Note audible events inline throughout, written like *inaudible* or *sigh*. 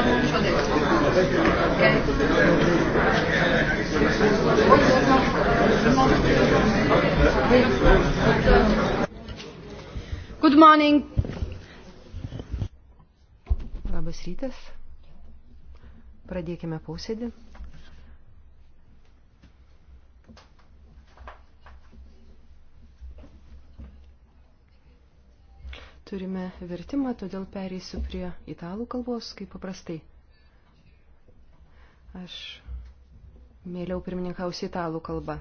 not mention it. Okay? Why is that not? Good morning. Labas rytas. Pradėkime posėdį. Turime vertimą, todėl pereisiu prie italų kalbos, kaip paprastai. Aš mėliau pirmininkausiu italų kalbą.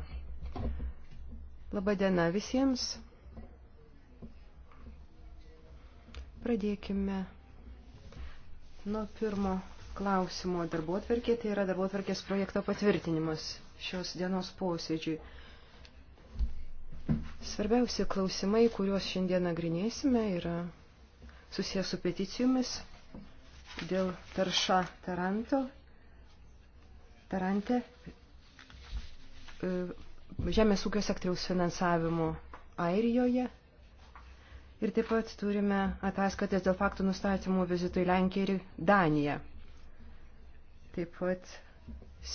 Labadiena visiems. Pradėkime nuo pirmo klausimo darbo atverkė, tai yra darbo atverkės projekto patvirtinimas šios dienos posėdžiui. Svarbiausi klausimai, kuriuos šiandien nagrinėsime, yra susijęs su peticijomis dėl tarša Taranto, Tarante, e, žemės ūkio sektoriaus finansavimo Airijoje. Ir taip pat turime ataskaitas dėl faktų nustatymų vizitui Lenkiją ir Daniją. Taip pat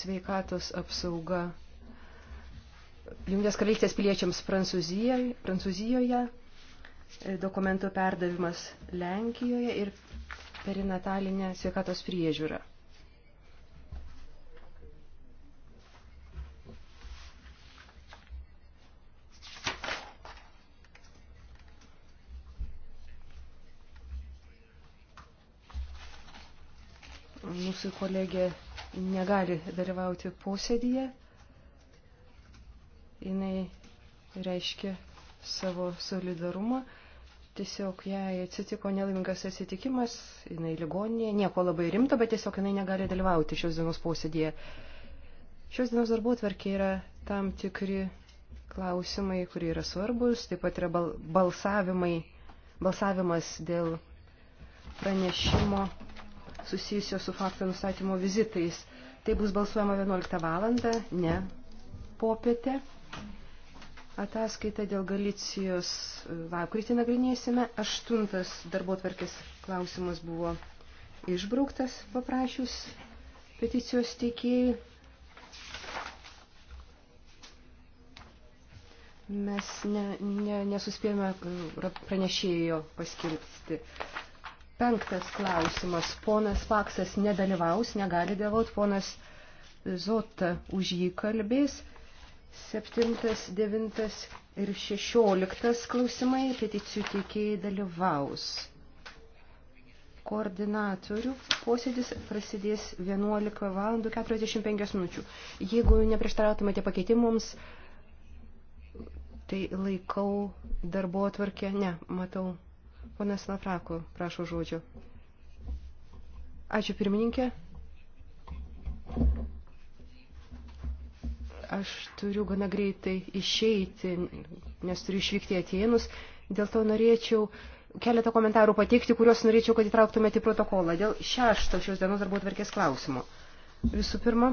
sveikatos apsauga Junginės karalystės piliečiams Prancūzijoje, Prancūzijoje, dokumentų perdavimas Lenkijoje ir perinatalinė sveikatos priežiūra. Mūsų kolegė negali dalyvauti posėdyje jinai reiškia savo solidarumą. Tiesiog jai atsitiko nelaimingas atsitikimas, jinai ligoninėje, nieko labai rimto, bet tiesiog jinai negali dalyvauti šios dienos posėdėje. Šios dienos darbų tvarkė yra tam tikri klausimai, kurie yra svarbus, taip pat yra balsavimai, balsavimas dėl pranešimo susijusio su faktų nustatymo vizitais. Tai bus balsuojama 11 valandą, ne popietę. Ataskaita dėl Galicijos e, lapkritį nagrinėsime. Aštuntas darbo tvarkės klausimas buvo išbrauktas paprašius peticijos teikėjai. Mes ne, ne, nesuspėjome e, pranešėjo paskirti. Penktas klausimas. Ponas Paksas nedalyvaus, negali dalyvauti. Ponas Zota už jį kalbės. Septintas, devintas ir šešioliktas klausimai peticijų teikėjai dalyvaus. Koordinatorių posėdis prasidės 11 val. 45 minučių. Jeigu neprieštarautumėte pakeitimams, tai laikau darbo atvarkę. Ne, matau. Ponas Lafrako, prašau žodžio. Ačiū pirmininkė aš turiu gana greitai išeiti, nes turiu išvykti atėnus. Dėl to norėčiau keletą komentarų pateikti, kuriuos norėčiau, kad įtrauktumėte į protokolą. Dėl šešto šios dienos darbo atverkės klausimo. Visų pirma,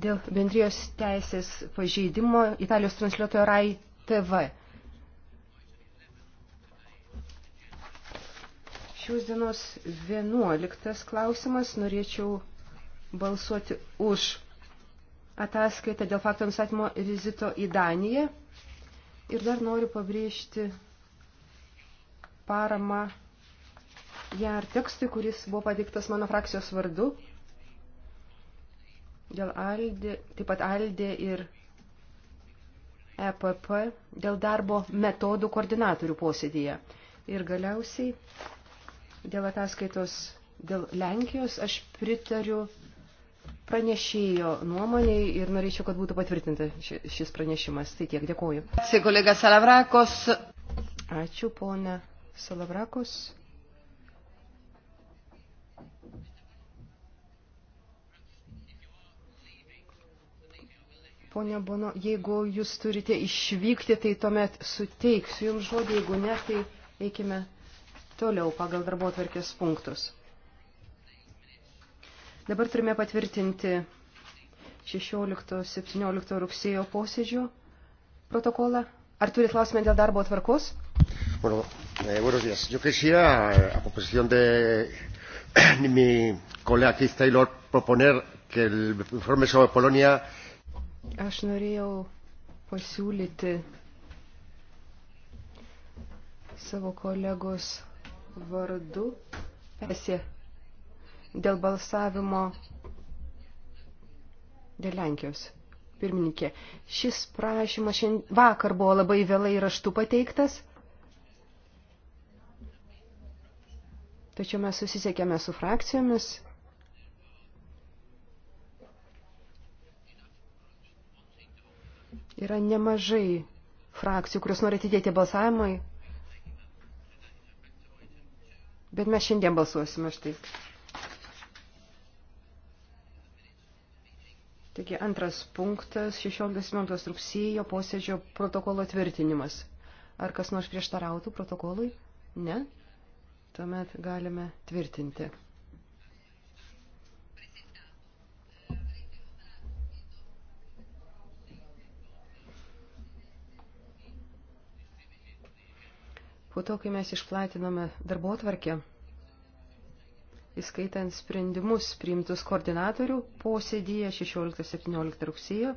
dėl bendrijos teisės pažeidimo Italijos transliuotojo RAI TV. šios dienos 11 klausimas. Norėčiau balsuoti už ataskaitą dėl fakto nustatymo vizito į Daniją. Ir dar noriu pabrėžti paramą jar tekstui, kuris buvo pateiktas mano frakcijos vardu. Dėl Aldė, taip pat Aldė ir EPP dėl darbo metodų koordinatorių posėdėje. Ir galiausiai Dėl ataskaitos dėl Lenkijos aš pritariu pranešėjo nuomonėj ir norėčiau, kad būtų patvirtinta šis pranešimas. Tai tiek, dėkuoju. Ačiū, kolega Salavrakos. Ačiū, ponė Salavrakos. Pone Bono, jeigu jūs turite išvykti, tai tuomet suteiksiu jums žodį, jeigu ne, tai eikime Toliau pagal darbo atvarkės punktus. Dabar turime patvirtinti 16-17 rugsėjo posėdžio protokolą. Ar turit klausimą dėl darbo atvarkos? Bueno, eh, buenos días. Yo quisiera, a proposición de *clears throat* mi colega Keith Taylor, proponer que el informe sobre Polonia. Aš norėjau pasiūlyti savo kolegos vardu esi dėl balsavimo dėl Lenkijos. Pirmininkė, šis prašymas šiandien, vakar buvo labai vėlai raštu pateiktas, tačiau mes susisiekėme su frakcijomis. Yra nemažai frakcijų, kurios nori atidėti balsavimai Bet mes šiandien balsuosime štai. Taigi antras punktas 16 rugsėjo posėdžio protokolo tvirtinimas. Ar kas nors prieštarautų protokolui? Ne? Tuomet galime tvirtinti. Po to, kai mes išplatinome darbo tvarkę, įskaitant sprendimus priimtus koordinatorių posėdyje 16-17 rugsėjo,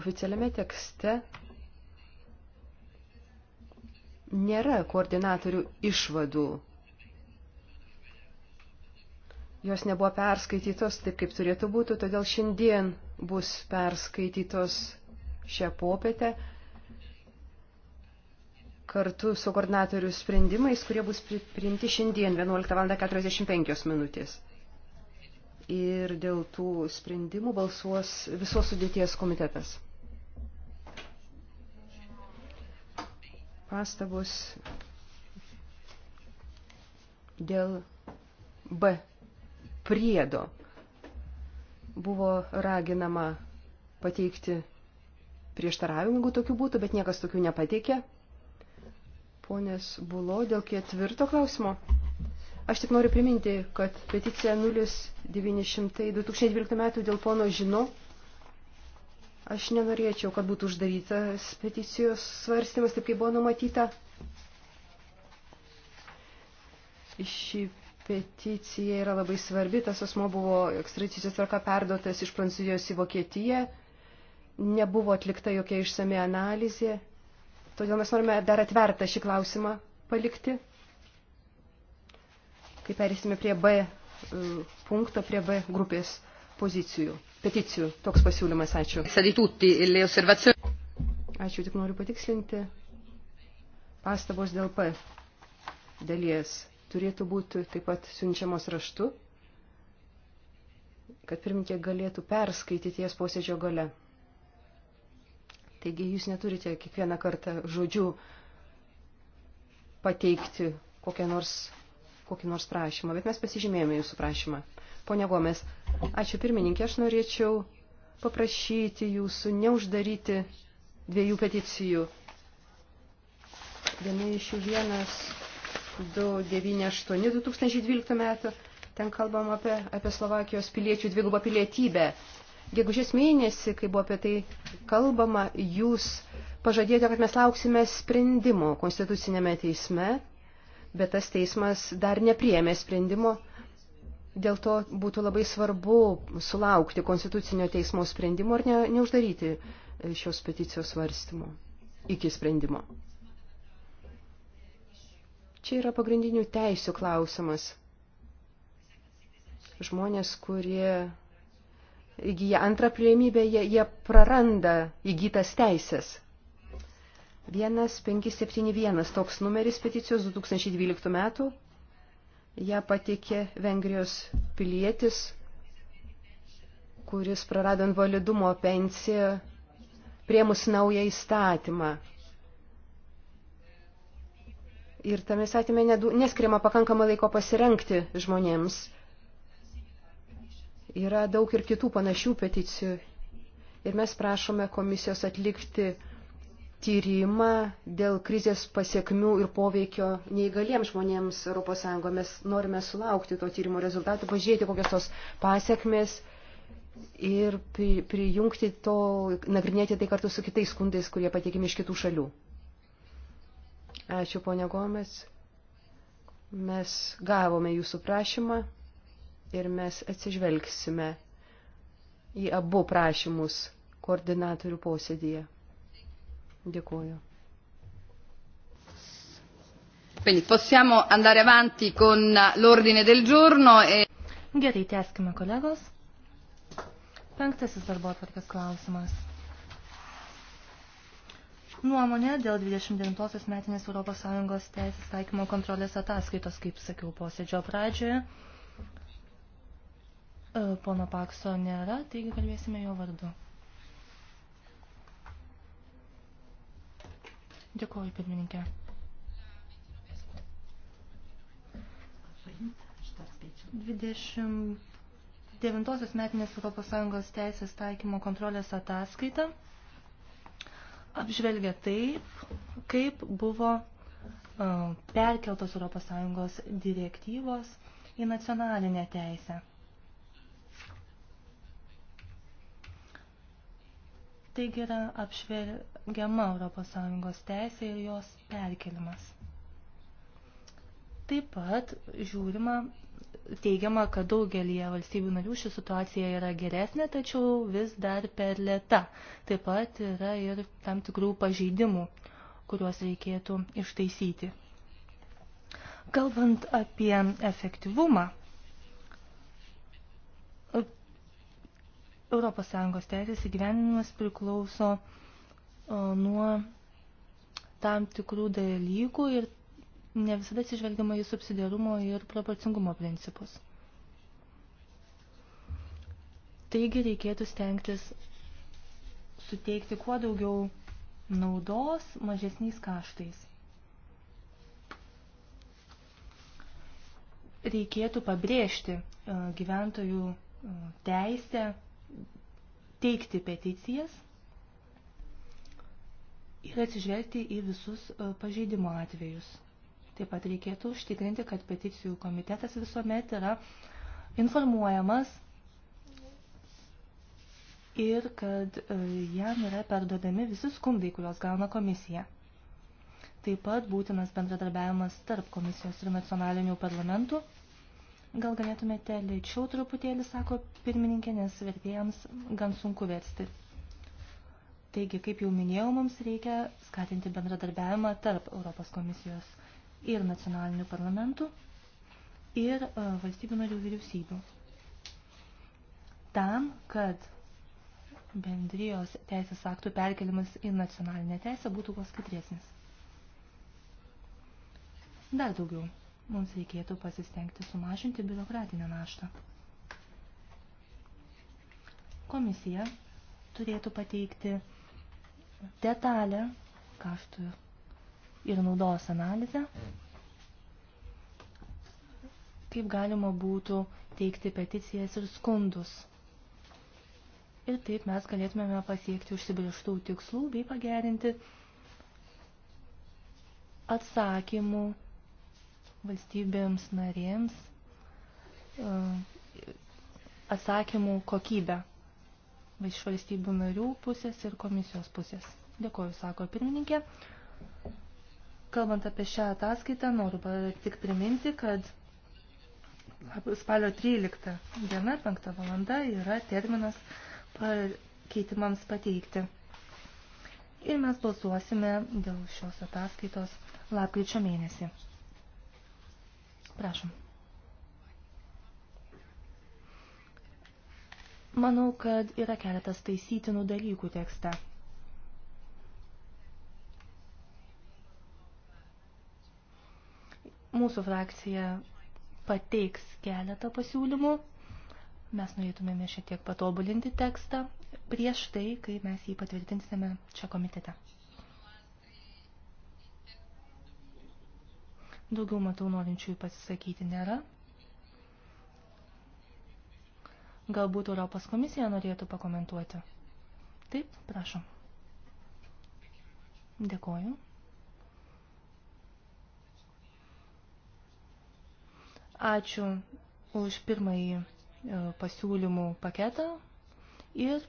oficialiame tekste nėra koordinatorių išvadų jos nebuvo perskaitytos taip, kaip turėtų būti, todėl šiandien bus perskaitytos šią popietę kartu su koordinatorių sprendimais, kurie bus priimti šiandien 11.45 minutės. Ir dėl tų sprendimų balsuos visos sudėties komitetas. Pastabos dėl B priedo buvo raginama pateikti prieštaravimų, jeigu tokių būtų, bet niekas tokių nepateikė. Ponės Bulo, dėl ketvirto klausimo. Aš tik noriu priminti, kad peticija 0900-2012 metų dėl pono Žino. Aš nenorėčiau, kad būtų uždarytas peticijos svarstymas, taip kaip buvo numatyta. Ši peticija yra labai svarbi. Tas asmo buvo ekstradicijos tvarka perduotas iš Prancūzijos į Vokietiją. Nebuvo atlikta jokia išsami analizė. Todėl mes norime dar atvertą šį klausimą palikti. Kai perėsime prie B e, punkto, prie B grupės pozicijų, peticijų. Toks pasiūlymas, ačiū. Ačiū, tik noriu patikslinti pastabos dėl P dalies turėtų būti taip pat siunčiamos raštu, kad pirmininkė galėtų perskaityti jas posėdžio gale. Taigi jūs neturite kiekvieną kartą žodžių pateikti kokią nors, kokį nors prašymą, bet mes pasižymėjome jūsų prašymą. Pone Gomes, ačiū pirmininkė, aš norėčiau paprašyti jūsų neuždaryti dviejų peticijų. Viena iš jų vienas 298-2012 metų. Ten kalbam apie, apie Slovakijos piliečių dvigubą pilietybę. Gegužės mėnesį, kai buvo apie tai kalbama, jūs pažadėjote, kad mes lauksime sprendimo konstitucinėme teisme, bet tas teismas dar nepriėmė sprendimo. Dėl to būtų labai svarbu sulaukti konstitucinio teismo sprendimo ir ne, neuždaryti šios peticijos svarstymo iki sprendimo. Čia yra pagrindinių teisių klausimas. Žmonės, kurie įgyja antrą prieimybę, jie, jie praranda įgytas teisės. 1571 toks numeris peticijos 2012 metų. Ja patikė Vengrijos pilietis, kuris prarado invalidumo pensiją priemus naują įstatymą Ir tame įstatyme neskiriama pakankamai laiko pasirenkti žmonėms. Yra daug ir kitų panašių peticijų. Ir mes prašome komisijos atlikti tyrimą dėl krizės pasiekmių ir poveikio neįgaliems žmonėms ES. Mes norime sulaukti to tyrimo rezultatų, pažiūrėti kokios tos pasiekmes ir pri, prijungti to, nagrinėti tai kartu su kitais skundais, kurie patikimi iš kitų šalių. Ačiū, ponė Gomes. Mes gavome jūsų prašymą ir mes atsižvelgsime į abu prašymus koordinatorių posėdėje. Dėkuoju. Quindi possiamo andare avanti con l'ordine del giorno e... Gerai, tęskime kolegos. Penktasis darbo atvarkės klausimas nuomonę dėl 29-osios metinės ES teisės taikymo kontrolės ataskaitos, kaip sakiau posėdžio pradžioje. E, pono Pakso nėra, taigi kalbėsime jo vardu. Dėkuoju, pirmininkė. Dvidešimt devintosios metinės ES teisės taikymo kontrolės ataskaita apžvelgia taip, kaip buvo perkeltos ES direktyvos į nacionalinę teisę. Taigi yra apšvelgiama ES teisė ir jos perkelimas. Taip pat žiūrima, teigiama, kad daugelie valstybių narių ši situacija yra geresnė, tačiau vis dar per lėta. Taip pat yra ir tam tikrų pažeidimų, kuriuos reikėtų ištaisyti. Kalbant apie efektyvumą, ES teisės įgyvenimas priklauso e, nuo tam tikrų dalykų ir ne visada atsižvelgiama į subsidiarumo ir proporcingumo principus. Taigi reikėtų stengtis suteikti kuo daugiau naudos mažesniais kaštais. Reikėtų pabrėžti e, gyventojų e, teisę teikti peticijas ir atsižvelgti į visus e, pažeidimo atvejus. Taip pat reikėtų užtikrinti, kad peticijų komitetas visuomet yra informuojamas ir kad e, jam yra perduodami visi skundai, kuriuos gauna komisija. Taip pat būtinas bendradarbiavimas tarp komisijos ir nacionalinių parlamentų. Gal galėtumėte lėčiau truputėlį, sako pirmininkė, nes vertėjams gan sunku versti. Taigi, kaip jau minėjau, mums reikia skatinti bendradarbiavimą tarp Europos komisijos ir nacionalinių parlamentų, ir e, valstybių narių vyriausybių. Tam, kad bendrijos teisės aktų perkelimas į nacionalinę teisę būtų kuo skaidresnis. Dar daugiau. Mums reikėtų pasistengti sumažinti biurokratinę naštą. Komisija turėtų pateikti detalę kaštų ir naudos analizę, kaip galima būtų teikti peticijas ir skundus. Ir taip mes galėtumėme pasiekti užsibrieštų tikslų bei pagerinti atsakymų valstybėms narėms e, atsakymų kokybę iš valstybių narių pusės ir komisijos pusės. Dėkoju, sako pirmininkė. Kalbant apie šią ataskaitą, noriu tik priminti, kad spalio 13 diena, 5 valanda yra terminas pakeitimams pateikti. Ir mes balsuosime dėl šios ataskaitos lapkričio mėnesį. Prašom. Manau, kad yra keletas taisytinų dalykų tekste. Mūsų frakcija pateiks keletą pasiūlymų. Mes norėtumėme šiek tiek patobulinti tekstą prieš tai, kai mes jį patvirtinsime čia komitete. Daugiau matau norinčiųjų pasisakyti nėra. Galbūt Europos komisija norėtų pakomentuoti. Taip, prašom. Dėkoju. Ačiū už pirmąjį e, pasiūlymų paketą ir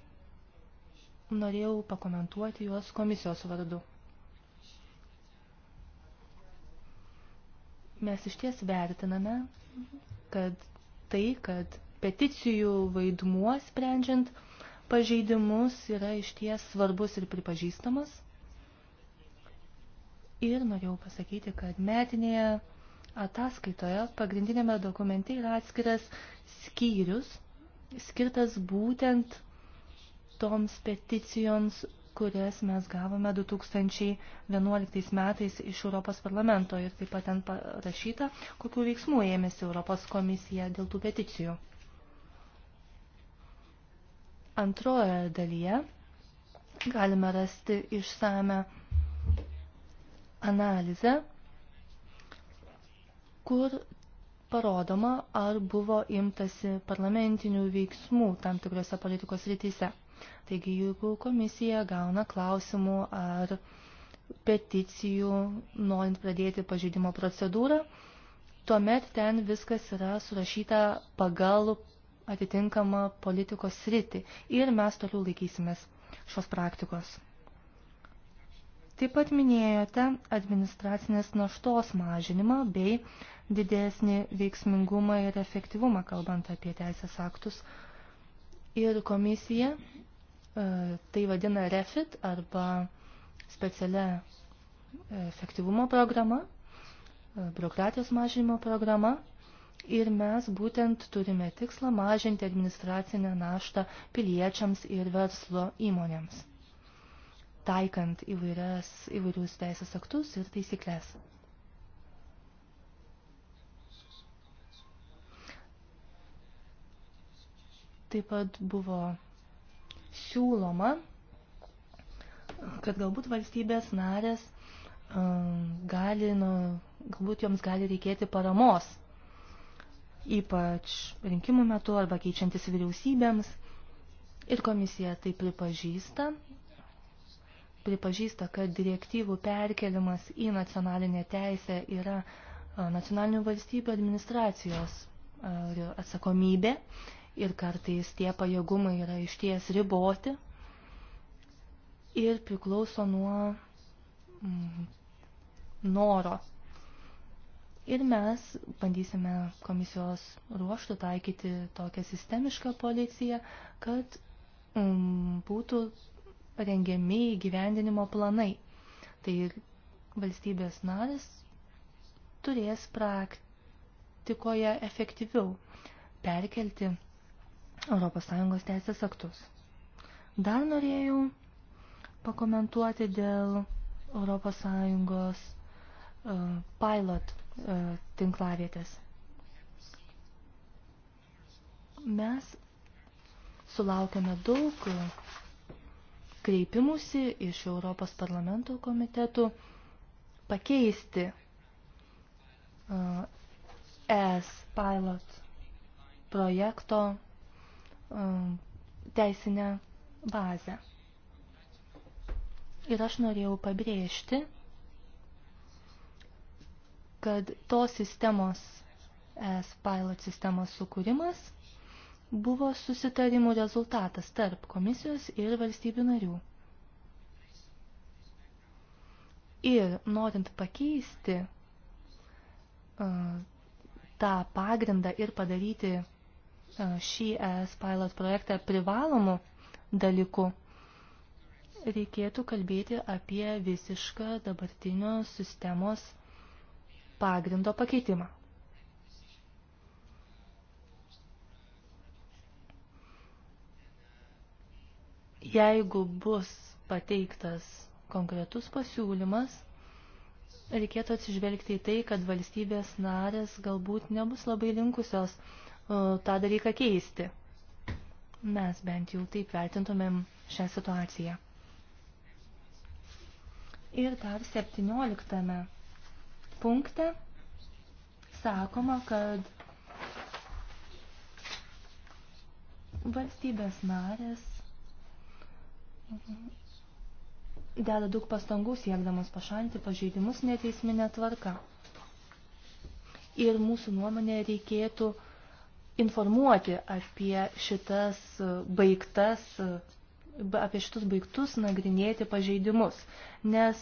norėjau pakomentuoti juos komisijos vardu. Mes iš ties vertiname, kad tai, kad peticijų vaidmuo sprendžiant pažeidimus yra iš ties svarbus ir pripažįstamas. Ir norėjau pasakyti, kad metinėje ataskaitoje, pagrindinėme dokumente yra atskiras skyrius, skirtas būtent toms peticijoms, kurias mes gavome 2011 metais iš Europos parlamento ir taip pat ten parašyta, kokiu veiksmu ėmėsi Europos komisija dėl tų peticijų. Antrojoje dalyje galime rasti išsame analizę kur parodoma, ar buvo imtasi parlamentinių veiksmų tam tikrose politikos rytise. Taigi, jeigu komisija gauna klausimų ar peticijų, norint pradėti pažeidimo procedūrą, tuomet ten viskas yra surašyta pagal atitinkamą politikos sritį ir mes toliau laikysimės šios praktikos. Taip pat minėjote administracinės naštos mažinimą bei didesnį veiksmingumą ir efektyvumą, kalbant apie teisės aktus. Ir komisija e, tai vadina REFIT arba specialia efektyvumo programa, e, biurokratijos mažinimo programa. Ir mes būtent turime tikslą mažinti administracinę naštą piliečiams ir verslo įmonėms taikant įvairias, įvairius teisės aktus ir taisyklės. Taip pat buvo siūloma, kad galbūt valstybės narės gali, nu, galbūt joms gali reikėti paramos, ypač rinkimų metu arba keičiantis vyriausybėms. Ir komisija tai pripažįsta pripažįsta, kad direktyvų perkelimas į nacionalinę teisę yra nacionalinių valstybių administracijos atsakomybė ir kartais tie pajėgumai yra išties riboti ir priklauso nuo mm, noro. Ir mes bandysime komisijos ruoštų taikyti tokią sistemišką policiją, kad mm, būtų parengiami įgyvendinimo planai. Tai valstybės narės turės praktikoje efektyviau perkelti ES teisės aktus. Dar norėjau pakomentuoti dėl ES e, pilot e, tinklavietės. Mes sulaukėme daug kreipimusi iš Europos parlamento komitetų pakeisti uh, ES pilot projekto um, teisinę bazę. Ir aš norėjau pabrėžti, kad tos sistemos, ES pilot sistemos sukūrimas buvo susitarimų rezultatas tarp komisijos ir valstybių narių. Ir norint pakeisti uh, tą pagrindą ir padaryti uh, šį ES pilot projektą privalomų dalykų, reikėtų kalbėti apie visišką dabartinio sistemos pagrindo pakeitimą. jeigu bus pateiktas konkretus pasiūlymas, reikėtų atsižvelgti į tai, kad valstybės narės galbūt nebus labai linkusios uh, tą dalyką keisti. Mes bent jau taip vertintumėm šią situaciją. Ir dar 17 punkte sakoma, kad valstybės narės deda daug pastangų siekdamas pašalinti pažeidimus neteisminę tvarką. Ir mūsų nuomonė reikėtų informuoti apie šitas baigtas, apie šitus baigtus nagrinėti pažeidimus, nes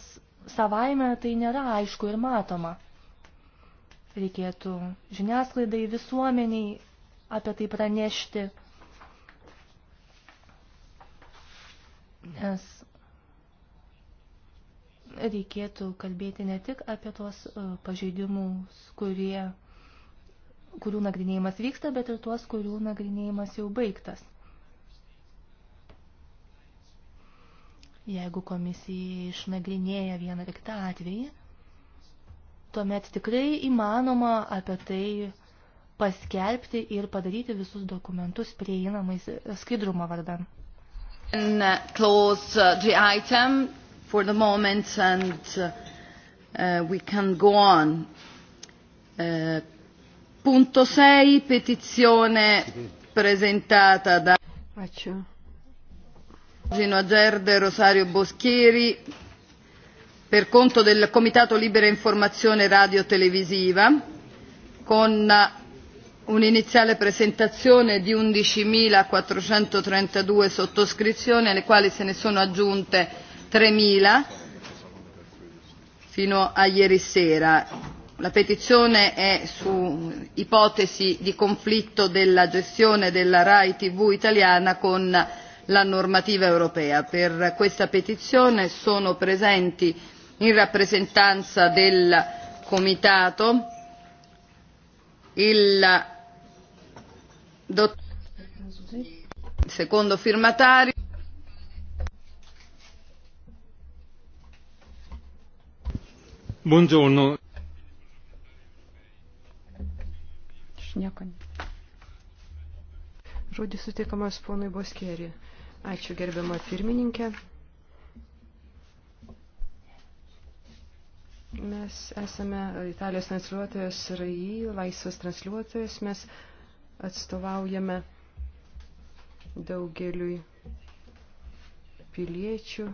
savaime tai nėra aišku ir matoma. Reikėtų žiniasklaidai, visuomeniai apie tai pranešti nes reikėtų kalbėti ne tik apie tuos e, pažeidimus, kurie, kurių nagrinėjimas vyksta, bet ir tuos, kurių nagrinėjimas jau baigtas. Jeigu komisija išnagrinėja vieną ar kitą atvejį, tuomet tikrai įmanoma apie tai paskelbti ir padaryti visus dokumentus prieinamais e, skaidrumo vardan and uh, close uh, the item for the moment, and uh, we can go on. Punto 6, petizione presentata da Faccio. Gino Agerde, Rosario Boschieri, per conto del Comitato Libera Informazione Radio Televisiva, con un'iniziale presentazione di 11.432 sottoscrizioni, alle quali se ne sono aggiunte 3.000 fino a ieri sera. La petizione è su ipotesi di conflitto della gestione della RAI TV italiana con la normativa europea. Per questa petizione sono presenti in rappresentanza del Comitato il Dott- secondo firmatario. Buongiorno. Žodis sutikamas ponui Boskėri. Ačiū gerbiama pirmininkė. Mes esame Italijos transliuotojas RAI, laisvas transliuotojas. Mes uh, atstovaujame daugeliui piliečių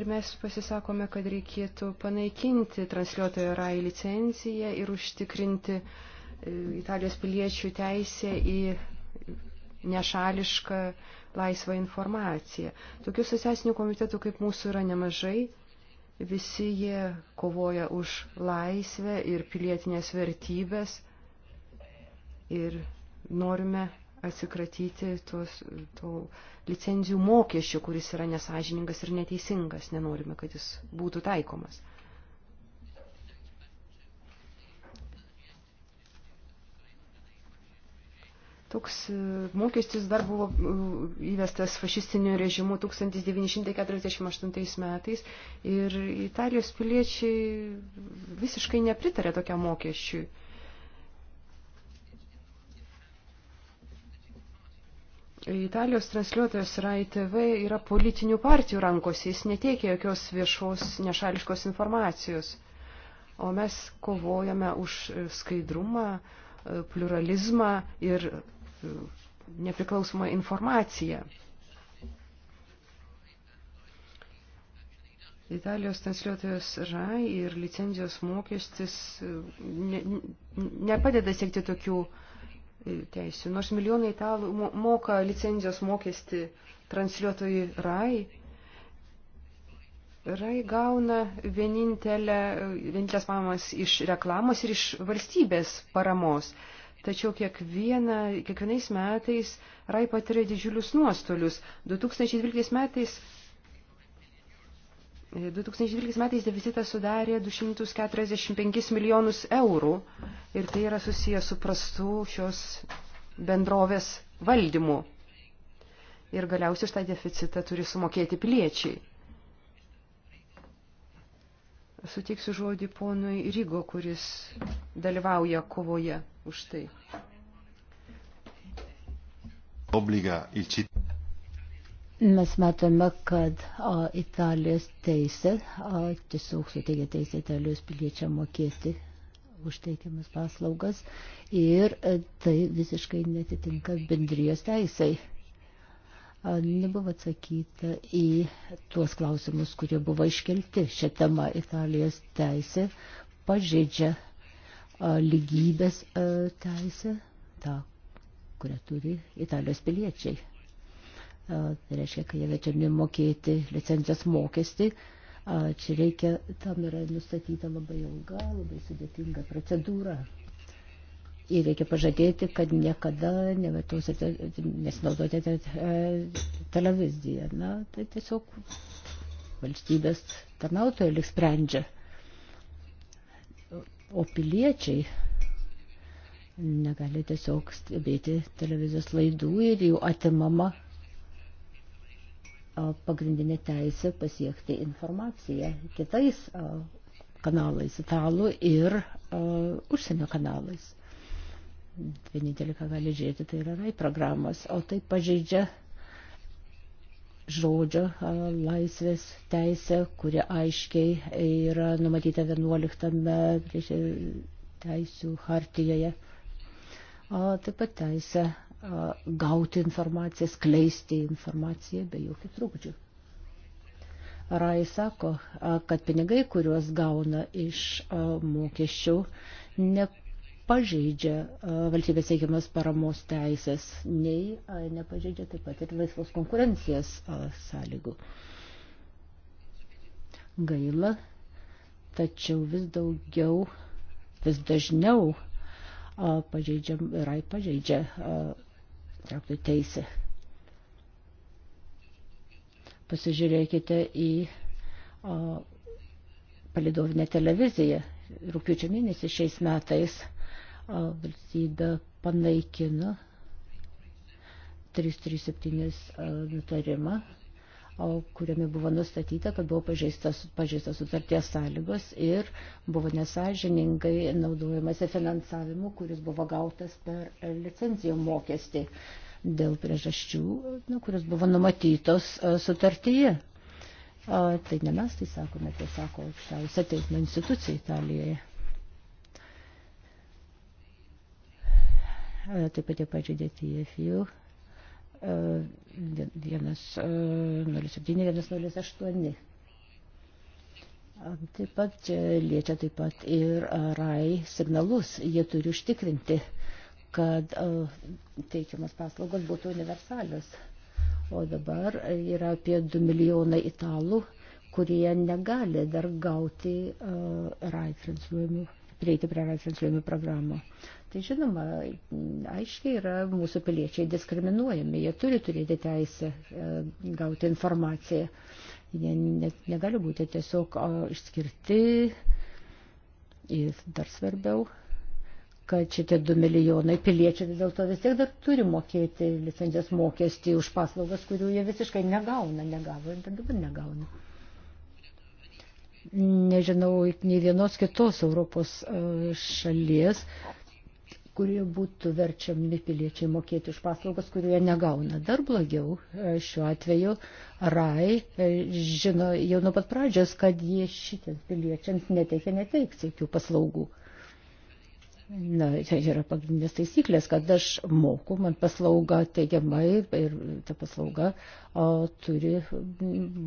ir mes pasisakome, kad reikėtų panaikinti transliuotojo RAI licenciją ir užtikrinti e, Italijos piliečių teisę į nešališką laisvą informaciją. Tokių socialinių komitetų kaip mūsų yra nemažai. Visi jie kovoja už laisvę ir pilietinės vertybės ir norime atsikratyti tos, to licenzijų mokesčio, kuris yra nesažiningas ir neteisingas, nenorime, kad jis būtų taikomas. Toks e, mokestis dar buvo e, įvestas fašistiniu režimu 1948 metais ir Italijos piliečiai visiškai nepritarė tokiam mokesčiui. Italijos transliuotojas RAI TV yra politinių partijų rankose, jis neteikia jokios viešos nešališkos informacijos. O mes kovojame už e, skaidrumą, e, pluralizmą ir e, nepriklausomą informaciją. Italijos transliuotojas RAI ir licenzijos mokestis ne, ne, nepadeda siekti tokių uh, teisių. Nors milijonai italų moka licenzijos mokestį transliuotojai RAI, RAI gauna vienintelės pajamas iš reklamos ir iš valstybės paramos. Tačiau kiekviena, kiekvienais metais RAI patiria didžiulius nuostolius. 2012 metais 2012 metais deficitas sudarė 245 milijonus eurų ir tai yra susijęs su prastu šios bendrovės valdymu. Ir galiausiai šitą deficitą turi sumokėti piliečiai. Sutiksiu žodį ponui Rygo, kuris dalyvauja kovoje už tai. Obliga il cittadino Mes matome, kad a, Italijos teisė a, tiesiog suteikia teisę Italijos piliečiam mokėti už teikiamas paslaugas ir a, e, tai visiškai netitinka bendrijos teisai. A, nebuvo atsakyta į tuos klausimus, kurie buvo iškelti. Šią temą Italijos teisė pažeidžia a, lygybės a, e, teisę, tą, kurią turi Italijos piliečiai tai reiškia, kai jie verčiami mokėti licencijos mokestį. Čia reikia, tam yra nustatyta labai ilga, labai sudėtinga procedūra. Ir reikia pažadėti, kad niekada nevartosite, nesinaudojate e, televiziją. Na, tai tiesiog valstybės tarnautojai liks sprendžia. O piliečiai negali tiesiog stebėti televizijos laidų ir jų atimama pagrindinė teisė pasiekti informaciją kitais kanalais, italų ir užsienio kanalais. Vienintelį, ką gali žiūrėti, tai yra RAI programos, o tai pažeidžia žodžio laisvės teisė, kuri aiškiai yra numatyta 11 teisų hartijoje. O taip pat teisė gauti informaciją, skleisti informaciją be jokių trūkdžių. Rai sako, kad pinigai, kuriuos gauna iš mokesčių, nepažeidžia valstybės teikiamas paramos teisės, nei nepažeidžia taip pat ir laisvos konkurencijos sąlygų. Gaila, tačiau vis daugiau, vis dažniau pažeidžia, Rai pažeidžia traukti teisę. Pasižiūrėkite į o, palidovinę televiziją. Rūpiučio mėnesį šiais metais o, valstybė panaikino 337 nutarimą kuriame buvo nustatyta, kad buvo pažeistas, pažeistas sutarties sąlygos ir buvo nesažiningai naudojamasi finansavimu, kuris buvo gautas per licencijų mokestį dėl priežasčių, nu, kuris buvo numatytos e, sutartyje. A, tai ne mes tai sakome, tai sako aukščiausia teismo institucija Italijoje. A, e, taip pat jie pažiūrėti į FIU 107-108. E, taip pat čia e, liečia taip pat ir RAI signalus. Jie turi užtikrinti, kad e, teikiamas paslaugos būtų universalios. O dabar yra apie 2 milijonai italų, kurie negali dar gauti RAI transliuojamų prieiti prie transliuojamų programų. Tai žinoma, aiškiai yra mūsų piliečiai diskriminuojami, jie turi turėti teisę e, gauti informaciją. Jie net negali būti tiesiog išskirti ir dar svarbiau, kad šitie 2 milijonai piliečių vis dėlto vis tiek dar turi mokėti licencijos mokestį už paslaugas, kurių jie visiškai negauna, negavo ir dabar negauna nežinau nei vienos kitos Europos e, šalies, kurie būtų verčiami piliečiai mokėti už paslaugas, kurie negauna. Dar blogiau e, šiuo atveju RAI e, žino jau nuo pat pradžios, kad jie šitiems piliečiams neteikia neteiks jokių paslaugų. Na, čia yra pagrindinės taisyklės, kad aš moku, man paslauga teigiamai ir ta paslauga o, turi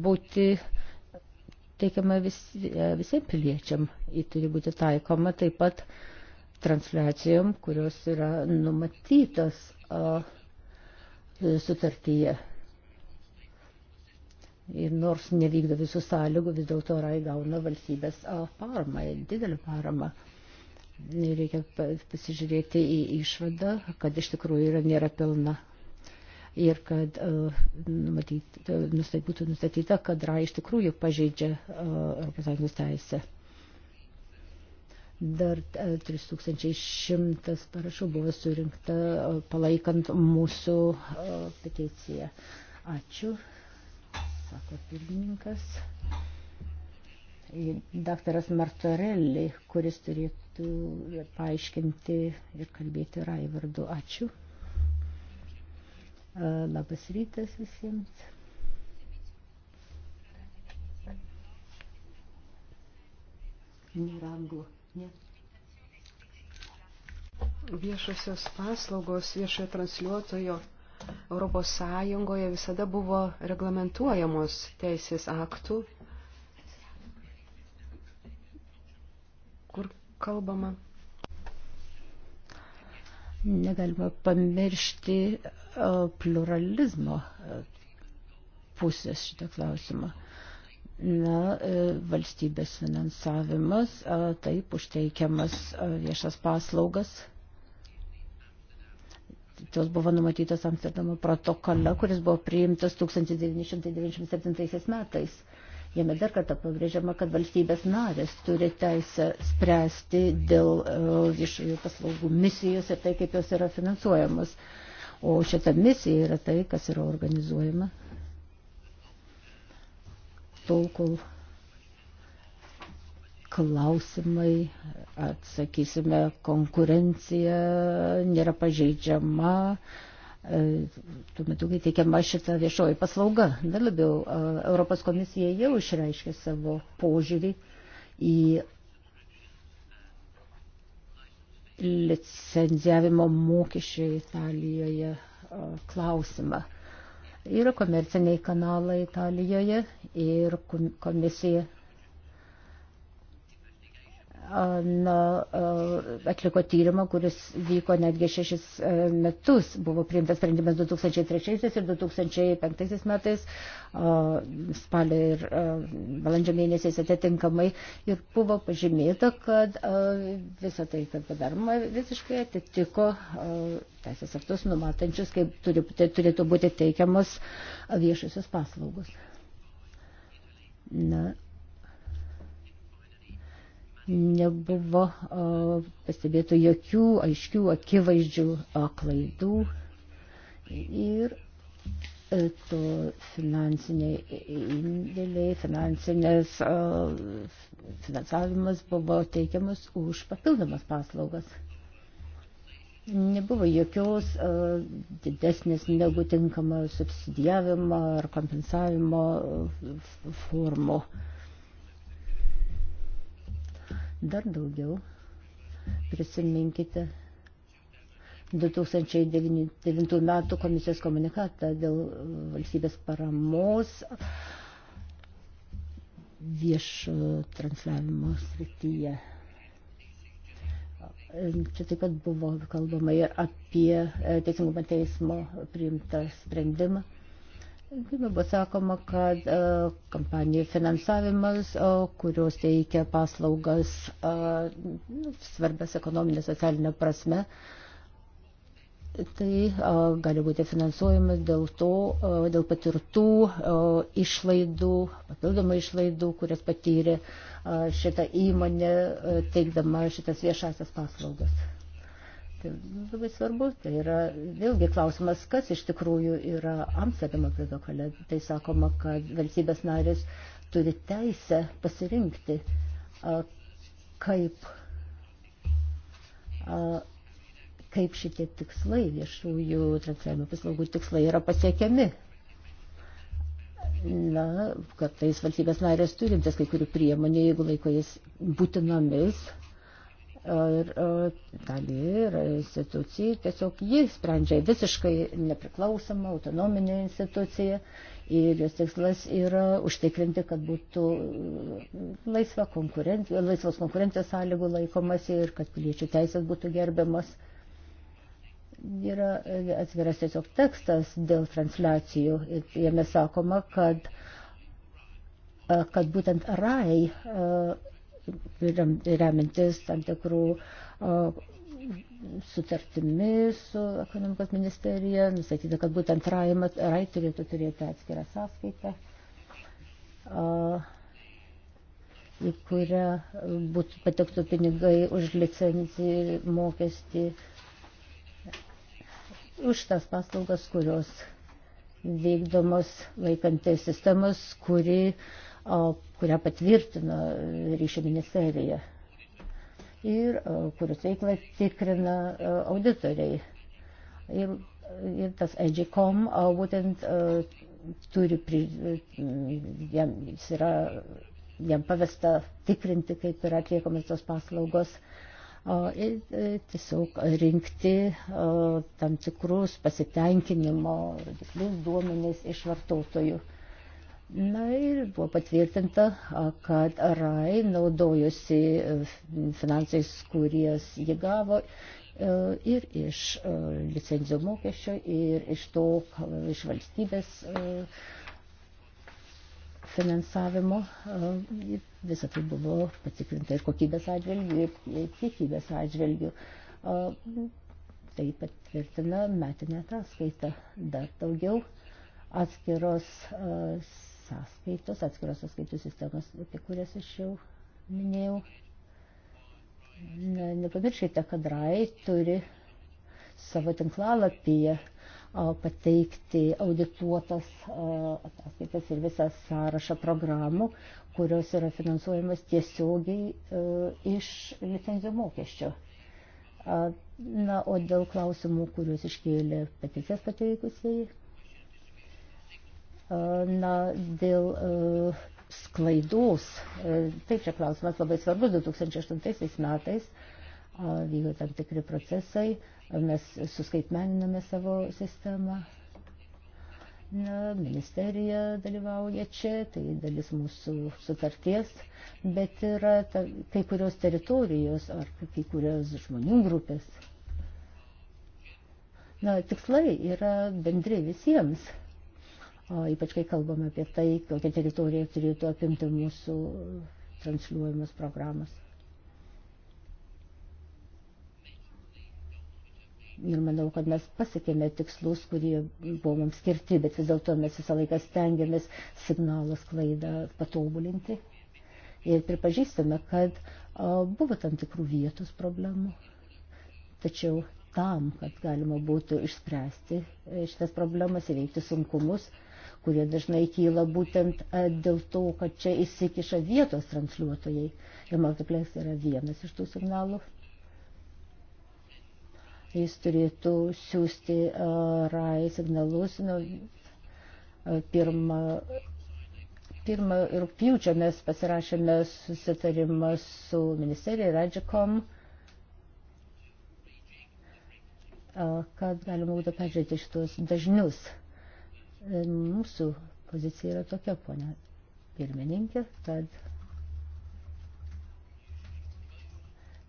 būti teikiama vis, e, visiems piliečiam. Ji turi būti taikoma taip pat transliacijom, kurios yra numatytos a, sutartyje. Ir nors nevykdo visų sąlygų, vis dėlto RAI gauna valstybės paramą, didelį paramą. Reikia pasižiūrėti į išvadą, kad iš tikrųjų yra, nėra pilna ir kad e, matyt, e, nustat, būtų nustatyta, kad RA iš tikrųjų pažeidžia e, ES teisę. Dar 3100 parašų buvo surinkta palaikant mūsų peticiją. Ačiū, sako pirmininkas. Daktaras Martorelli, kuris turėtų paaiškinti ir kalbėti Raivardu. Ačiū. Labas rytas visiems. Nėra anglų. Ne. Viešosios paslaugos viešojo transliuotojo Europos Sąjungoje visada buvo reglamentuojamos teisės aktų, kur kalbama. Negalima pamiršti E, pluralizmo e, pusės šitą klausimą. Na, e, valstybės finansavimas, taip užteikiamas viešas paslaugas. Jos buvo numatytas Amsterdamo protokole, kuris buvo priimtas 1997 metais. Jame dar kartą pabrėžiama, kad valstybės narės turi teisę spręsti dėl viešųjų paslaugų misijos ir tai, kaip jos yra finansuojamos. Uh, O šita misija yra tai, kas yra organizuojama tol, kol klausimai, atsakysime, konkurencija nėra pažeidžiama, e, tuo metu, kai teikiama šita viešoji paslauga. Dar labiau, e, Europos komisija jau išreiškė savo požiūrį į licenziavimo mokesčio Italijoje klausimą. Yra komerciniai kanalai Italijoje ir komisija atliko tyrimą, kuris vyko netgi šešis metus. Buvo priimtas sprendimas 2003 ir 2005 metais, spalio ir valandžio mėnesiais atitinkamai. Ir buvo pažymėta, kad visą tai, kad padaroma, visiškai atitiko teisės aktus numatančius, kaip turi, tai turėtų būti teikiamos viešusios paslaugos. Na, nebuvo pastebėta jokių aiškių, akivaizdžių klaidų ir e, to finansiniai indėliai, finansinės finansavimas buvo teikiamas už papildomas paslaugas. Nebuvo jokios didesnės negu tinkama subsidijavimo ar kompensavimo formų. Uh, Dar daugiau prisiminkite 2009 metų komisijos komunikatą dėl valstybės paramos viešo transliavimo srityje. Čia taip pat buvo kalbama ir apie Teisingumo teismo priimtą sprendimą Buvo sakoma, kad e, kampanijų finansavimas, e, kurios teikia paslaugas e, nu, svarbias ekonominė socialinė prasme, tai gali būti finansuojamas dėl to, dėl patirtų išlaidų, papildomų išlaidų, kurias patyrė šitą įmonę teikdama šitas viešasias paslaugas. Tai labai svarbu, tai yra vėlgi klausimas, kas iš tikrųjų yra Amsterdamo protokole. Tai sakoma, kad valstybės narės turi teisę pasirinkti, a, kaip, a, kaip šitie tikslai, viešųjų transliavimo paslaugų tikslai yra pasiekiami. Na, kartais valstybės narės turintis kai kurių priemonių, jeigu laiko jis būtinomis, ir e, dalį yra institucijų, tiesiog jį sprendžia visiškai nepriklausoma, autonominė institucija ir jos tikslas yra užtikrinti, kad būtų laisva konkurencija, laisvos konkurencijos sąlygų laikomasi ir kad piliečių teisės būtų gerbiamas. Yra atviras tiesiog tekstas dėl transliacijų ir jame sakoma, kad e, kad būtent RAI e, remintis tam tikrų sutartimi su ekonomikos ministerija, nustatyta, kad būtent RAI, RAI turėtų turėti atskirą sąskaitą, į kurią būtų patektų pinigai už licenciją mokestį, už tas paslaugas, kurios vykdomos laikantis sistemos, kuri uh, kurią patvirtino ryšio ministerija ir kurios veiklą tikrina auditoriai. Ir, ir tas EGCOM būtent turi, jam, jis yra, jam pavesta tikrinti, kaip yra atliekamas tos paslaugos ir e, tiesiog rinkti tam tikrus pasitenkinimo duomenys iš vartotojų. Na ir buvo patvirtinta, kad RAI naudojosi e, finansais, kurias jie gavo e, ir iš e, licenzijų mokesčio, ir iš to, iš valstybės finansavimo. Visą tai buvo patikrinta ir kokybės atžvilgių, ir kiekybės atžvilgių. Tai patvirtina metinė ataskaita. Dar daugiau atskiros sąskaitos, atskiros sąskaitų sistemos, apie kurias aš jau minėjau. Ne, nepamirškite, kad RAI turi savo tinklalapyje pateikti audituotas ataskaitas ir visą sąrašą programų, kurios yra finansuojamas tiesiogiai e, iš licenzijų mokesčio. Na, o dėl klausimų, kuriuos iškėlė peticijas pateikusiai, E, na, dėl e, sklaidos. E, taip, čia klausimas labai svarbus. 2008 metais vyko tam tikri procesai, mes suskaitmeniname savo sistemą. Na, ministerija dalyvauja čia, tai dalis mūsų sutarties, bet yra ta, kai kurios teritorijos ar kai kurios žmonių grupės. Na, tikslai yra bendri visiems ypač kai kalbame apie tai, kokią teritoriją turėtų apimti mūsų transliuojamos programos. Ir manau, kad mes pasiekėme tikslus, kurie buvo mums skirti, bet vis dėlto mes visą laiką stengiamės signalus klaidą patobulinti. Ir pripažįstame, kad o, buvo tam tikrų vietos problemų. Tačiau tam, kad galima būtų išspręsti e, šitas problemas, įveikti sunkumus, kurie dažnai kyla būtent e, dėl to, kad čia įsikiša vietos transliuotojai. Ir multiplex yra vienas iš tų signalų. Jis turėtų siūsti e, RAI signalus. Nu, e, pirmą, pirmą rūpjūčio mes pasirašėme susitarimą su ministerija Radžikom, kad galima būtų peržiūrėti šitos dažnius. E, mūsų pozicija yra tokia, ponia pirmininkė, kad,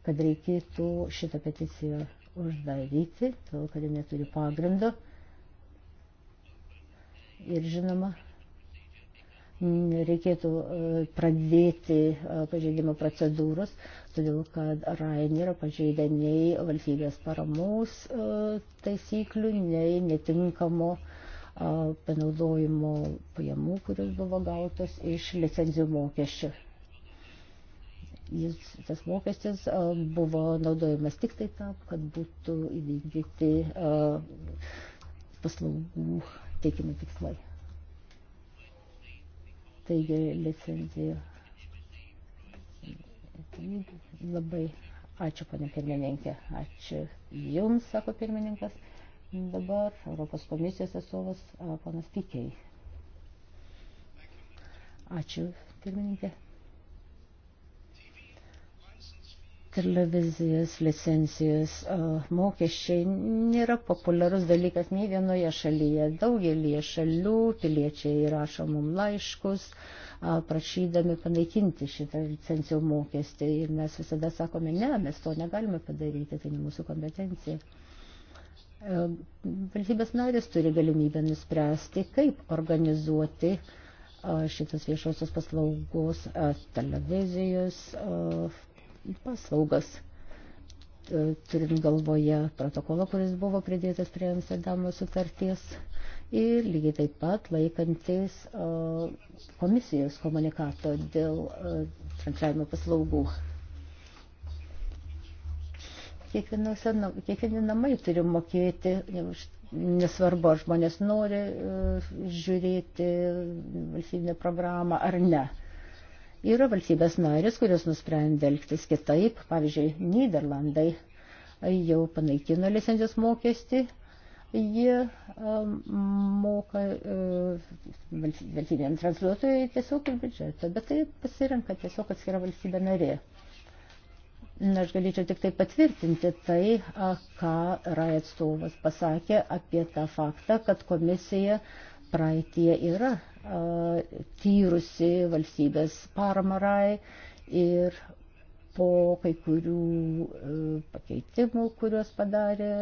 kad reikėtų šitą peticiją uždaryti, todėl kad ji neturi pagrindo. Ir žinoma, reikėtų e, pradėti e, pažeidimo procedūros, todėl kad Rain yra pažeidę nei valstybės paramos taisyklių, nei netinkamo uh, panaudojimo pajamų, kurios buvo gautos iš licenzijų mokesčių. Jis, tas mokestis buvo naudojamas tik tai tam, kad būtų įvykdyti paslaugų teikimo tikslai. Taigi licenzija. Labai ačiū, panė pirmininkė. Ačiū Jums, sako pirmininkas. Dabar Europos komisijos atstovas panas Pikiai. Ačiū, pirmininkė. televizijos licencijos mokesčiai nėra populiarus dalykas nei vienoje šalyje. Daugelį šalių piliečiai rašo mum laiškus, prašydami panaikinti šitą licencijų mokestį ir mes visada sakome, ne, mes to negalime padaryti, tai ne mūsų kompetencija. Valstybės narės turi galimybę nuspręsti, kaip organizuoti šitas viešosios paslaugos televizijos paslaugas. Turint galvoje protokolą, kuris buvo pridėtas prie Amsterdamo sutarties ir lygiai taip pat laikantis komisijos komunikato dėl transliavimo paslaugų kiekvieni namai turi mokėti, nesvarbu, ar žmonės nori e, žiūrėti valstybinę programą ar ne. Yra valstybės narės, kurios nusprendė elgtis kitaip, pavyzdžiui, Niderlandai jau panaikino licencijos mokestį, jie e, moka e, valstybėm transliuotojai tiesiog ir biudžetą, bet tai pasirenka tiesiog atskira valstybė narė. Na, aš galėčiau tik tai patvirtinti tai, ką RAI atstovas pasakė apie tą faktą, kad komisija praeitie yra a, tyrusi valstybės paramą RAI ir po kai kurių a, e, pakeitimų, kuriuos padarė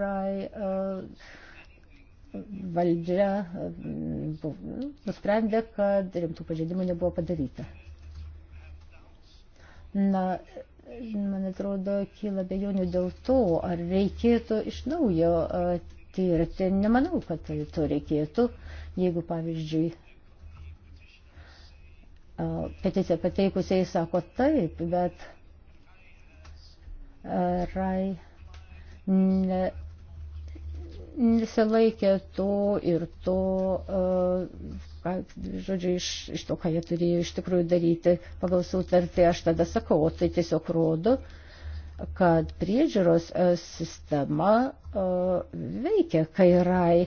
RAI. A, valdžia nusprendė, kad rimtų pažeidimų nebuvo padaryta. Na, man atrodo, kyla bejonių dėl to, ar reikėtų iš naujo tirti. Nemanau, kad tai to reikėtų, jeigu, pavyzdžiui, peticiją pateikusiai sako taip, bet rai ne, nesilaikė to ir to ką, žodžiu, iš, iš to, ką jie turėjo iš tikrųjų daryti pagal sutartį, aš tada sakau, o tai tiesiog rodo, kad priežiūros e, sistema e, veikia, kai RAI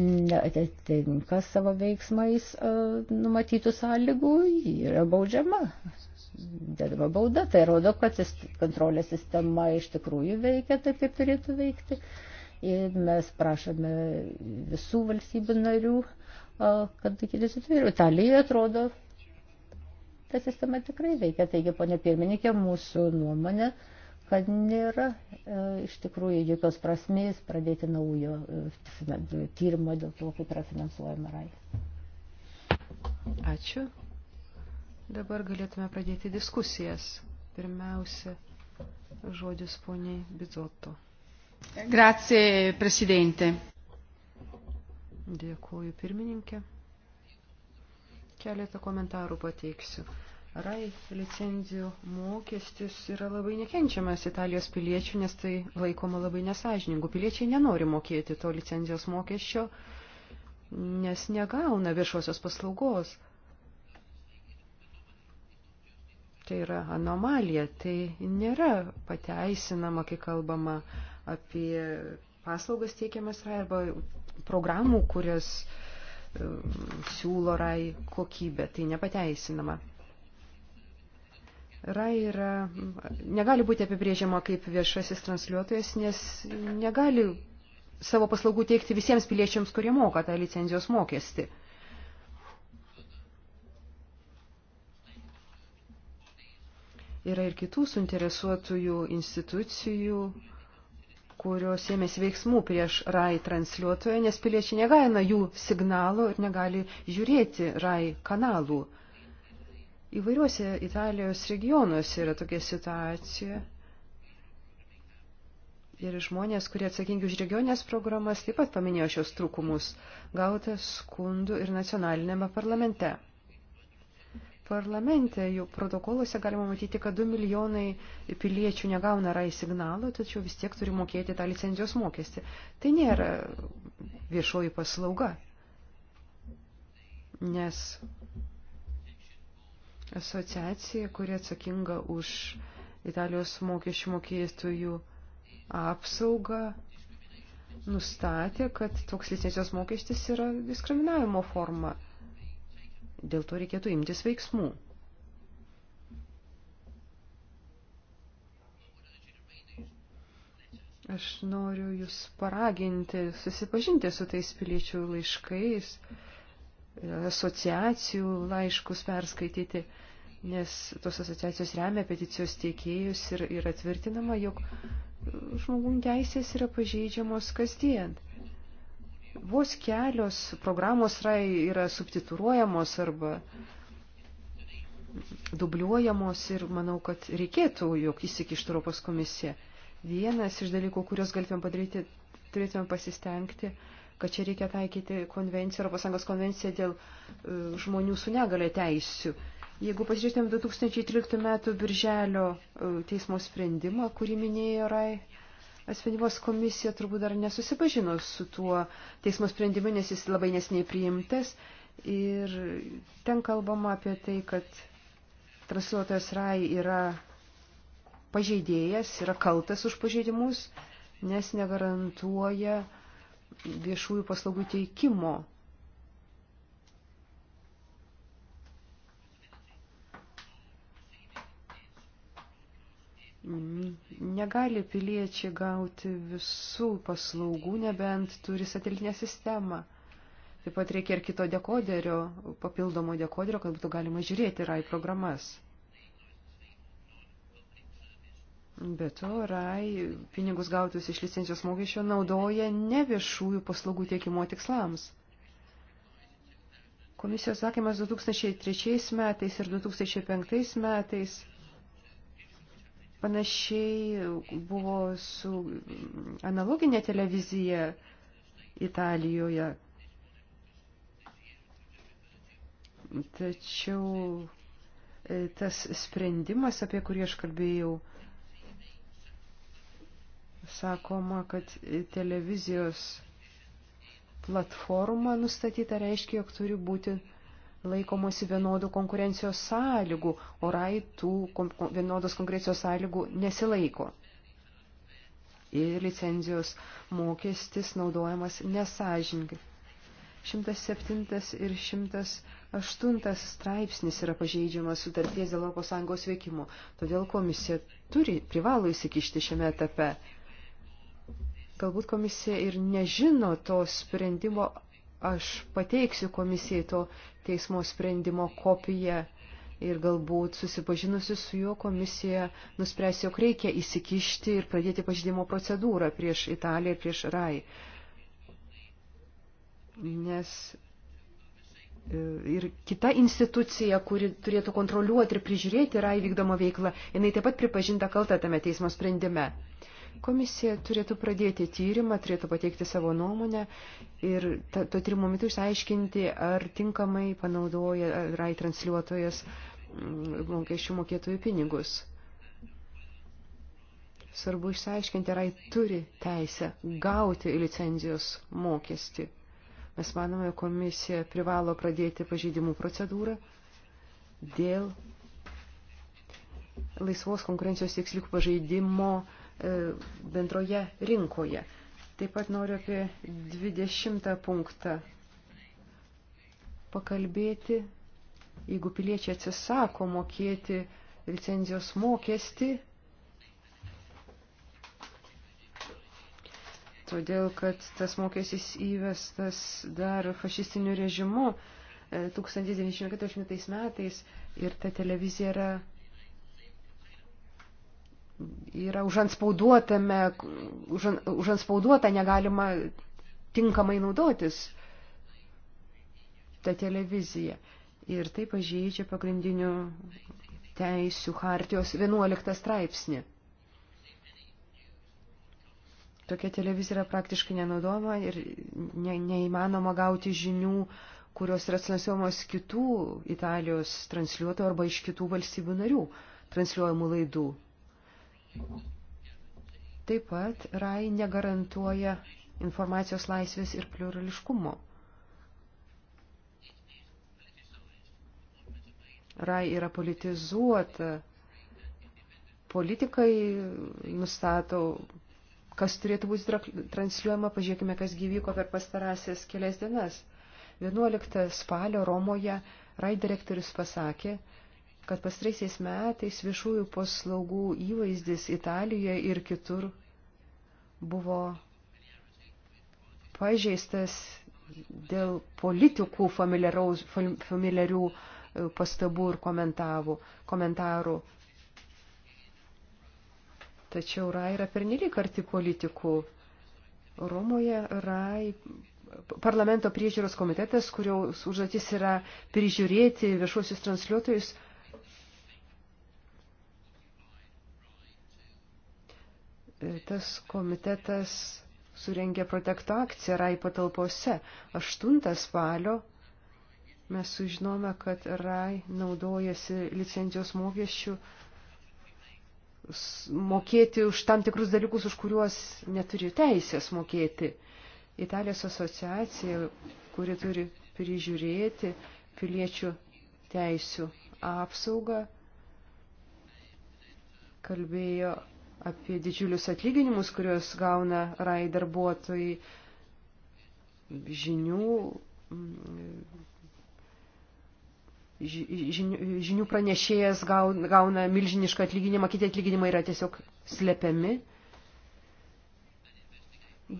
neatitinka savo veiksmais e, numatytų sąlygų, yra baudžiama. Dedama bauda, tai rodo, kad kontrolės sistema iš tikrųjų veikia taip, kaip turėtų veikti. Ir mes prašome visų valstybių narių kad kitas atvirų. Italijai atrodo, ta sistema tikrai veikia. Taigi, ponė pirmininkė, mūsų nuomonė, kad nėra e, iš tikrųjų jokios prasmės pradėti naujo e, tyrimo dėl to, kaip yra finansuojama RAI. Ačiū. Dabar galėtume pradėti diskusijas. Pirmiausia, žodis poniai Bizotto. Grazie, Presidente. Dėkuoju pirmininkė. Keletą komentarų pateiksiu. RAI licenzijų mokestis yra labai nekenčiamas Italijos piliečių, nes tai laikoma labai nesažiningu. Piliečiai nenori mokėti to licenzijos mokesčio, nes negauna viešosios paslaugos. Tai yra anomalija, tai nėra pateisinama, kai kalbama apie paslaugas teikiamas RAI arba programų, kurias e, siūlo RAI kokybė. Tai nepateisinama. RAI yra, negali būti apibrėžiama kaip viešasis transliuotojas, nes negali savo paslaugų teikti visiems piliečiams, kurie moka tą licenzijos mokestį. Yra ir kitų suinteresuotųjų institucijų, kurios ėmėsi veiksmų prieš RAI transliuotoją, nes piliečiai negaina jų signalų ir negali žiūrėti RAI kanalų. Įvairiuose Italijos regionuose yra tokia situacija. Ir žmonės, kurie atsakingi už regionės programas, taip pat paminėjo šios trūkumus, gauta skundų ir nacionalinėme parlamente parlamente, jų protokoluose galima matyti, kad 2 milijonai piliečių negauna RAI signalo, tačiau vis tiek turi mokėti tą licenzijos mokestį. Tai nėra viešoji paslauga, nes asociacija, kuri atsakinga už Italijos mokesčių mokėtojų apsaugą, nustatė, kad toks licencijos mokestis yra diskriminavimo forma dėl to reikėtų imtis veiksmų. Aš noriu Jūs paraginti, susipažinti su tais piliečių laiškais, asociacijų laiškus perskaityti, nes tos asociacijos remia peticijos tiekėjus ir yra tvirtinama, jog žmogum teisės yra pažeidžiamos kasdien. Vos kelios programos yra, yra subtitruojamos arba dubliuojamos ir manau, kad reikėtų, jog įsikištų Europos komisija. Vienas iš dalykų, kuriuos galėtume padaryti, turėtume pasistengti, kad čia reikia taikyti konvenciją, Europos Sąjungos konvenciją dėl e, žmonių su negale teisių. Jeigu pasižiūrėtume 2013 metų birželio e, teismo sprendimą, kurį minėjo Rai, asmenybos komisija turbūt dar nesusipažino su tuo teismo sprendimu, nes jis labai nesniai priimtas. Ir ten kalbama apie tai, kad transliuotojas RAI yra pažeidėjas, yra kaltas už pažeidimus, nes negarantuoja viešųjų paslaugų teikimo negali piliečiai gauti visų paslaugų, nebent turi satelitinę sistemą. Taip pat reikia ir kito dekoderio, papildomo dekoderio, kad būtų galima žiūrėti RAI programas. Be to, RAI pinigus gautus iš licencijos mokesčio naudoja ne viešųjų paslaugų tiekimo tikslams. Komisijos sakymas 2003 metais ir 2005 metais Panašiai buvo su analoginė televizija Italijoje. Tačiau e, tas sprendimas, apie kurį aš kalbėjau, sakoma, kad televizijos platforma nustatyta reiškia, jog turi būti laikomosi vienodų konkurencijos sąlygų, o rai tų vienodos konkurencijos sąlygų nesilaiko. Ir licenzijos mokestis naudojamas nesažingai. 107 ir 108 straipsnis yra pažeidžiamas sutarties dėl ES veikimo, todėl komisija turi, privalo įsikišti šiame etape. Galbūt komisija ir nežino to sprendimo aš pateiksiu komisijai to teismo sprendimo kopiją ir galbūt susipažinusi su juo komisija nuspręs, jog reikia įsikišti ir pradėti pažydimo procedūrą prieš Italiją ir prieš RAI. Nes e, ir kita institucija, kuri turėtų kontroliuoti ir prižiūrėti RAI vykdomą veiklą, jinai taip pat pripažinta kalta tame teismo sprendime. Komisija turėtų pradėti tyrimą, turėtų pateikti savo nuomonę ir ta, to tyrimo metu išsiaiškinti, ar tinkamai panaudoja RAI transliuotojas mm, mokesčių mokėtojų pinigus. Svarbu išsiaiškinti, ar RAI turi teisę gauti licenzijos mokestį. Mes manome, komisija privalo pradėti pažeidimų procedūrą dėl laisvos konkurencijos tiksliukų pažeidimo uh, E, bendroje rinkoje. Taip pat noriu apie 20 punktą pakalbėti, jeigu piliečiai atsisako mokėti licenzijos mokestį, todėl kad tas mokestis įvestas dar fašistiniu režimu 1940 e, metais ir ta televizija yra yra užanspauduotame, užan, užanspauduota negalima tinkamai naudotis tą televiziją. Ir tai pažeidžia pagrindinių teisių hartijos 11 straipsnį. Tokia televizija yra praktiškai nenaudoma ir ne, neįmanoma gauti žinių, kurios yra transliuojamos kitų Italijos transliuotojų arba iš kitų valstybių narių transliuojamų laidų. Taip pat RAI negarantuoja informacijos laisvės ir plurališkumo. RAI yra politizuota. Politikai nustato, kas turėtų būti transliuojama, pažiūrėkime, kas gyvyko per pastarąsias kelias dienas. 11 spalio Romoje RAI direktorius pasakė, kad pastraisiais metais viešųjų paslaugų įvaizdis Italijoje ir kitur buvo pažeistas dėl politikų familiarių e, pastabų ir komentarų. Tačiau RAI yra pernelyg arti politikų. Romoje RAI parlamento priežiūros komitetas, kurio užduotis yra prižiūrėti viešuosius transliuotojus, tas komitetas surengė protekto akciją RAI patalpose. 8 spalio mes sužinome, kad RAI naudojasi licencijos mokesčių mokėti už tam tikrus dalykus, už kuriuos neturi teisės mokėti. Italijos asociacija, kuri turi prižiūrėti piliečių teisių apsaugą, kalbėjo apie didžiulius atlyginimus, kuriuos gauna RAI darbuotojai, žinių, mm, žinių, žinių pranešėjas gauna, gauna milžinišką atlyginimą, kiti atlyginimai yra tiesiog slepiami.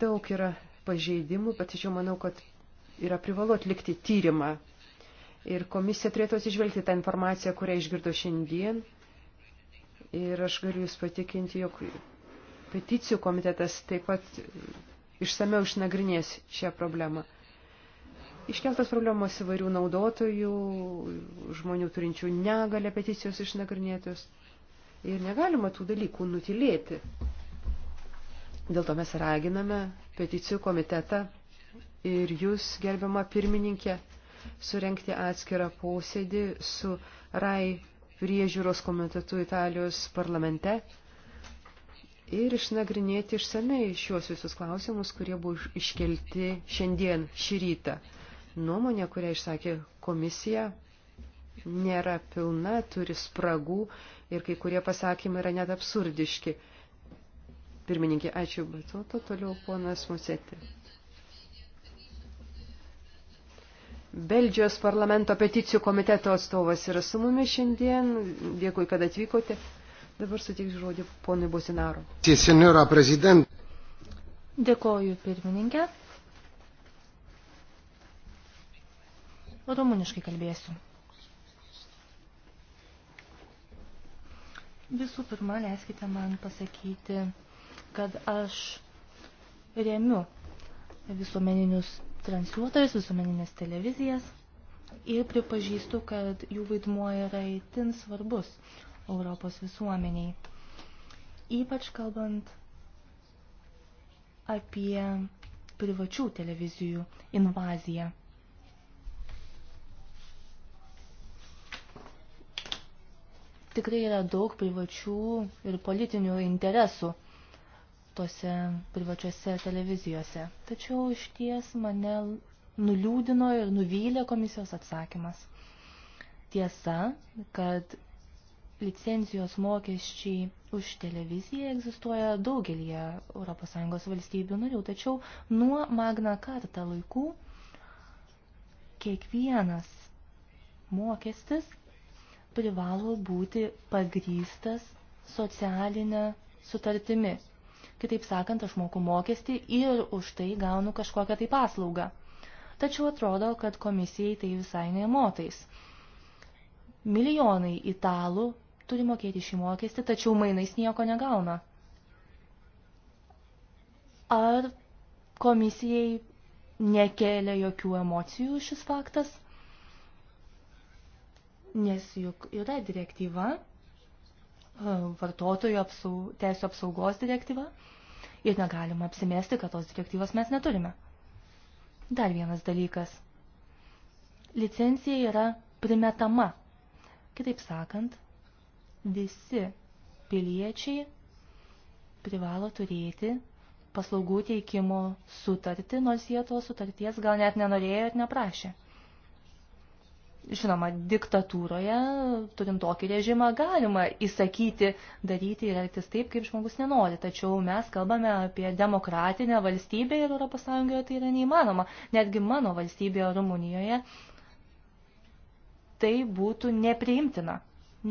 Daug yra pažeidimų, bet tačiau manau, kad yra privalu atlikti tyrimą. Ir komisija turėtų atsižvelgti tą informaciją, kurią išgirdo šiandien Ir aš galiu Jūs patikinti, jog peticijų komitetas taip pat išsameu išnagrinės šią problemą. Iškeltas problemos įvairių naudotojų, žmonių turinčių negalę peticijos išnagrinėtos. Ir negalima tų dalykų nutilėti. Dėl to mes raginame peticijų komitetą ir jūs, gerbiama pirmininkė, surenkti atskirą posėdį su RAI priežiūros komitetu Italijos parlamente ir išnagrinėti išsamei šiuos visus klausimus, kurie buvo iškelti šiandien šį rytą. Nuomonė, kurią išsakė komisija, nėra pilna, turi spragų ir kai kurie pasakymai yra net absurdiški. Pirmininkė, ačiū, bet to, to toliau ponas Musetė. Belgijos parlamento peticijų komiteto atstovas yra su mumis šiandien. Dėkui, kad atvykote. Dabar suteiksiu žodį ponui Bosinaro. Dėkoju, pirmininkė. Rumuniškai kalbėsiu. Visų pirma, leiskite man pasakyti, kad aš remiu visuomeninius transliuotojus, visuomeninės televizijas ir pripažįstu, kad jų vaidmuo yra itin svarbus Europos visuomeniai. Ypač kalbant apie privačių televizijų invaziją. Tikrai yra daug privačių ir politinių interesų tose privačiose televizijose. Tačiau iš ties mane nuliūdino ir nuvylė komisijos atsakymas. Tiesa, kad licencijos mokesčiai už televiziją egzistuoja daugelį ES valstybių narių, tačiau nuo Magna Carta laikų kiekvienas mokestis privalo būti pagrystas socialinę sutartimi. Kitaip sakant, aš moku mokestį ir už tai gaunu kažkokią tai paslaugą. Tačiau atrodo, kad komisijai tai visai nemotais. Milijonai italų turi mokėti šį mokestį, tačiau mainais nieko negauna. Ar komisijai nekelia jokių emocijų šis faktas? Nes juk yra direktyva vartotojų apsau, teisų apsaugos direktyva ir negalima apsimesti, kad tos direktyvos mes neturime. Dar vienas dalykas. Licencija yra primetama. Kitaip sakant, visi piliečiai privalo turėti paslaugų teikimo sutartį, nors jie tos sutarties gal net nenorėjo ir neprašė. Žinoma, diktatūroje, turim tokį režimą, galima įsakyti, daryti ir elgtis taip, kaip žmogus nenori. Tačiau mes kalbame apie demokratinę valstybę ir ES tai yra neįmanoma. Netgi mano valstybėje Rumunijoje tai būtų nepriimtina.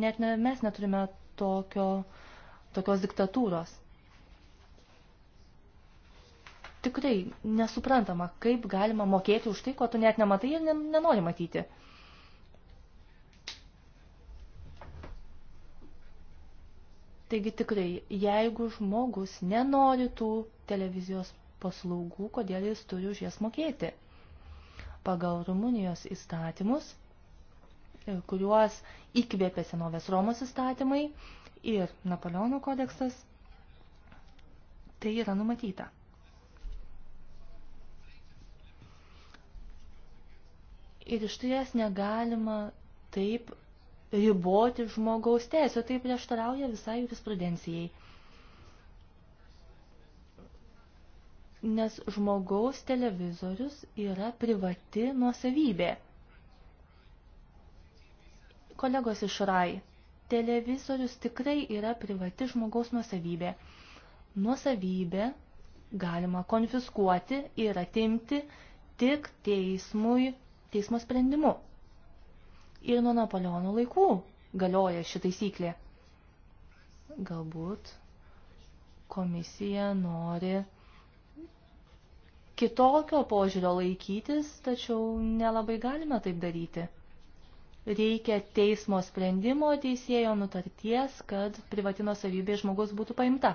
Net ne, mes neturime tokio, tokios diktatūros. Tikrai nesuprantama, kaip galima mokėti už tai, ko tu net nematai ir nenori matyti. Taigi tikrai, jeigu žmogus nenori tų televizijos paslaugų, kodėl jis turi už jas mokėti? Pagal Rumunijos įstatymus, e, kuriuos įkvėpė senovės Romos įstatymai ir Napoleono kodeksas, tai yra numatyta. Ir iš ties negalima taip riboti žmogaus teisę, tai prieštarauja visai jurisprudencijai. Nes žmogaus televizorius yra privati nuosavybė. Kolegos iš RAI, televizorius tikrai yra privati žmogaus nuosavybė. Nuosavybė galima konfiskuoti ir atimti tik teismui, teismo sprendimu ir nuo Napoleono laikų galioja ši taisyklė. Galbūt komisija nori kitokio požiūrio laikytis, tačiau nelabai galime taip daryti. Reikia teismo sprendimo teisėjo nutarties, kad privatino savybė žmogus būtų paimta.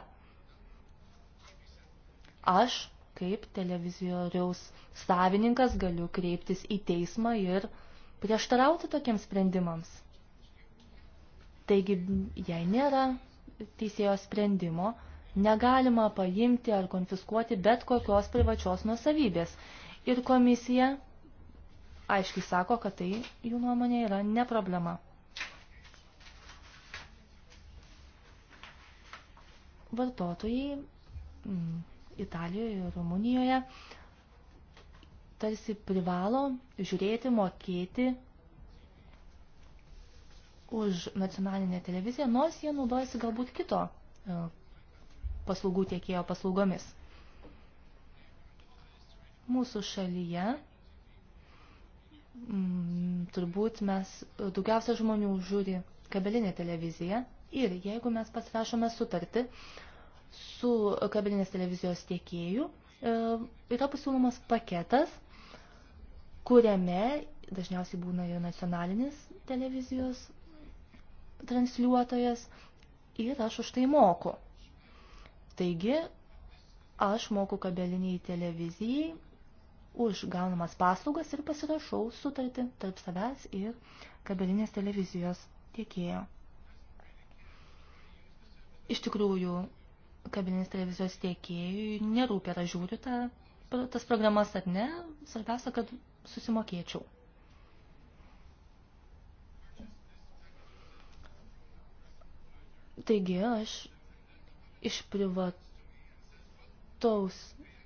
Aš, kaip televizijoriaus savininkas, galiu kreiptis į teismą ir uh, prieštarauti tokiems sprendimams. Taigi, jei nėra teisėjo sprendimo, negalima paimti ar konfiskuoti bet kokios privačios nusavybės. Ir komisija aiškiai sako, kad tai jų nuomonė yra ne problema. Vartotojai mm, Italijoje ir Rumunijoje tarsi privalo žiūrėti, mokėti už nacionalinę televiziją, nors jie naudojasi galbūt kito e, paslaugų tiekėjo paslaugomis. Mūsų šalyje m, turbūt mes e, daugiausia žmonių žiūri kabelinę televiziją ir jeigu mes pasirašome sutartį su kabelinės televizijos tiekėju, e, yra pasiūlomas paketas, kuriame dažniausiai būna jo nacionalinis televizijos transliuotojas ir aš už tai moku. Taigi, aš moku kabeliniai televizijai už gaunamas paslaugas ir pasirašau sutartį tarp savęs ir kabelinės televizijos tiekėjo. Iš tikrųjų, kabelinės televizijos tiekėjui nerūpia, ar žiūriu tą, tas programas ar ne. Svarbiausia, kad susimokėčiau. Taigi aš iš privataus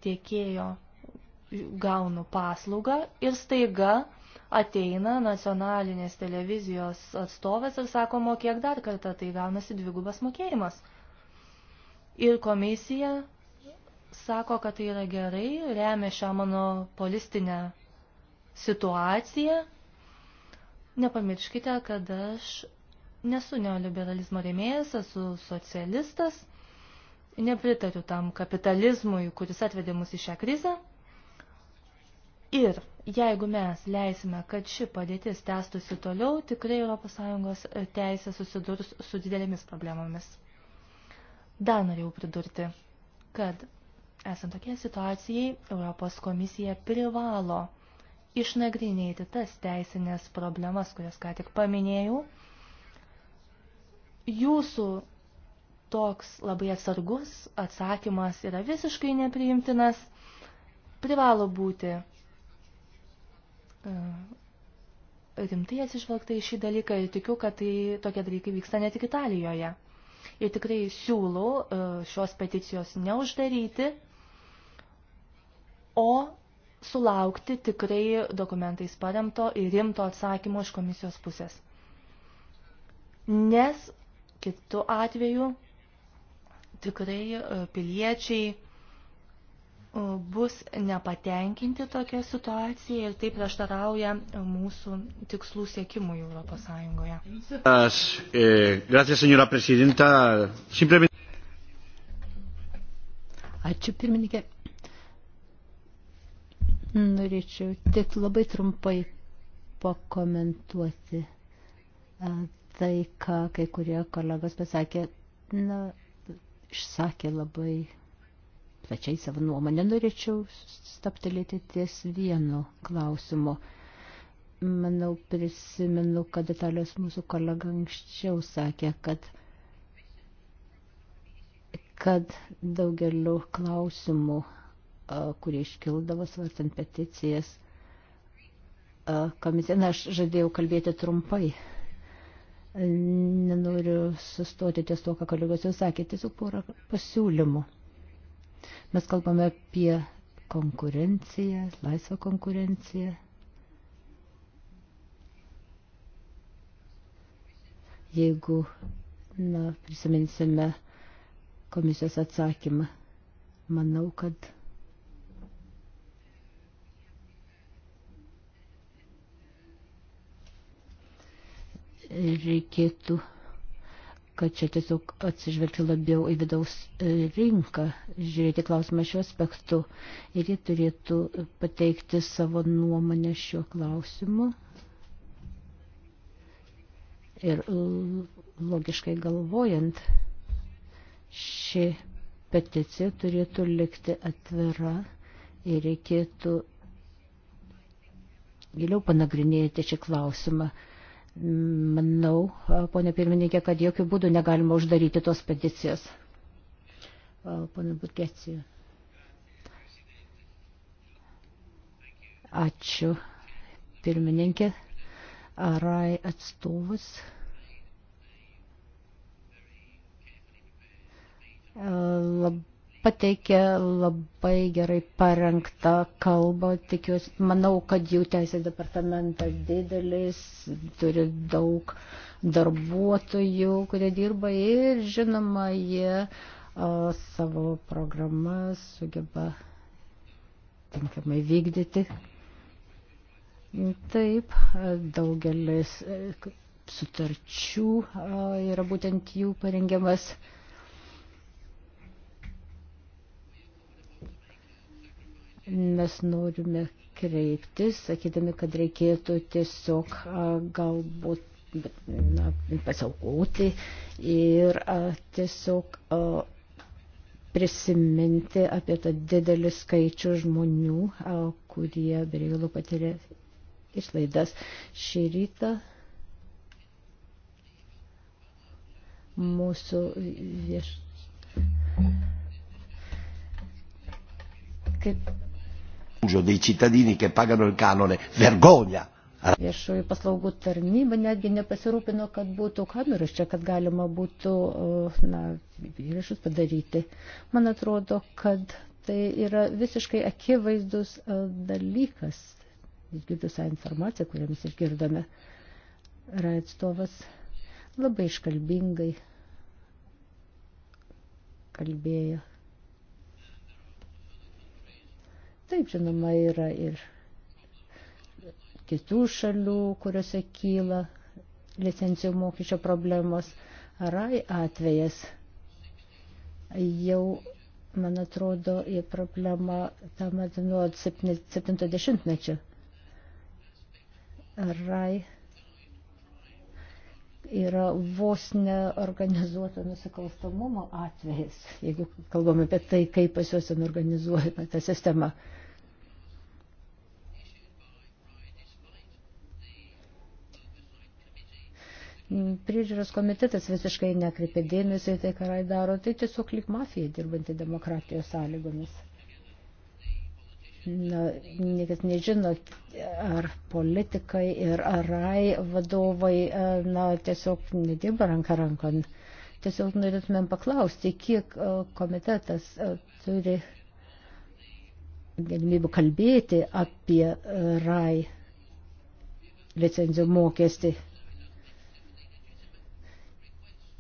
tiekėjo gaunu paslaugą ir staiga ateina nacionalinės televizijos atstovas ir sako, mokėk dar kartą, tai gaunasi dvigubas mokėjimas. Ir komisija sako, kad tai yra gerai, remia šią mano polistinę situaciją. Nepamirškite, kad aš nesu neoliberalizmo rėmėjas, esu socialistas, nepritariu tam kapitalizmui, kuris atvedė mus į šią krizę. Ir jeigu mes leisime, kad ši padėtis tęstųsi toliau, tikrai ES teisė susidurs su didelėmis problemomis. Dar norėjau pridurti, kad esant tokie situacijai, Europos komisija privalo išnagrinėti tas teisinės problemas, kurias ką tik paminėjau. Jūsų toks labai atsargus atsakymas yra visiškai nepriimtinas. Privalo būti e, rimtai atsižvelgta į šį dalyką ir tikiu, kad tai, tokie dalykai vyksta ne tik Italijoje. Ir tikrai siūlau e, šios peticijos neuždaryti, o sulaukti tikrai dokumentais paremto ir rimto atsakymo iš komisijos pusės. Nes kitu atveju tikrai e, piliečiai e, bus nepatenkinti tokia situacija ir tai prieštarauja mūsų tikslų siekimui Europos Sąjungoje. Eh, Ačiū, pirmininkė. Norėčiau tik labai trumpai pakomentuoti tai, ką kai kurie kolegos pasakė, na, išsakė labai plačiai savo nuomonę. Norėčiau staptelėti ties vienu klausimu. Manau, prisimenu, kad Italijos mūsų kolega anksčiau sakė, kad kad daugeliu klausimų kurie iškildavo svarstant peticijas komitete. Na, aš žadėjau kalbėti trumpai. Nenoriu sustoti ties to, ką kolegos jau sakė, tiesiog porą pasiūlymų. Mes kalbame apie konkurenciją, laisvą konkurenciją. Jeigu na, prisiminsime komisijos atsakymą, manau, kad reikėtų, kad čia tiesiog atsižvelgti labiau į vidaus rinką, žiūrėti klausimą šiuo aspektu ir jie turėtų pateikti savo nuomonę šiuo klausimu ir logiškai galvojant, ši peticija turėtų likti atvira ir reikėtų giliau panagrinėti šį klausimą, Manau, ponė pirmininkė, kad jokių būdų negalima uždaryti tos peticijos. Pone Burgecijų. Ačiū, pirmininkė. Arai atstovas pateikė labai gerai parengtą kalbą. Tikiuosi, manau, kad jų teisės departamentas didelis, turi daug darbuotojų, kurie dirba ir žinoma, jie a, savo programas sugeba tinkamai vykdyti. Taip, daugelis sutarčių yra būtent jų parengiamas. mes norime kreiptis, sakydami, kad reikėtų tiesiog galbūt na, pasiaukoti ir tiesiog prisiminti apie tą didelį skaičių žmonių, kurie be reikalo patiria išlaidas. Šį rytą mūsų vieš... Kaip dei cittadini che pagano il canone. Vergogna! Viešųjų paslaugų tarnyba netgi nepasirūpino, kad būtų kameros čia, kad galima būtų e, na, įrašus padaryti. Man atrodo, kad tai yra visiškai akivaizdus e, dalykas. Išgirdus tą informaciją, kurią mes išgirdome, Raitstovas labai iškalbingai kalbėjo. Taip, žinoma, yra ir kitų šalių, kuriuose kyla licencijų mokesčio problemos. RAI atvejas jau, man atrodo, į problemą tą matė nuo 70-mečio. RAI yra vos neorganizuoto nusikalstamumo atvejas, jeigu kalbame apie tai, kaip pas juos ten organizuojama ta sistema. Uh, Priežiūros komitetas visiškai nekreipia dėmesio į tai, ką daro. Tai tiesiog lyg mafija dirbanti demokratijos sąlygomis. Na, niekas nežino, ar politikai ir arai vadovai, e, na, tiesiog nedirba ranka rankon. Tiesiog norėtumėm paklausti, kiek e, komitetas e, turi galimybių kalbėti apie RAI licenzijų mokestį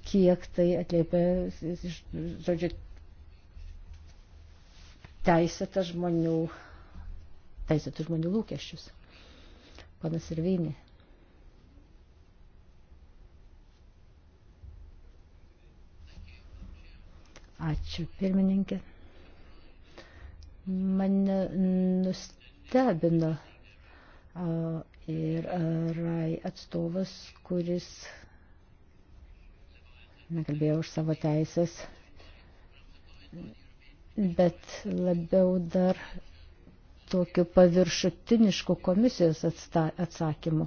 kiek tai atliepia, žodžiu, teisėtą žmonių, teisėtų žmonių lūkesčius. Panas Irvinė. Ačiū, pirmininkė. Mane nustebino ir rai atstovas, kuris nekalbėjau už savo teisės, bet labiau dar tokiu paviršutinišku komisijos atsakymu,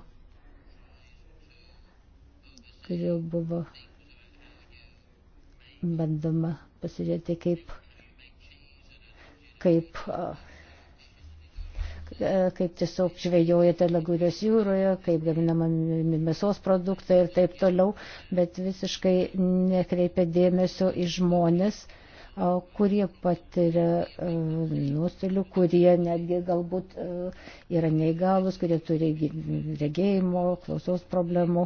kai jau buvo bandoma pasižiūrėti, kaip, kaip E, kaip tiesiog žvejoja Telagūrijos jūroje, kaip gaminama mėsos produktai ir taip toliau, bet visiškai nekreipia dėmesio į žmonės, kurie patiria e, nuostolių, kurie netgi galbūt e, yra neįgalus, kurie turi regėjimo, klausos problemų.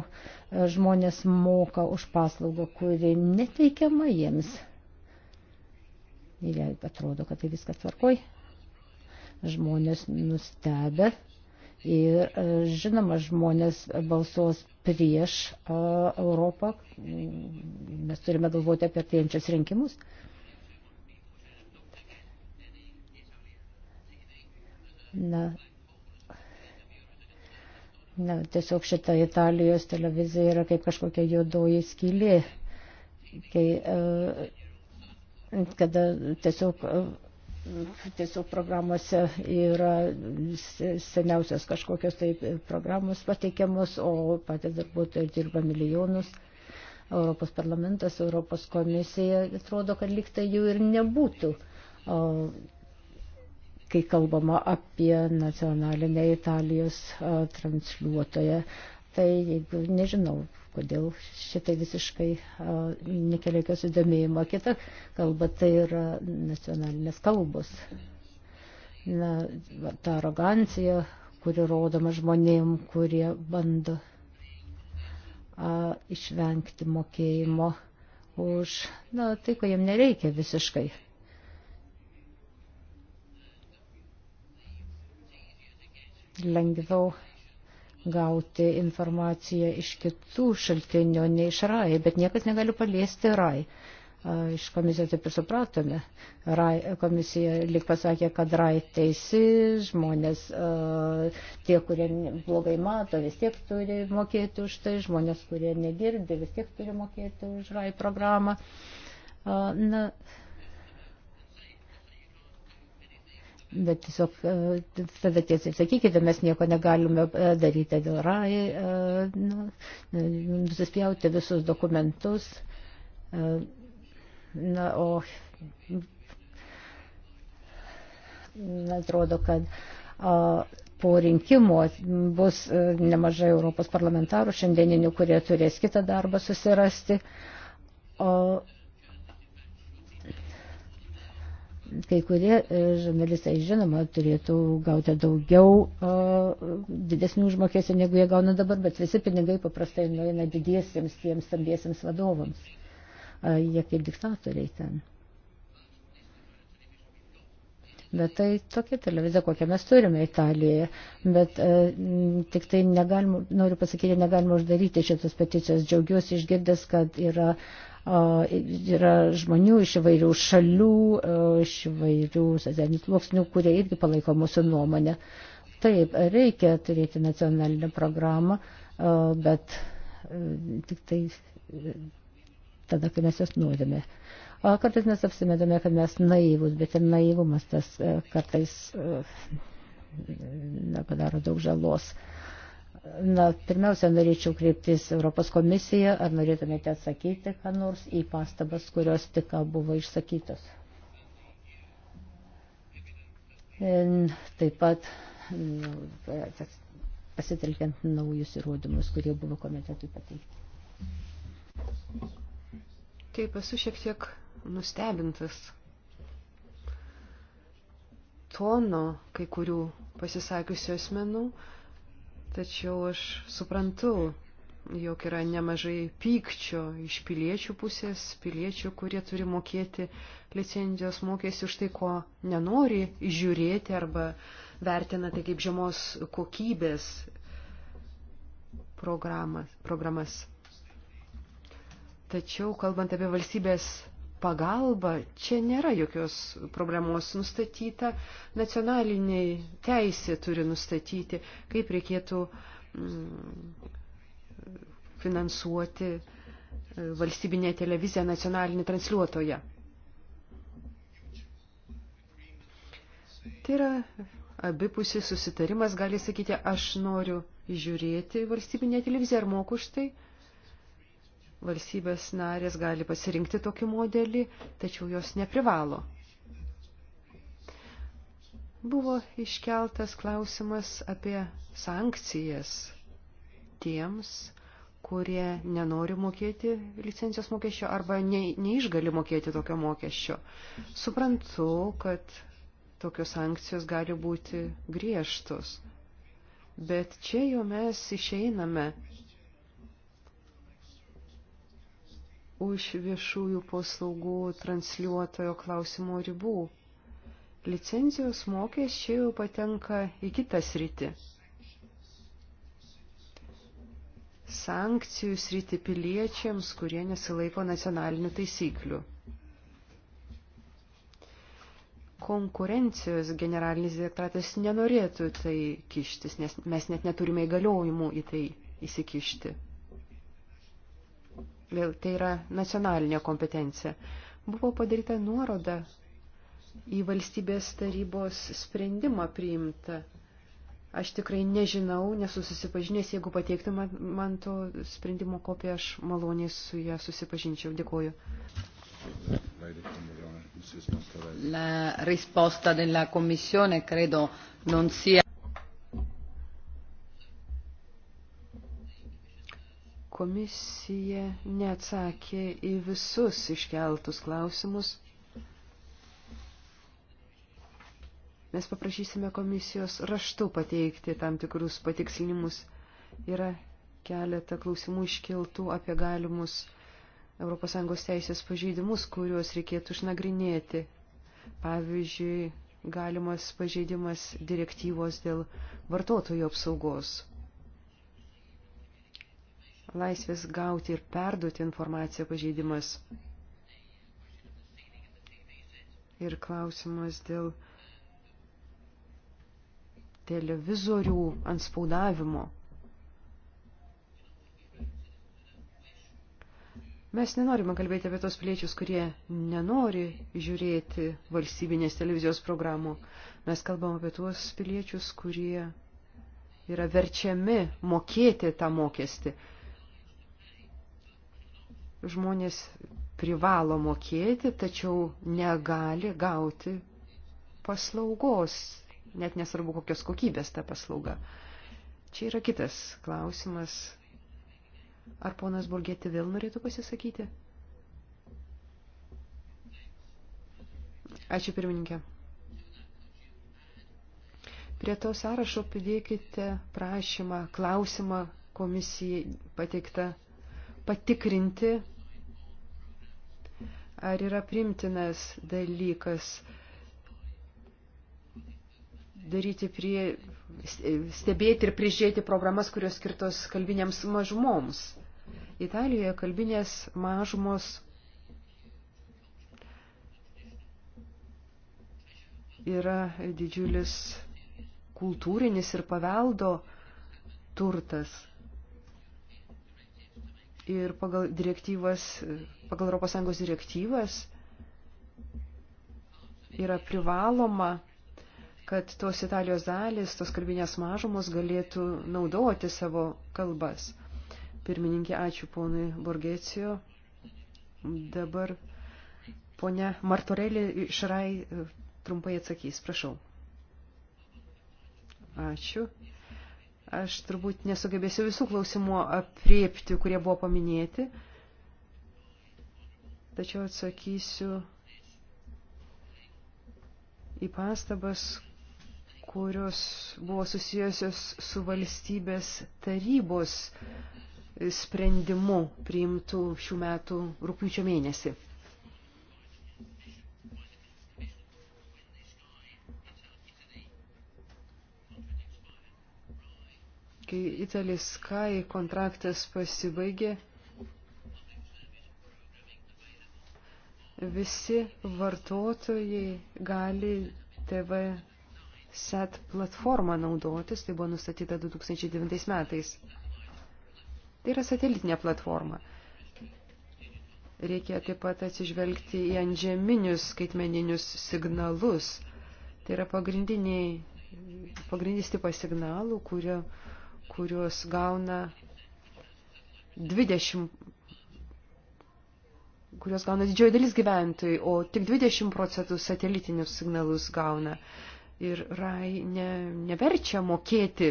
Žmonės moka už paslaugą, kuri neteikiama jiems. Ir jai atrodo, kad tai viskas tvarkoj žmonės nustebę ir e, žinoma žmonės balsuos prieš e, Europą. Mes turime galvoti apie atėjančias rinkimus. Na, na, tiesiog šita Italijos televizija yra kaip kažkokia juodoji skylė, kai, e, kada tiesiog tiesiog programuose yra seniausios kažkokios tai programos pateikiamos, o patys darbuotojai dirba milijonus. Europos parlamentas, Europos komisija, atrodo, kad liktai jų ir nebūtų, kai kalbama apie nacionalinę Italijos transliuotoją. Tai jeigu, nežinau, kodėl šitai visiškai nekelia jokio sudomėjimo. Kita kalba tai yra nacionalinės kalbos. Na, ta arogancija, kuri rodoma žmonėm, kurie bando a, išvengti mokėjimo už, na, tai, ko jam nereikia visiškai. Lengviau gauti informaciją iš kitų šaltinių, ne iš RAI, bet niekas negali paliesti RAI. Iš komisijos taip ir supratome. RAI, komisija lik pasakė, kad RAI teisi, žmonės, tie, kurie blogai mato, vis tiek turi mokėti už tai, žmonės, kurie negirdi, vis tiek turi mokėti už RAI programą. Na, Bet tiesiog e, tada tiesiai sakykite, mes nieko negalime e, daryti dėl RAI, e, nu, nusispjauti visus dokumentus. Na, o atrodo, kad po rinkimų bus nemažai Europos parlamentarų šiandieninių, kurie turės kitą darbą susirasti. O kai kurie e, žurnalistai, žinoma, turėtų gauti daugiau e, didesnių užmokėsių, negu jie gauna dabar, bet visi pinigai paprastai nueina didiesiems, tiems stambiesiems vadovams. E, jie kaip diktatoriai ten. Bet tai tokia televizija, kokią mes turime Italijoje. Bet e, tik tai negalima, noriu pasakyti, negalima uždaryti šitos peticijos. Džiaugiuosi išgirdęs, kad yra yra žmonių iš įvairių šalių, iš įvairių socialinių sluoksnių, kurie irgi palaiko mūsų nuomonę. Taip, reikia turėti nacionalinę programą, bet tik tai tada, kai mes jos nuodėme. Kartais mes apsimedame, kad mes naivus, bet ir naivumas tas kartais na, padaro daug žalos. Uh, Na, pirmiausia, norėčiau kreiptis Europos komisiją, ar norėtumėte atsakyti, ką nors į pastabas, kurios tik buvo išsakytos. E, taip pat nu, pasitelkiant naujus įrodymus, kurie buvo komitetui pateikti. Taip, esu šiek tiek nustebintas tono kai kurių pasisakiusių asmenų, Tačiau aš suprantu, jog yra nemažai pykčio iš piliečių pusės, piliečių, kurie turi mokėti licenzijos mokestį už tai, ko nenori žiūrėti arba vertina tai kaip žemos kokybės programas. programas. Tačiau, kalbant apie valstybės pagalba, čia nėra jokios problemos nustatyta. Nacionaliniai teisė turi nustatyti, kaip reikėtų mm, finansuoti e, valstybinė televizija nacionalinį transliuotoją. Tai yra abipusis susitarimas, gali sakyti, aš noriu žiūrėti valstybinę televiziją ar moku už tai valstybės narės gali pasirinkti tokį modelį, tačiau jos neprivalo. Buvo iškeltas klausimas apie sankcijas tiems, kurie nenori mokėti licencijos mokesčio arba ne, neišgali mokėti tokio mokesčio. Suprantu, kad tokios sankcijos gali būti griežtos, bet čia jau mes išeiname už viešųjų paslaugų transliuotojo klausimo ribų. Licenzijos mokesčiai jau patenka į kitą sritį. Sankcijų sritį piliečiams, kurie nesilaiko nacionalinių taisyklių. konkurencijos generalinis direktoratas nenorėtų tai kištis, nes mes net neturime įgaliojimų į tai įsikišti vėl tai yra nacionalinė kompetencija. Buvo padaryta nuoroda į valstybės tarybos sprendimą priimtą. Aš tikrai nežinau, nesu susipažinęs, jeigu pateiktų man, man to sprendimo kopiją, aš maloniai su ją susipažinčiau. Dėkuoju. La risposta della Commissione credo non sia. Komisija neatsakė į visus iškeltus klausimus. Mes paprašysime komisijos raštu pateikti tam tikrus patikslinimus. Yra keletą klausimų iškiltų apie galimus ES teisės pažeidimus, kuriuos reikėtų išnagrinėti. Pavyzdžiui, galimas pažeidimas direktyvos dėl vartotojų apsaugos laisvės gauti ir perduoti informaciją pažeidimas. Ir klausimas dėl televizorių ant spaudavimo. Mes nenorime kalbėti apie tos piliečius, kurie nenori žiūrėti valstybinės televizijos programų. Mes kalbam apie tuos piliečius, kurie yra verčiami mokėti tą mokestį žmonės privalo mokėti, tačiau negali gauti paslaugos, net nesvarbu kokios kokybės ta paslauga. Čia yra kitas klausimas. Ar ponas Burgėti vėl norėtų pasisakyti? Ačiū pirmininkė. Prie to sąrašo pridėkite prašymą, klausimą komisijai pateiktą patikrinti ar yra primtinas dalykas daryti prie, stebėti ir prižiūrėti programas, kurios skirtos kalbinėms mažumoms. Italijoje kalbinės mažumos yra didžiulis kultūrinis ir paveldo turtas. Ir pagal direktyvas pagal ES direktyvas yra privaloma, kad tos Italijos dalis, tos kalbinės mažumos galėtų naudoti savo kalbas. Pirmininkė, ačiū ponui Borgecijo. Dabar ponia Martorelė Šrai e, trumpai atsakys, prašau. Ačiū. Aš turbūt nesugebėsiu visų klausimų apriepti, kurie buvo paminėti. Uh, tačiau atsakysiu į pastabas, kurios buvo susijusios su valstybės tarybos sprendimu priimtų šių metų rūpiučio mėnesį. Kai Italijos Sky kontraktas pasibaigė, visi vartotojai gali TV set platformą naudotis, tai buvo nustatyta 2009 metais. Tai yra satelitinė platforma. Reikia taip pat atsižvelgti į antžeminius skaitmeninius signalus. Tai yra pagrindiniai, pagrindinis tipas signalų, kurio, kuriuos gauna 20 kuriuos gauna didžioji dalis gyventojų, o tik 20 procentų satelitinius signalus gauna. Ir RAI ne, neverčia mokėti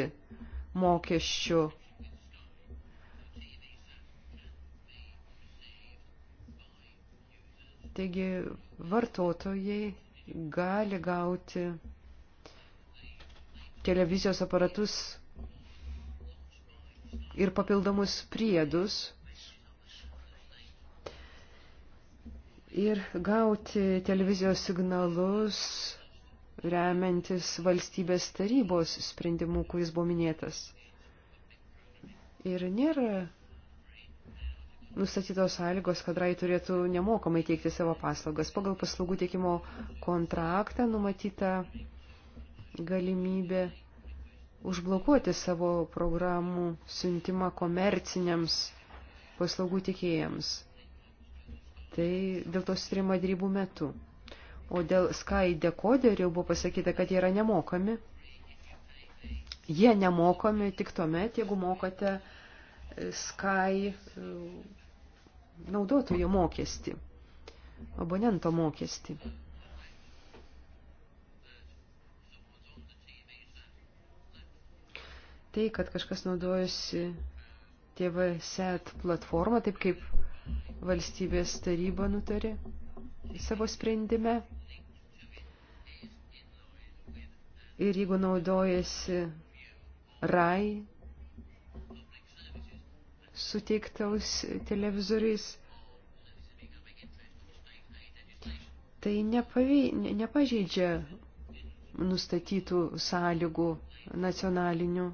mokesčių. Taigi vartotojai gali gauti televizijos aparatus ir papildomus priedus ir gauti televizijos signalus remiantis valstybės tarybos sprendimu, kuris buvo minėtas. Ir nėra nustatytos sąlygos, kad RAI turėtų nemokamai teikti savo paslaugas. Pagal paslaugų teikimo kontraktą numatyta galimybė užblokuoti savo programų siuntimą komerciniams paslaugų tikėjams. Tai dėl to sutrimo dėrybų metu. O dėl Sky dekoderių buvo pasakyta, kad jie yra nemokami. Jie nemokami tik tuomet, jeigu mokate e, Sky e, naudotojo mokestį, abonento mokestį. Tai, kad kažkas naudojasi TV set platformą, taip kaip valstybės taryba nutarė savo sprendime. Ir jeigu naudojasi RAI suteiktaus televizoriais, tai nepavei, ne, nepažeidžia nustatytų sąlygų nacionalinių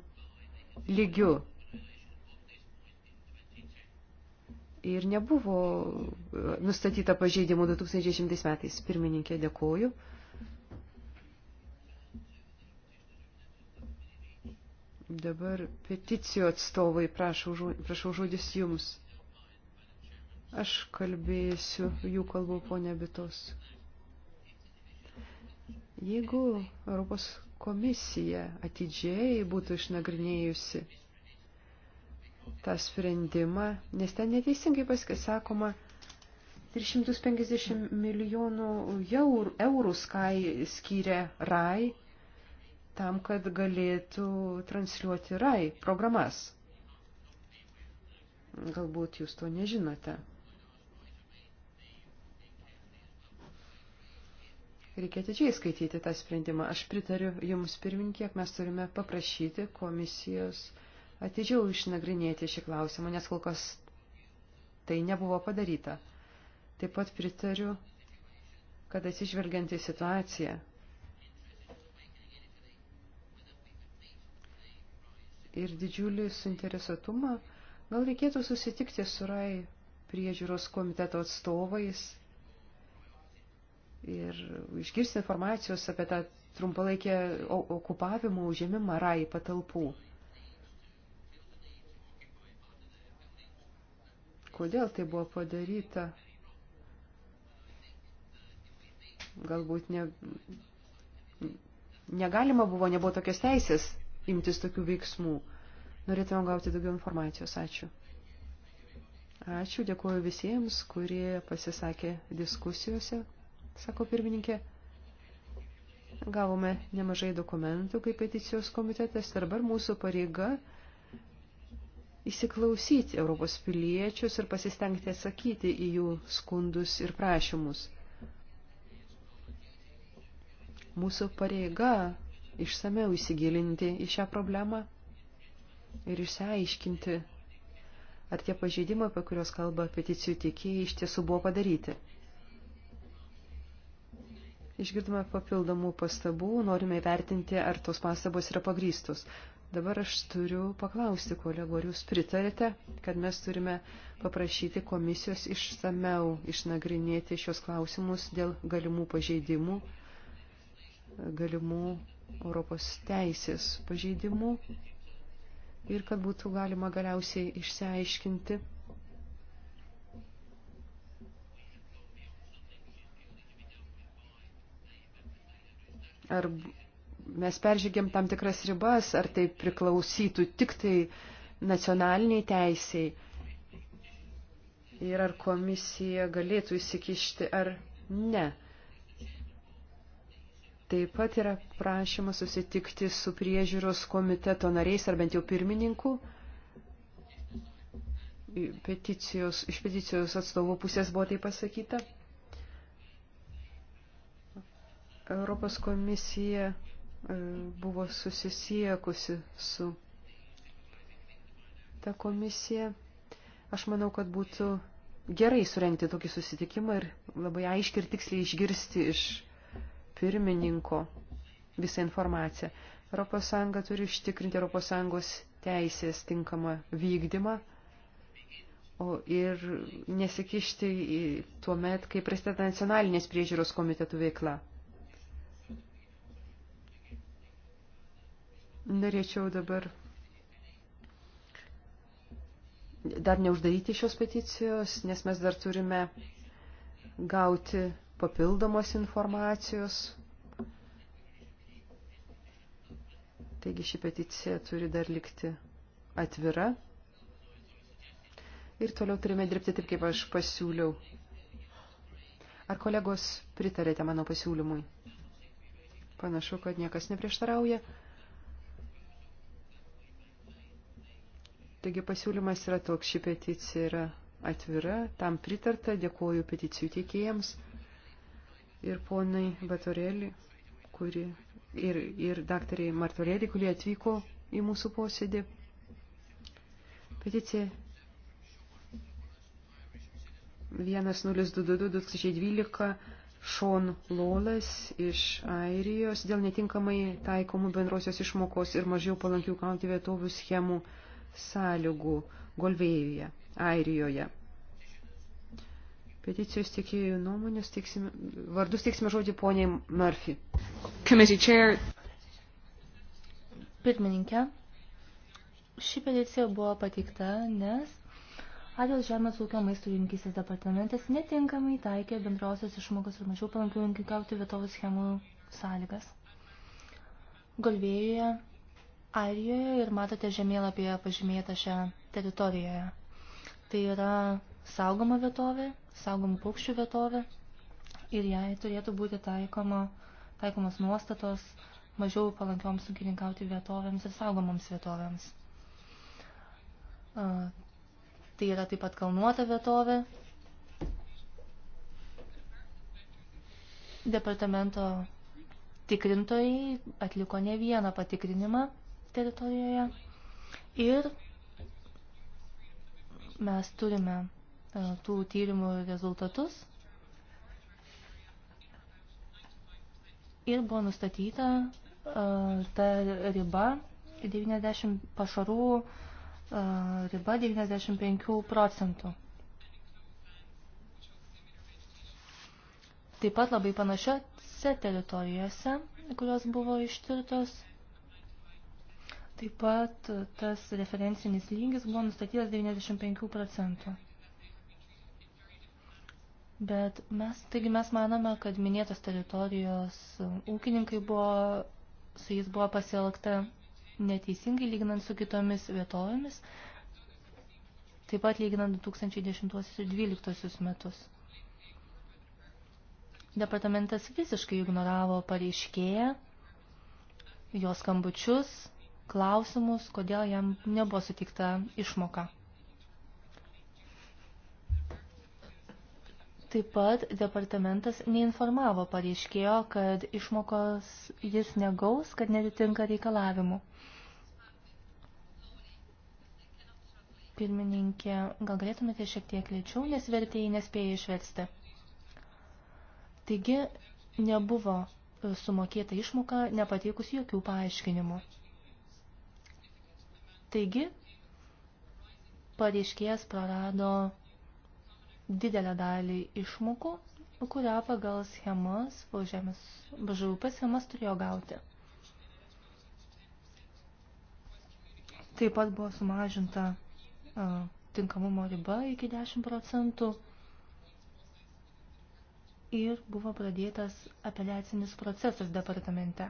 lygių. ir nebuvo e, nustatyta pažeidimų 2010 metais. Pirmininkė, dėkoju. Dabar peticijų atstovai, prašau, prašau žodis jums. Aš kalbėsiu jų kalbų, ponė Bitos. Jeigu Europos komisija atidžiai būtų išnagrinėjusi tą sprendimą, nes ten neteisingai pasakoma, 350 milijonų eurų, eurų Sky skyrė RAI tam, kad galėtų transliuoti RAI programas. Galbūt jūs to nežinote. Reikia atidžiai skaityti tą sprendimą. Aš pritariu Jums pirmin, kiek mes turime paprašyti komisijos uh, atidžiau išnagrinėti šį klausimą, nes kol kas tai nebuvo padaryta. Taip pat pritariu, kad atsižvelgiant į situaciją ir didžiulį suinteresuotumą, gal reikėtų susitikti su RAI priežiūros komiteto atstovais ir išgirsti informacijos apie tą trumpalaikę okupavimą, užėmimą RAI patalpų. Kodėl tai buvo padaryta? Galbūt ne, negalima buvo, nebuvo tokios teisės imtis tokių veiksmų. Norėtume gauti daugiau informacijos. Ačiū. Ačiū, dėkuoju visiems, kurie pasisakė diskusijose, sako pirmininkė. Gavome nemažai dokumentų kaip peticijos komitetas ir dabar mūsų pareiga įsiklausyti Europos piliečius ir pasistengti atsakyti į jų skundus ir prašymus. Mūsų pareiga išsameu įsigilinti į šią problemą ir išsiaiškinti, ar tie pažeidimai, apie kurios kalba peticijų teikėjai, iš tiesų buvo padaryti. Išgirdome papildomų pastabų, norime įvertinti, ar tos pastabos yra pagrystos. Dabar aš turiu paklausti kolegų, ar jūs pritarėte, kad mes turime paprašyti komisijos išsameu išnagrinėti šios klausimus dėl galimų pažeidimų, galimų Europos teisės pažeidimų ir kad būtų galima galiausiai išsiaiškinti, ar mes peržygėm tam tikras ribas, ar tai priklausytų tik tai nacionaliniai teisiai ir ar komisija galėtų įsikišti ar ne. Taip pat yra prašymas susitikti su priežiūros komiteto nariais ar bent jau pirmininku. Peticijos, iš peticijos atstovų pusės buvo tai pasakyta. Europos komisija E, buvo susisiekusi su ta komisija. Aš manau, kad būtų gerai surenkti tokį susitikimą ir labai aiškiai ir tiksliai išgirsti iš pirmininko visą informaciją. ES turi ištikrinti ES teisės tinkamą vykdymą o ir nesikišti į tuo met, kai prasideda nacionalinės priežiūros komitetų veikla. Norėčiau dabar dar neuždaryti šios peticijos, nes mes dar turime gauti papildomos informacijos. Taigi ši peticija turi dar likti atvira. Ir toliau turime dirbti taip, kaip aš pasiūliau. Ar kolegos pritarėte mano pasiūlymui? Panašu, kad niekas neprieštarauja. Taigi pasiūlymas yra toks, ši peticija yra atvira, tam pritarta, dėkuoju peticijų teikėjams ir ponai Batorėlį, kuri ir, ir daktariai Martorėlį, kurie atvyko į mūsų posėdį. Peticija 1022-2012 Šon Lolas iš Airijos dėl netinkamai taikomų bendrosios išmokos ir mažiau palankių gauti vietovių schemų sąlygų Golvėjuje, Airijoje. Peticijos tikėjų nuomonės, teiksime, vardus teiksime žodį poniai Murphy. Committee chair. Pirmininkė, ši peticija buvo pateikta, nes Adijos žemės ūkio maisto rinkysės departamentas netinkamai taikė bendrosios išmokos ir mažiau palankių rinkikauti vietovų schemų sąlygas. Golvėjoje Airijoje ir matote žemėlapyje pažymėtą šią teritorijoje. Tai yra saugoma vietovė, saugomų paukščių vietovė ir jai turėtų būti taikoma, taikomas nuostatos mažiau palankioms sunkininkauti vietovėms ir saugomoms vietovėms. Tai yra taip pat kalnuota vietovė. Departamento tikrintojai atliko ne vieną patikrinimą teritorijoje ir mes turime e, tų tyrimų rezultatus ir buvo nustatyta e, ta riba 90 pašarų e, riba 95 procentų. Taip pat labai panašiose teritorijose, kurios buvo ištirtos, Taip pat tas referencinis lygis buvo nustatytas 95 procentų. Bet mes, taigi mes manome, kad minėtos teritorijos ūkininkai buvo, su jais buvo pasielgta neteisingai lyginant su kitomis vietovėmis, taip pat lyginant 2010 ir 2012 metus. Departamentas visiškai ignoravo pareiškėją, jos skambučius, klausimus, kodėl jam nebuvo sutikta išmoka. Taip pat departamentas neinformavo pareiškėjo, kad išmokos jis negaus, kad netitinka reikalavimų. Pirmininkė, gal galėtumėte šiek tiek lėčiau, nes vertėjai nespėjo išversti. Taigi nebuvo sumokėta išmoka, nepateikus jokių paaiškinimų. Taigi, pareiškėjas prarado didelę dalį išmokų, kurią pagal schemas, žemės BŽUP schemas turėjo gauti. Taip pat buvo sumažinta a, tinkamumo riba iki 10 procentų ir buvo pradėtas apeliacinis procesas departamente.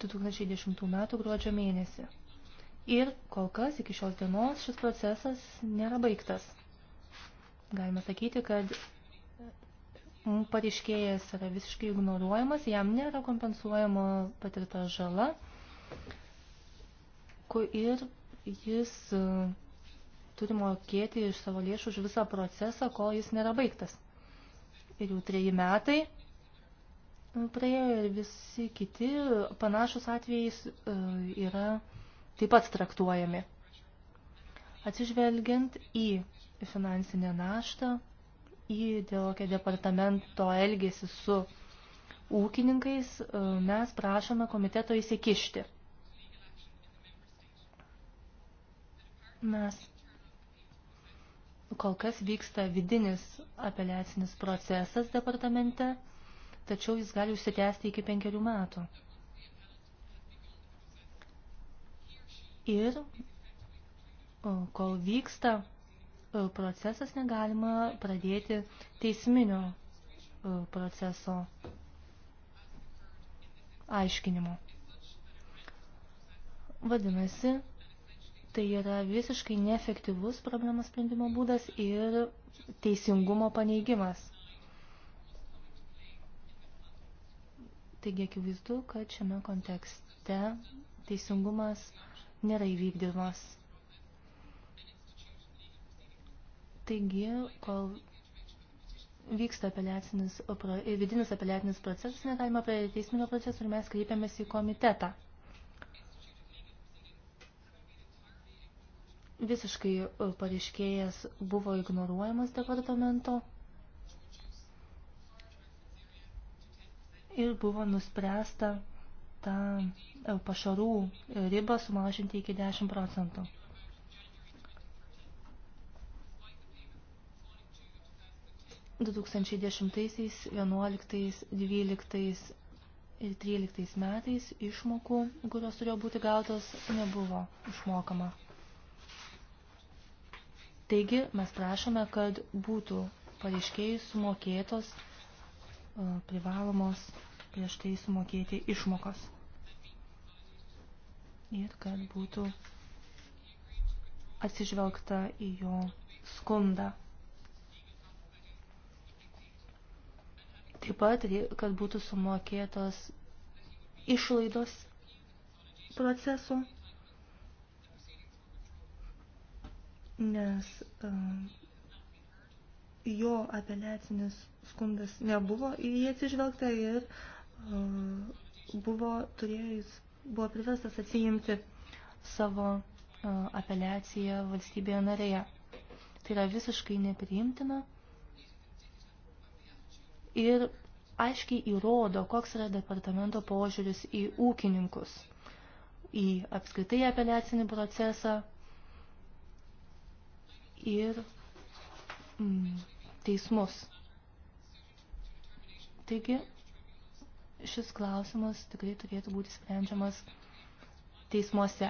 2010 m. gruodžio mėnesį. Ir kol kas iki šios dienos šis procesas nėra baigtas. Galima sakyti, kad pareiškėjas yra visiškai ignoruojamas, jam nėra kompensuojama patirta žala ir jis e, turi mokėti iš savo lėšų už visą procesą, kol jis nėra baigtas. Ir jau treji metai praėjo ir visi kiti panašus atvejais e, yra taip pat traktuojami. Atsižvelgiant į finansinę naštą, į dėlokio departamento elgesį su ūkininkais, e, mes prašome komiteto įsikišti. Mes kol kas vyksta vidinis apeliacinis procesas departamente – tačiau jis gali užsitęsti iki penkerių metų. Ir kol vyksta procesas, negalima pradėti teisminio proceso aiškinimo. Vadinasi, tai yra visiškai neefektyvus problemos sprendimo būdas ir teisingumo paneigimas. Taigi akivaizdu, kad šiame kontekste teisingumas nėra įvykdymas. Taigi, kol vyksta apeliacinis, vidinis apeliacinis procesas, negalima prie teisminio proceso ir mes kreipiamės į komitetą. Visiškai e, pareiškėjas buvo ignoruojamas departamento. ir buvo nuspręsta tą e, pašarų ribą sumažinti iki 10 procentų. Du 2010-2011-2012 ir 2013 metais išmokų, kurios turėjo būti gautos, nebuvo išmokama. Taigi mes prašome, kad būtų pareiškėjai sumokėtos E, privalomos prieš tai sumokėti išmokos. Ir kad būtų atsižvelgta į jo skundą. Taip pat, kad būtų sumokėtos išlaidos procesų, nes uh, jo apeliacinis skundas nebuvo į jį atsižvelgta ir e, buvo, turėjo, jis buvo priverstas atsijimti savo e, apeliaciją valstybėje narėje. Tai yra visiškai nepriimtina ir aiškiai įrodo, koks yra departamento požiūris į ūkininkus, į apskritai apeliacinį procesą ir mm, teismus. Taigi, šis klausimas tikrai turėtų būti sprendžiamas teismuose.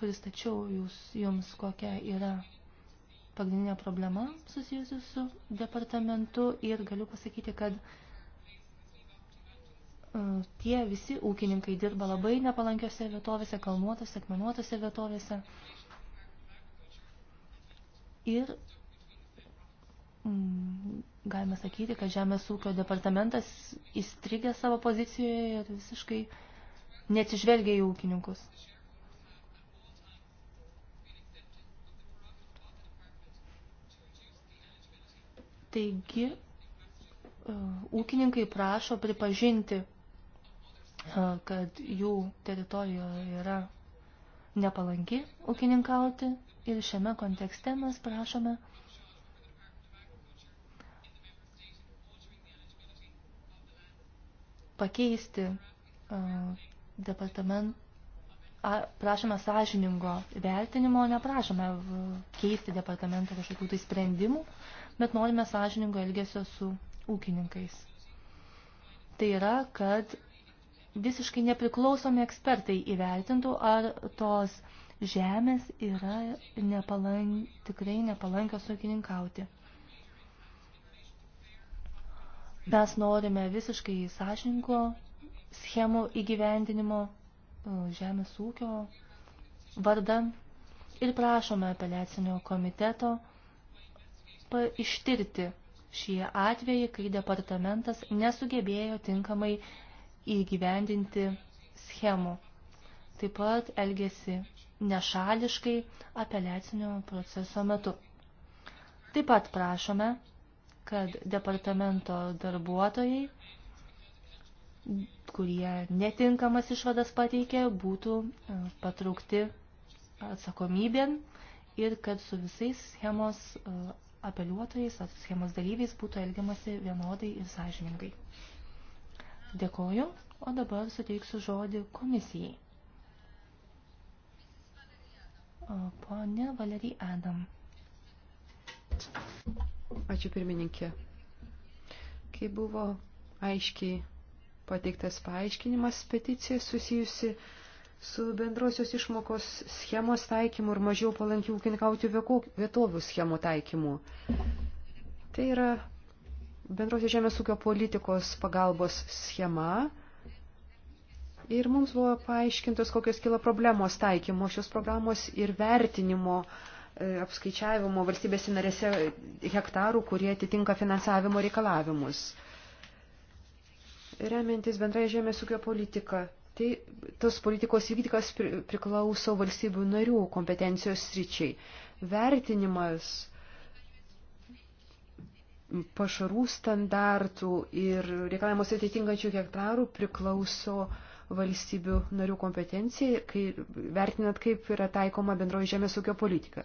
Pristačiau jūs, jums, kokia yra pagrindinė problema susijusi su departamentu ir galiu pasakyti, kad uh, E, tie visi ūkininkai dirba labai nepalankiose vietovėse, kalnuotose, akmenuotose vietovėse. Ir mm, galima sakyti, kad Žemės ūkio departamentas įstrigė savo pozicijoje ir visiškai neatsižvelgia į ūkininkus. Taigi, e, ūkininkai prašo pripažinti E, kad jų teritorijoje yra nepalanki ūkininkauti ir šiame kontekste mes prašome pakeisti e, departament, prašome sąžiningo vertinimo, neprašome keisti departamento kažkokių tai sprendimų, bet norime sąžiningo elgesio su ūkininkais. Tai yra, kad visiškai nepriklausomi ekspertai įvertintų, ar tos žemės yra nepalank, tikrai nepalankios ūkininkauti. Mes norime visiškai sąžininko schemų įgyvendinimo e, žemės ūkio vardan ir prašome apeliacinio komiteto ištirti šie atvejai, kai departamentas nesugebėjo tinkamai įgyvendinti schemų. Taip pat elgėsi nešališkai apeliacinio proceso metu. Taip pat prašome, kad departamento darbuotojai, kurie netinkamas išvadas pateikė, būtų e, patraukti atsakomybėn ir kad su visais schemos e, apeliuotojais, schemos dalyviais būtų elgiamasi vienodai ir sąžiningai. Dėkoju, o dabar suteiksiu žodį komisijai. Pone Valerij Adam. Ačiū pirmininkė. Kai buvo aiškiai pateiktas paaiškinimas, peticija susijusi su bendrosios išmokos schemos taikymu ir mažiau palankių ūkininkauti vietovių schemų taikymu. Tai yra bendrosios žemės ūkio politikos pagalbos schema. Ir mums buvo paaiškintos, kokios kila problemos taikymo šios programos ir vertinimo e, apskaičiavimo valstybėse narėse hektarų, kurie atitinka finansavimo reikalavimus. Remiantis bendrai žemės ūkio politika, tai tos politikos įvykdykas priklauso valstybių narių kompetencijos sričiai. Vertinimas pašarų standartų ir reikalavimus atitinkančių hektarų priklauso valstybių narių kompetencijai, kai, vertinant, kaip yra taikoma bendroji žemės ūkio politika.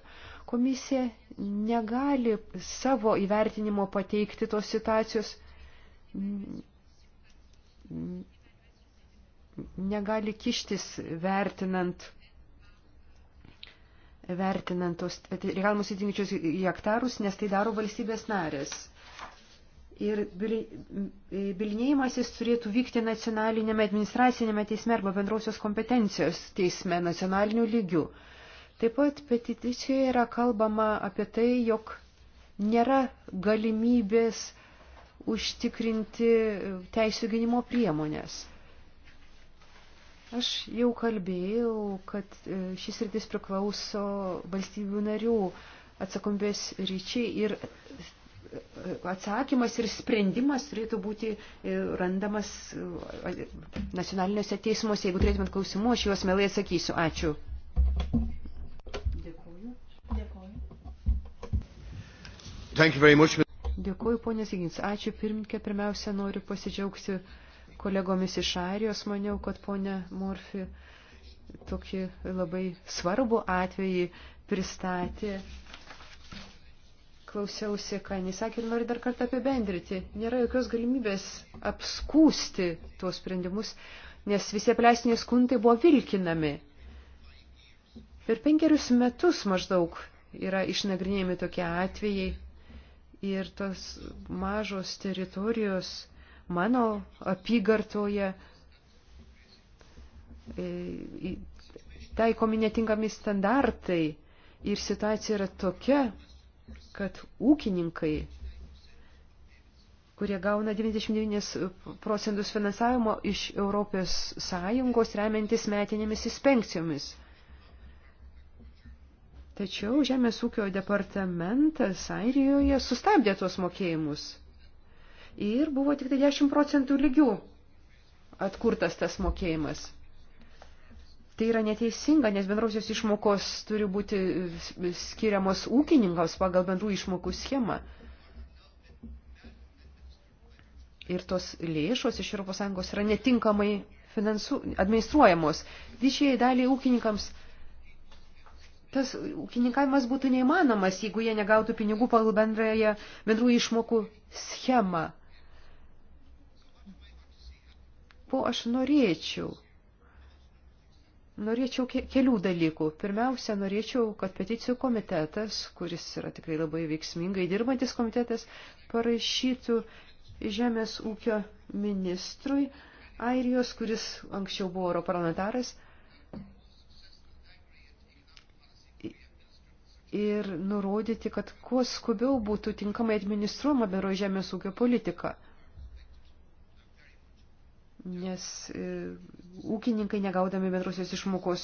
Komisija negali savo įvertinimo pateikti tos situacijos, negali kištis vertinant vertinant tos reikalavimus įtingičius į hektarus, nes tai daro valstybės narės ir bilinėjimasis turėtų vykti nacionalinėme administracinėme teisme arba bendrosios kompetencijos teisme nacionaliniu lygiu. Taip pat peticijoje yra kalbama apie tai, jog nėra galimybės užtikrinti teisų gynimo priemonės. Aš jau kalbėjau, kad e, šis rytis priklauso valstybių narių atsakomybės ryčiai ir atsakymas ir sprendimas turėtų būti e, randamas e, nacionaliniuose teismuose. Jeigu turėtumėt klausimų, aš juos mielai atsakysiu. Ačiū. Dėkuoju. Dėkuoju. Dėkuoju, ponė Zigins. Ačiū pirmininkė. Pirmiausia, noriu pasidžiaugti kolegomis iš Airijos. Maniau, kad ponė Morfi tokį labai svarbų atvejį pristatė klausiausi, ką jis sakė ir noriu dar kartą apibendrinti. Nėra jokios galimybės apskūsti tuos sprendimus, nes visi apleistiniai skundai buvo vilkinami. Per penkerius metus maždaug yra išnagrinėjami tokie atvejai ir tos mažos teritorijos mano apygartoje e, taikomi netinkami standartai ir situacija yra tokia, kad ūkininkai, kurie gauna 99 procentus finansavimo iš Europos Sąjungos remiantis metinėmis įspenkcijomis. Tačiau Žemės ūkio departamentas Airijoje sustabdė tuos mokėjimus. Ir buvo tik tai 10 procentų lygių atkurtas tas mokėjimas. Tai yra neteisinga, nes bendrausios išmokos turi būti e, skiriamos ūkininkams pagal bendrų išmokų schemą. Ir tos lėšos iš ES yra netinkamai finansu, administruojamos. Didžiai daliai ūkininkams tas ūkininkavimas būtų neįmanomas, jeigu jie negautų pinigų pagal bendrąją bendrų išmokų schemą. Ko aš norėčiau? Norėčiau kelių dalykų. Pirmiausia, norėčiau, kad peticijų komitetas, kuris yra tikrai labai veiksmingai dirbantis komitetas, parašytų Žemės ūkio ministrui Airijos, kuris anksčiau buvo europarlamentaras, ir nurodyti, kad kuo skubiau būtų tinkamai administruoma bero žemės ūkio politika nes e, ūkininkai negaudami bendrosios išmokos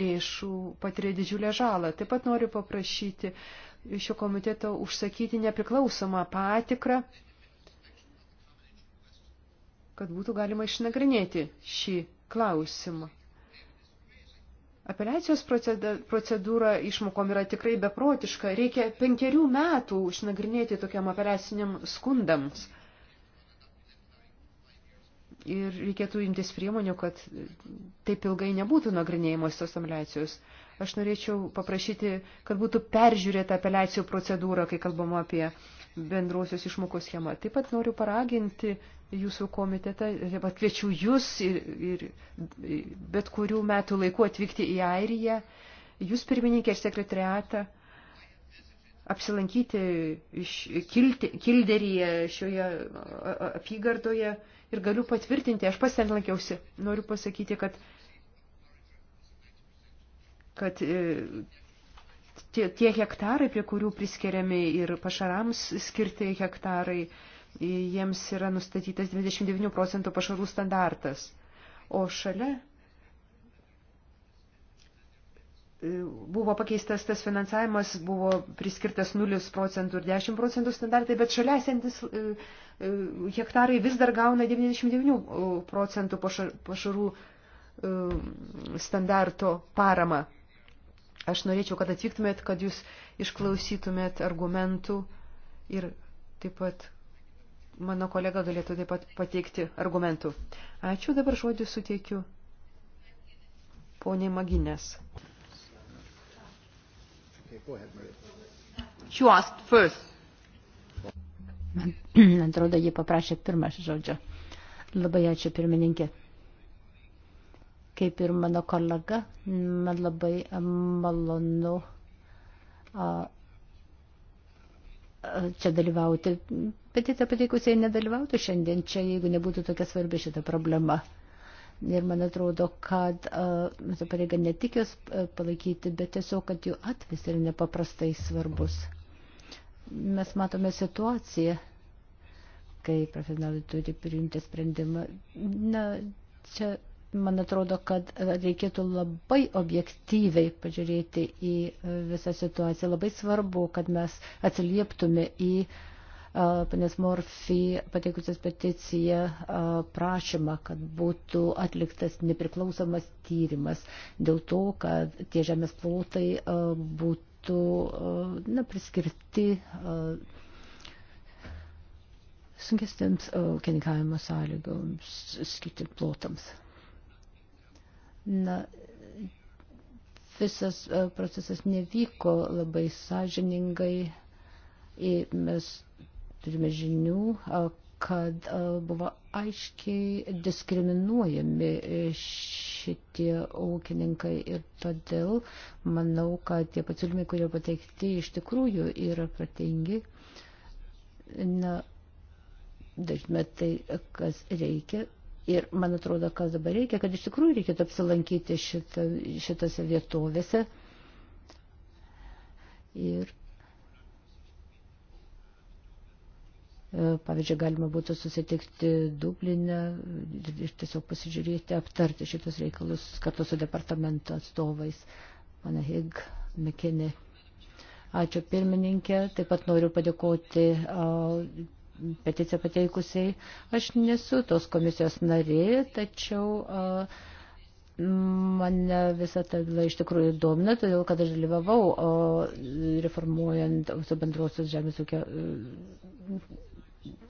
lėšų patiria didžiulę žalą. Taip pat noriu paprašyti šio komiteto užsakyti nepriklausomą patikrą, kad būtų galima išnagrinėti šį klausimą. Apeliacijos procedūra išmokom yra tikrai beprotiška. Reikia penkerių metų išnagrinėti tokiam apeliaciniam skundams ir reikėtų imtis priemonių, kad taip ilgai nebūtų nagrinėjimos tos ameliacijos. Aš norėčiau paprašyti, kad būtų peržiūrėta apeliacijų procedūra, kai kalbama apie bendrosios išmokos schemą. Taip pat noriu paraginti jūsų komitetą, atkviečiu jūs ir, ir bet kurių metų laiku atvykti į Airiją, jūs pirmininkė ir sekretariatą apsilankyti iš kilderyje šioje apygardoje ir galiu patvirtinti, aš pas ten lankiausi, noriu pasakyti, kad, kad e, tie, tie hektarai, prie kurių priskiriami ir pašarams skirti hektarai, e, jiems yra nustatytas 29 procentų pašarų standartas. O šalia e, buvo pakeistas tas finansavimas, buvo priskirtas 0 procentų ir 10 procentų standartai, bet šalia esantis hektarai vis dar gauna 99 e, procentų pašarų e, standarto paramą. Aš norėčiau, kad atvyktumėt, kad jūs išklausytumėt argumentų ir taip pat mano kolega galėtų taip pat pateikti argumentų. Ačiū, dabar žodį suteikiu poniai Maginės. You asked first. Man *clears throat* atrodo, jie paprašė pirmą žodžio. Labai ačiū pirmininkė. Kaip ir mano kolega, man labai malonu čia dalyvauti. Bet į tą pateikusiai nedalyvautų šiandien čia, jeigu nebūtų tokia svarbi šita problema. Ir man atrodo, kad mūsų pareiga ne tik jos palaikyti, bet tiesiog, kad jų atvis yra nepaprastai svarbus. Mm mes matome situaciją, kai profesionalai turi priimti sprendimą. Na, čia man atrodo, kad reikėtų labai objektyviai pažiūrėti į e, visą situaciją. Labai svarbu, kad mes atsilieptume į uh, e, panės Morfį pateikusias peticiją uh, prašymą, kad būtų atliktas nepriklausomas tyrimas dėl to, kad tie žemės plotai uh, būtų būtų e, na, priskirti e, sunkesnėms e, ūkininkavimo sąlygoms skirti plotams. Na, visas procesas nevyko labai sąžiningai ir mes turime žinių, kad buvo aiškiai diskriminuojami ši šitie ūkininkai ir todėl manau, kad tie pasiūlymai, kurie pateikti, iš tikrųjų yra pratingi. Na, dažnai tai, kas reikia. Ir man atrodo, kas dabar reikia, kad iš tikrųjų reikėtų apsilankyti šitą, šitose vietovėse. Ir E, pavyzdžiui, galima būtų susitikti Dublinę ir tiesiog pasižiūrėti, aptarti šitus reikalus kartu su departamento atstovais. Pana Hig, Mekinė. Ačiū pirmininkė, taip pat noriu padėkoti peticiją pateikusiai. Aš nesu tos komisijos narė, tačiau a, mane visą tą bylą iš tikrųjų domina, todėl kad aš dalyvavau reformuojant bendrosios žemės ūkio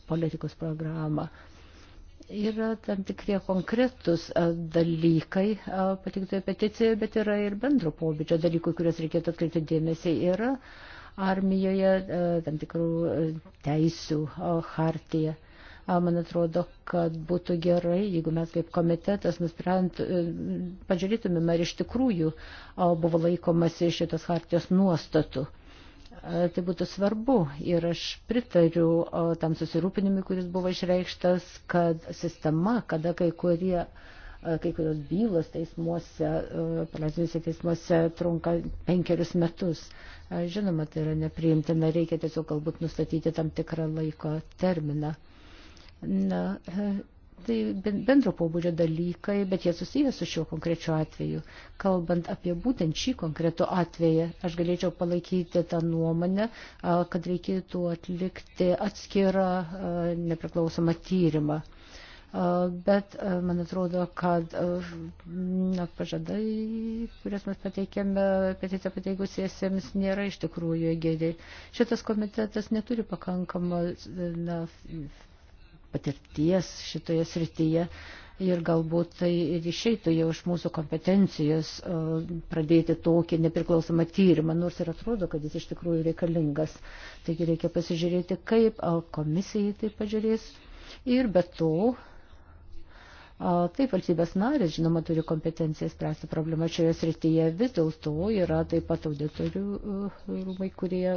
politikos programą. Yra tam tikrie konkretus e, dalykai e, patiktoje peticijoje, bet yra ir bendro pobūdžio dalykų, kuriuos reikėtų atkreipti dėmesį. Yra armijoje e, tam tikrų teisių hartija. Man atrodo, kad būtų gerai, jeigu mes kaip komitetas pažiūrėtumėm, ar iš tikrųjų buvo laikomasi šitos hartijos nuostatų. E, tai būtų svarbu. Ir aš pritariu tam susirūpinimui, kuris buvo išreikštas, kad sistema, kada kai kurie e, kai kurios bylos teismuose, apeliacinėse e, teismuose trunka penkerius metus. Žinoma, tai yra nepriimtina, reikia tiesiog galbūt nustatyti tam tikrą laiko terminą. Na, tai bendro pobūdžio dalykai, bet jie susijęs su šiuo konkrečiu atveju. Kalbant apie būtent šį konkretų atvejį, aš galėčiau palaikyti tą nuomonę, kad reikėtų atlikti atskirą nepriklausomą tyrimą. Bet man atrodo, kad na, pažadai, kurias mes pateikėme, peticiją pateikusiesiems, nėra iš tikrųjų geriai. Šitas komitetas neturi pakankamą na, patirties šitoje srityje ir galbūt tai ir išeitų jau iš mūsų kompetencijos e, pradėti tokį nepriklausomą tyrimą, nors ir atrodo, kad jis iš tikrųjų reikalingas. Taigi reikia pasižiūrėti, kaip komisijai tai pažiūrės. Ir be to Taip, valstybės narės, žinoma, turi kompetenciją spręsti problemą šioje srityje, vis dėlto yra taip pat auditorių e, rūmai, kurie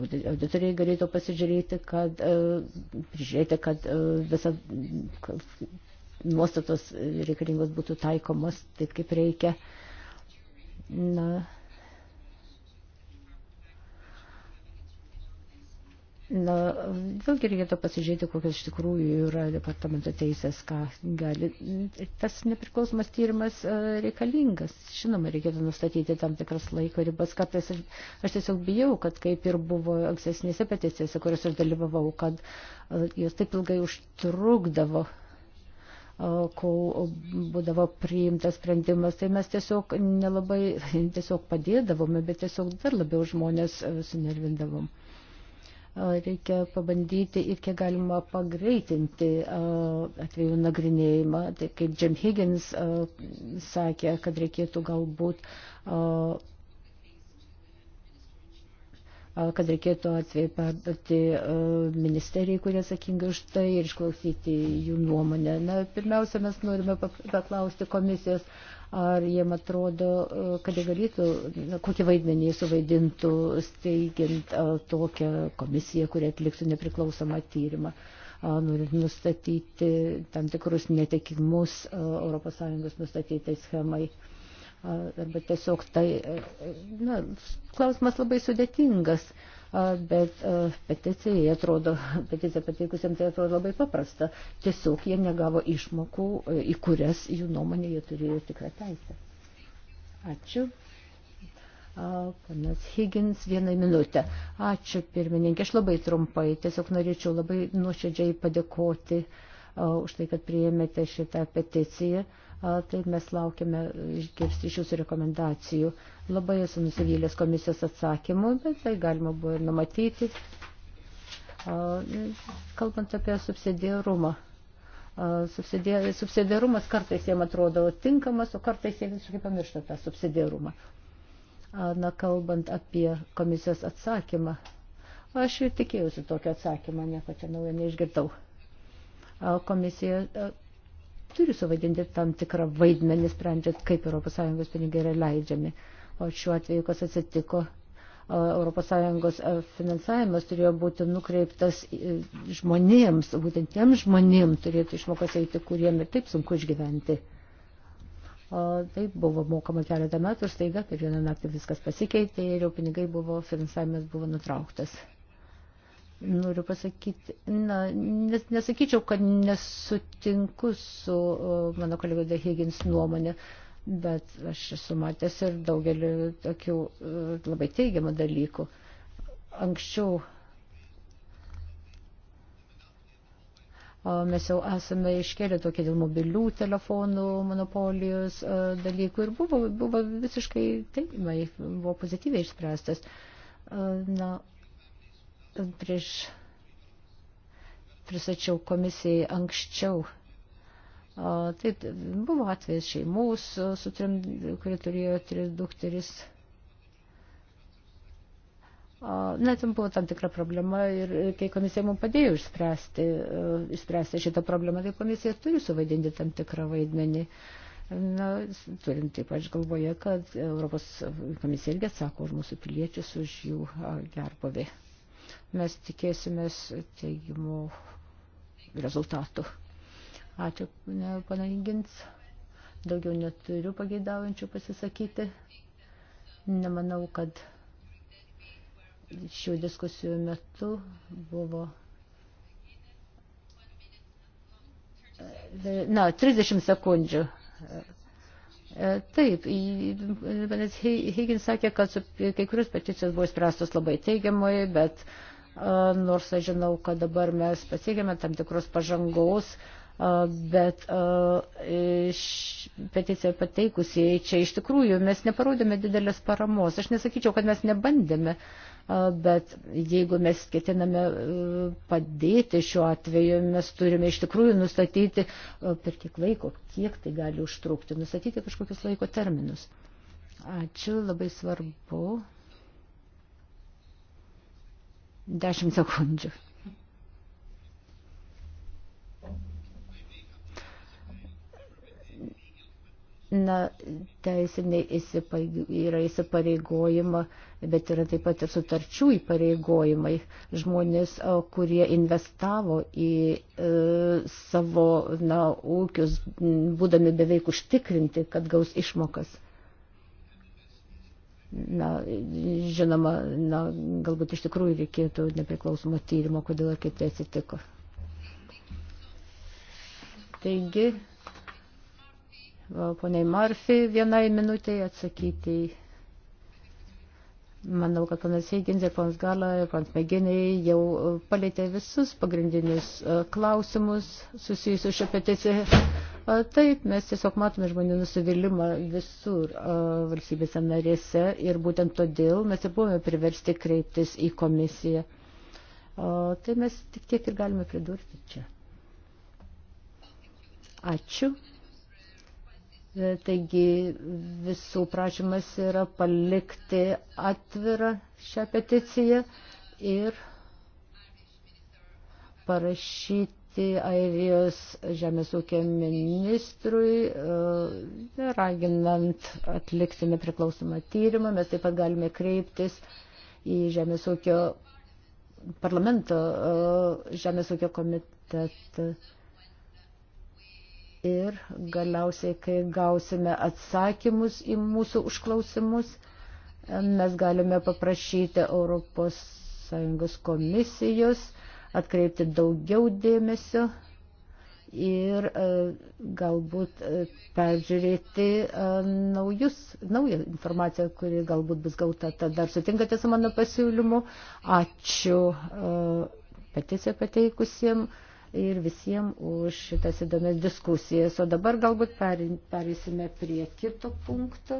auditoriai galėtų pasižiūrėti, kad, e, žiūrėti, kad e, visa kad nuostatos reikalingos būtų taikomos taip, kaip reikia. Na, Na, vėlgi reikėtų pasižiūrėti, kokios iš tikrųjų yra departamento teisės, ką gali. Tas nepriklausomas tyrimas e, reikalingas. Žinoma, reikėtų nustatyti tam tikras laiko ribas. Kartais aš, aš tiesiog bijau, kad kaip ir buvo ankstesnėse peticijose, kurias aš dalyvavau, kad e, jos taip ilgai užtrukdavo e, kol būdavo priimtas sprendimas, tai mes tiesiog nelabai tiesiog padėdavome, bet tiesiog dar labiau žmonės sunervindavom reikia pabandyti ir kiek galima pagreitinti atvejų nagrinėjimą. Tai kaip Jim Higgins sakė, kad reikėtų galbūt kad reikėtų atveju perduoti ministerijai, kurie atsakinga už tai ir išklausyti jų nuomonę. Na, pirmiausia, mes norime paklausti komisijos, uh, ar jiem atrodo, e, kad jie galėtų, kokį vaidmenį suvaidintų steigiant e, tokią komisiją, kuri atliktų nepriklausomą tyrimą, norint nustatyti tam tikrus netikimus ES nustatytai schemai arba tiesiog tai, e, na, klausimas labai sudėtingas, bet peticija, atrodo, *laughs* peticija pateikusiems tai atrodo labai paprasta. Tiesiog jie negavo išmokų, į kurias jų nuomonė jie turėjo tikrą teisę. Ačiū. Panas Higgins, vieną minutę. Ačiū pirmininkė, aš labai trumpai, tiesiog norėčiau labai nuoširdžiai padėkoti uh, už tai, kad priėmėte šitą peticiją. Uh, tai mes laukiame išgirsti iš jūsų rekomendacijų. Labai esu nusivylęs komisijos atsakymu, bet tai galima buvo ir numatyti. Kalbant apie subsidiarumą. Subsidiarumas kartais jiems atrodo tinkamas, o kartais jie visiškai pamiršta tą subsidiarumą. Na, kalbant apie komisijos atsakymą. Aš ir tikėjausi tokio atsakymą, nieko čia naujo neišgirdau. Komisija turi suvaidinti tam tikrą vaidmenį, sprendžiant, kaip ES pinigai yra leidžiami. O šiuo atveju, kas atsitiko, ES finansavimas turėjo būti nukreiptas žmonėms, būtent tiem žmonėm turėtų išmokas eiti, kuriem ir taip sunku išgyventi. O tai buvo mokama keletą metų ir staiga per vieną naktį viskas pasikeitė ir jau pinigai buvo, finansavimas buvo nutrauktas. Noriu pasakyti, na, nes, nesakyčiau, kad nesutinku su mano kolego De Higgins nuomonė, bet aš esu matęs ir daugelį tokių e, labai teigiamų dalykų. Anksčiau mes jau esame iškėlę tokį dėl mobilių telefonų monopolijos e, dalykų ir buvo, buvo visiškai teigiamai, buvo pozityviai išspręstas. E, na, prieš pristačiau komisijai anksčiau. O, tai buvo atvejas šeimų, su, su trim, kurie turėjo tris dukteris. Na, ten buvo tam tikra problema ir kai komisija mums padėjo išspręsti, e, išspręsti šitą problemą, tai komisija turi suvaidinti tam tikrą vaidmenį. Na, turim taip aš galvoje, kad Europos komisija irgi atsako už mūsų piliečius, už jų gerbovį mes tikėsimės teigiamų rezultatų. Ačiū, panagins. Daugiau neturiu pageidaujančių pasisakyti. Nemanau, kad šių diskusijų metu buvo. Na, 30 sekundžių. E, taip, Higgins sakė, kad kai kurios peticijos buvo spręstos labai teigiamai, bet uh, nors aš žinau, kad dabar mes pasiekėme tam tikros pažangos, bet peticija pateikusiai čia iš tikrųjų mes neparodėme didelės paramos. Aš nesakyčiau, kad mes nebandėme, bet jeigu mes ketiname padėti šiuo atveju, mes turime iš tikrųjų nustatyti per kiek laiko, kiek tai gali užtrukti, nustatyti kažkokius laiko terminus. Ačiū, labai svarbu Dešimt sekundžių. na, teisiniai įsipaig... yra įsipareigojima, bet yra taip pat ir sutarčių įpareigojimai. Žmonės, kurie investavo į e, savo na, ūkius, būdami beveik užtikrinti, kad gaus išmokas. Na, žinoma, na, galbūt iš tikrųjų reikėtų nepriklausomo tyrimo, kodėl ir kaip tai atsitiko. Taigi, poniai Marfi vienai minutiai atsakyti į Manau, kad panas Higgins ir panas Gala ir panas Meginiai jau e, palėtė visus pagrindinius e, klausimus susijusius šią peticiją. E, taip, mes tiesiog matome žmonių nusivylimą visur valstybėse narėse ir būtent todėl mes ir buvome priversti kreiptis į komisiją. Tai mes tik tiek ir galime pridurti čia. Ačiū. Taigi visų prašymas yra palikti atvirą šią peticiją ir parašyti Airijos žemės ūkio ministrui, e, raginant atlikti nepriklausomą tyrimą. Mes taip pat galime kreiptis į žemės ūkio parlamento e, žemės ūkio komitetą ir galiausiai, kai gausime atsakymus į mūsų užklausimus, mes galime paprašyti ES komisijos atkreipti daugiau dėmesio ir e, galbūt e, peržiūrėti e, naujus, naują informaciją, kuri galbūt bus gauta. Tada ar sutinkate su mano pasiūlymu? Ačiū peticiją pateikusiems ir visiems už šitas įdomias diskusijas. O dabar galbūt perėsime prie kito punkto.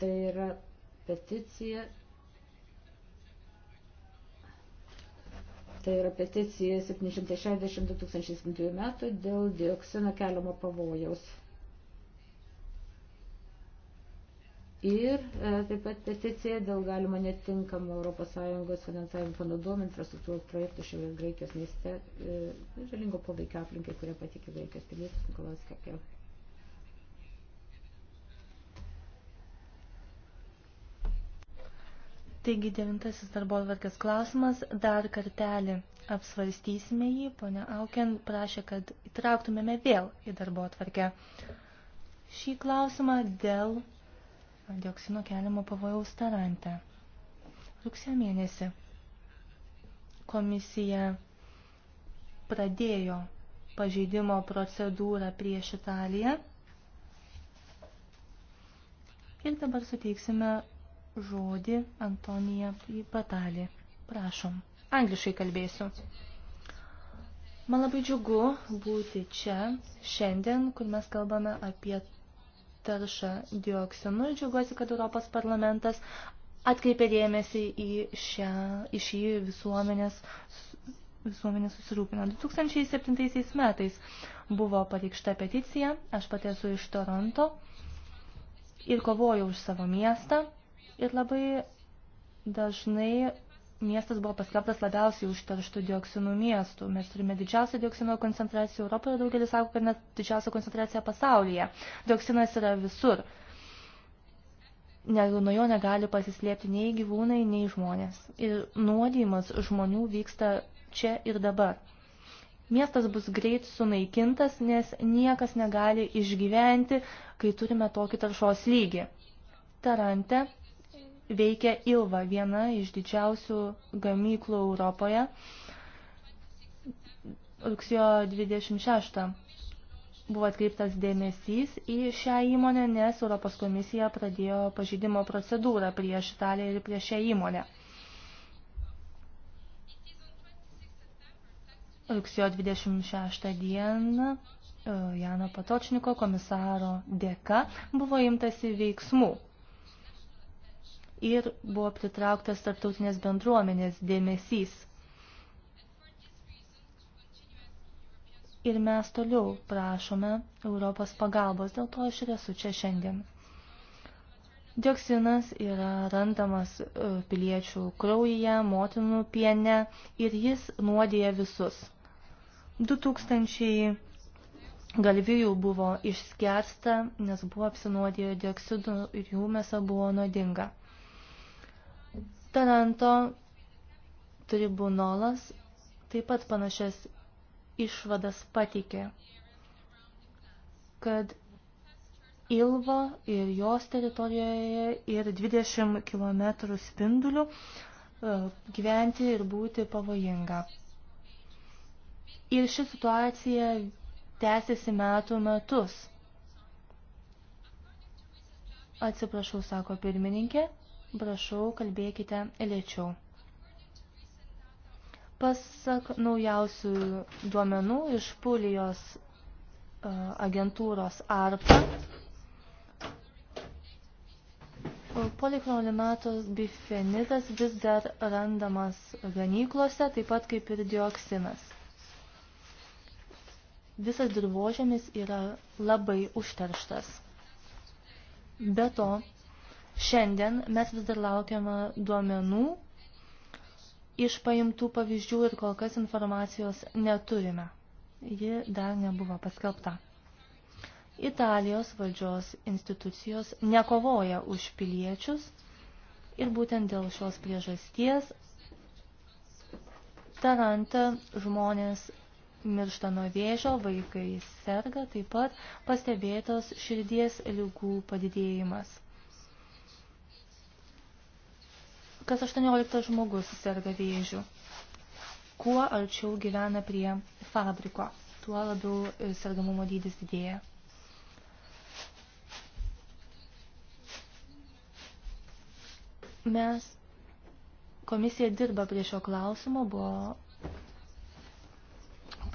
Tai yra peticija. Tai yra peticija 760 2007 metų dėl dioksino keliamo pavojaus. ir e, taip pat peticija dėl galimo netinkamų ES finansavimo panaudojimo infrastruktūros projektų šiaurės Graikijos mieste ir e, žalingo poveikio aplinkai, kurie patikė Graikijos pilietis Nikolajus Kapė. Taigi devintasis darbo atvarkės klausimas, dar kartelį apsvarstysime jį, ponia Auken prašė, kad įtrauktumėme vėl į darbo atvarkę. Šį klausimą dėl dioksino keliamo pavojaus tarantę. Rugsėjo mėnesį komisija pradėjo pažeidimo procedūrą prieš Italiją. Ir dabar suteiksime žodį Antonija Patalį. Prašom, angliškai kalbėsiu. Man labai džiugu būti čia šiandien, kur mes kalbame apie taršą dioksinu. Džiaugiuosi, kad Europos parlamentas atkreipė dėmesį į, šią, į šį visuomenės, visuomenės susirūpiną. 2007 metais buvo pareikšta peticija, aš pati esu iš Toronto ir kovojau už savo miestą ir labai dažnai miestas buvo paskelbtas labiausiai užterštų dioksinų miestų. Mes turime didžiausią dioksino koncentraciją Europoje, daugelis sako, kad net didžiausią koncentraciją pasaulyje. Dioksinas yra visur. Ne, nuo jo negali pasislėpti nei gyvūnai, nei žmonės. Ir nuodijimas žmonių vyksta čia ir dabar. Miestas bus greit sunaikintas, nes niekas negali išgyventi, kai turime tokį taršos lygį. Tarante veikia Ilva, viena iš didžiausių gamyklų Europoje. Rugsėjo 26 buvo atkreiptas dėmesys į šią įmonę, nes Europos komisija pradėjo pažydimo procedūrą prieš Italiją ir prieš šią įmonę. Rugsėjo 26 dieną e, Jano Patočniko komisaro dėka buvo imtasi veiksmų ir buvo pritrauktas tarptautinės bendruomenės dėmesys. ir mes toliau prašome Europos pagalbos, dėl to aš ir esu čia šiandien. Dioksinas yra randamas e, piliečių kraujyje, motinų piene ir jis nuodėja visus. 2000 galvijų buvo išskersta, nes buvo apsinuodėję dioksidu ir jų mėsa buvo nuodinga. Taranto tribunolas taip pat panašias išvadas patikė, kad Ilvo ir jos teritorijoje ir 20 km spindulių gyventi ir būti pavojinga. Ir ši situacija tęsiasi metų metus. Atsiprašau, sako pirmininkė. Prašau, kalbėkite lėčiau. Pasak naujausių duomenų iš Pulijos e, agentūros ARPA, e, polichronimatos bifenidas vis dar randamas ganyklose, taip pat kaip ir dioksinas. Visas dirbožėmis yra labai užterštas. Be to, Šiandien mes vis dar laukiame duomenų iš paimtų pavyzdžių ir kol kas informacijos neturime. Ji dar nebuvo paskelbta. Italijos valdžios institucijos nekovoja už piliečius ir būtent dėl šios priežasties Taranta žmonės miršta nuo vėžio, vaikai serga, taip pat pastebėtos širdies lygų padidėjimas. Kas 18 žmogus serga vėžių. Kuo arčiau gyvena prie fabriko, tuo labiau e, sergamumo dydis didėja. Mes, komisija dirba prie šio klausimo, buvo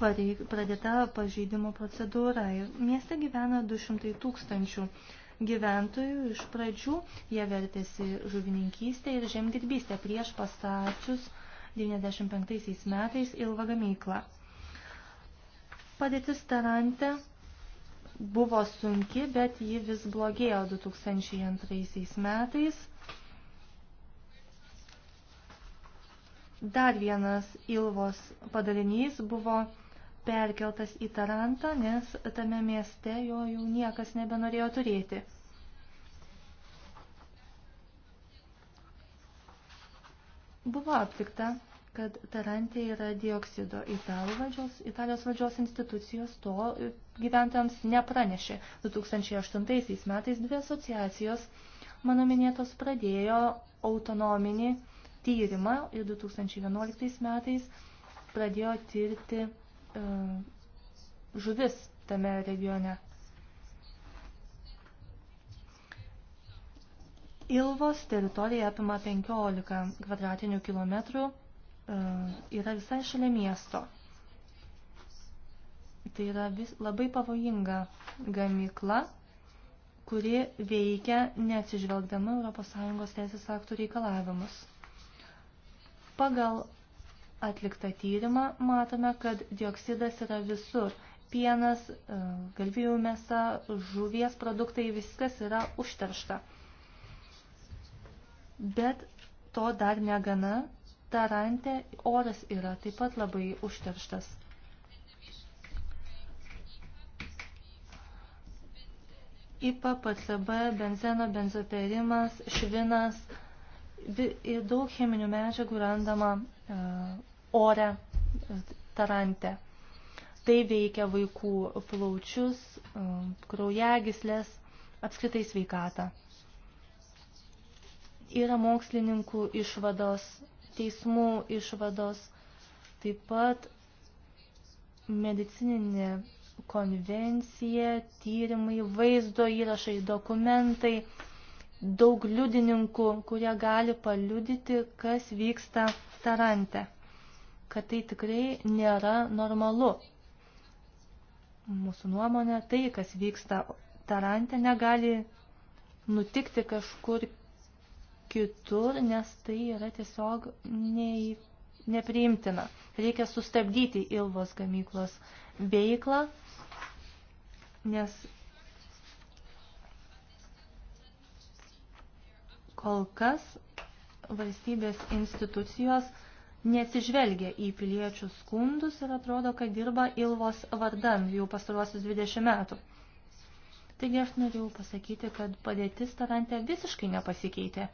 pradėta pažeidimo procedūra ir mieste gyvena 200 tūkstančių gyventojų iš pradžių. Jie vertėsi žuvininkystę ir žemdirbystę prieš pastačius 95 metais ilgą gamyklą. Padėtis Tarante buvo sunki, bet ji vis blogėjo 2002 metais. Dar vienas Ilvos padalinys buvo perkeltas į Tarantą, nes tame mieste jo jau niekas nebenorėjo turėti. Buvo aptikta, kad Tarantė yra dioksido. Italų valdžios, Italijos valdžios institucijos to gyventojams nepranešė. 2008 metais dvi asociacijos, mano minėtos, pradėjo autonominį tyrimą ir 2011 metais pradėjo tirti E, žuvis tame regione. Ilvos teritorija apima 15 kvadratinių kilometrų, e, yra visai šalia miesto. Tai yra vis, labai pavojinga gamykla, kuri veikia neatsižvelgdama ES teisės aktų reikalavimus. Pagal atliktą tyrimą, matome, kad dioksidas yra visur. Pienas, e, galvijų mėsa, žuvies produktai, viskas yra užteršta. Bet to dar negana, Tarante oras yra taip pat labai užterštas. IPA, PCB, benzeno, benzoperimas, švinas, daug cheminių medžiagų randama e, ore e, tarante. Tai veikia vaikų plaučius, e, kraujagislės, apskritai sveikatą. Yra mokslininkų išvados, teismų išvados, taip pat medicininė konvencija, tyrimai, vaizdo įrašai, dokumentai, daug liudininkų, kurie gali paliudyti, kas vyksta Tarante, kad tai tikrai nėra normalu. Mūsų nuomonė, tai, kas vyksta Tarante, negali nutikti kažkur kitur, nes tai yra tiesiog nei, nepriimtina. Reikia sustabdyti Ilvos gamyklos veiklą, nes Kol kas valstybės institucijos neatsižvelgia į piliečių skundus ir atrodo, kad dirba Ilvos vardan jau pastaruosius 20 metų. Taigi aš norėjau pasakyti, kad padėtis Tarante visiškai nepasikeitė.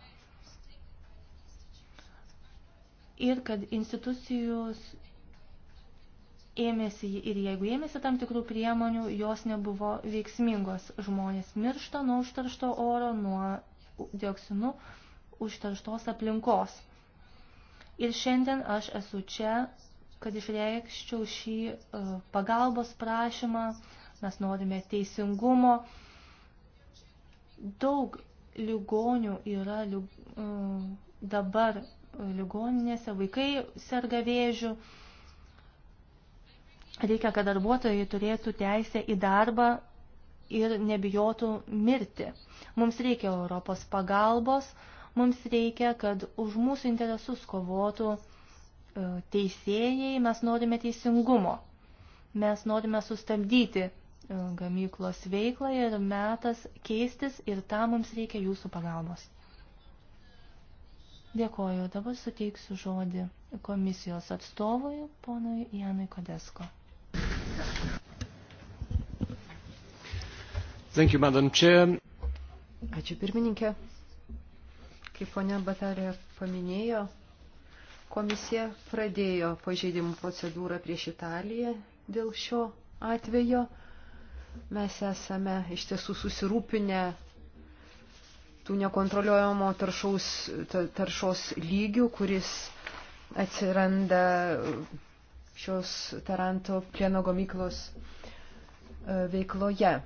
Ir kad institucijos ėmėsi ir jeigu ėmėsi tam tikrų priemonių, jos nebuvo veiksmingos. Žmonės miršta nuo užtaršto oro, nuo dioksinų užterštos aplinkos. Ir šiandien aš esu čia, kad išreikščiau šį e, pagalbos prašymą, mes norime teisingumo. Daug ligonių yra lyg, e, dabar ligoninėse, vaikai serga vėžių. Reikia, kad darbuotojai turėtų teisę į darbą ir nebijotų mirti. Mums reikia Europos pagalbos, mums reikia, kad už mūsų interesus kovotų e, teisėjai, mes norime teisingumo. Mes norime sustabdyti e, gamyklos veiklą ir metas keistis ir tam mums reikia jūsų pagalbos. Dėkoju. Dabar suteiksiu žodį komisijos atstovui, ponui Janui Kodesko. Thank you, Madam Chair. Ačiū pirmininkė. Kaip ponia Batarė paminėjo, komisija pradėjo pažeidimų procedūrą prieš Italiją dėl šio atvejo. Mes esame iš tiesų susirūpinę tų nekontroliuojamo taršaus, taršos lygių, kuris atsiranda šios Taranto plieno gamyklos e, veikloje.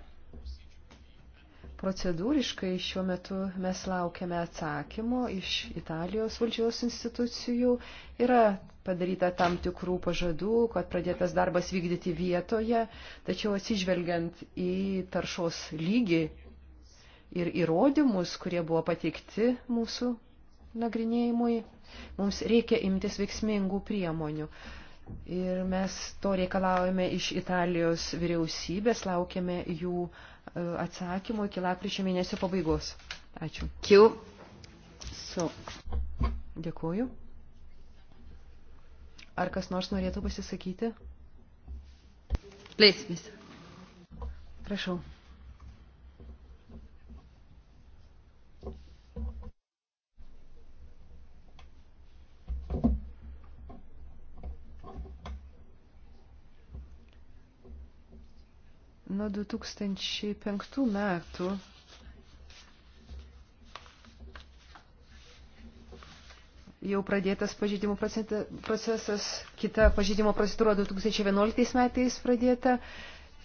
Procedūriškai šiuo metu mes laukiame atsakymo iš Italijos valdžios institucijų. Yra padaryta tam tikrų pažadų, kad pradėtas darbas vykdyti vietoje, tačiau atsižvelgiant į taršos lygį ir įrodymus, kurie buvo pateikti mūsų nagrinėjimui, mums reikia imtis veiksmingų priemonių. Ir mes to reikalaujame iš Italijos vyriausybės, laukiame jų E, atsakymų iki lapkričio mėnesio pabaigos. Ačiū. Kiu. So. Dėkuoju. Ar kas nors norėtų pasisakyti? Please, miss. Prašau. Nuo 2005 metų jau pradėtas pažydimo procesas, kita pažydimo procedūra 2011 metais pradėta.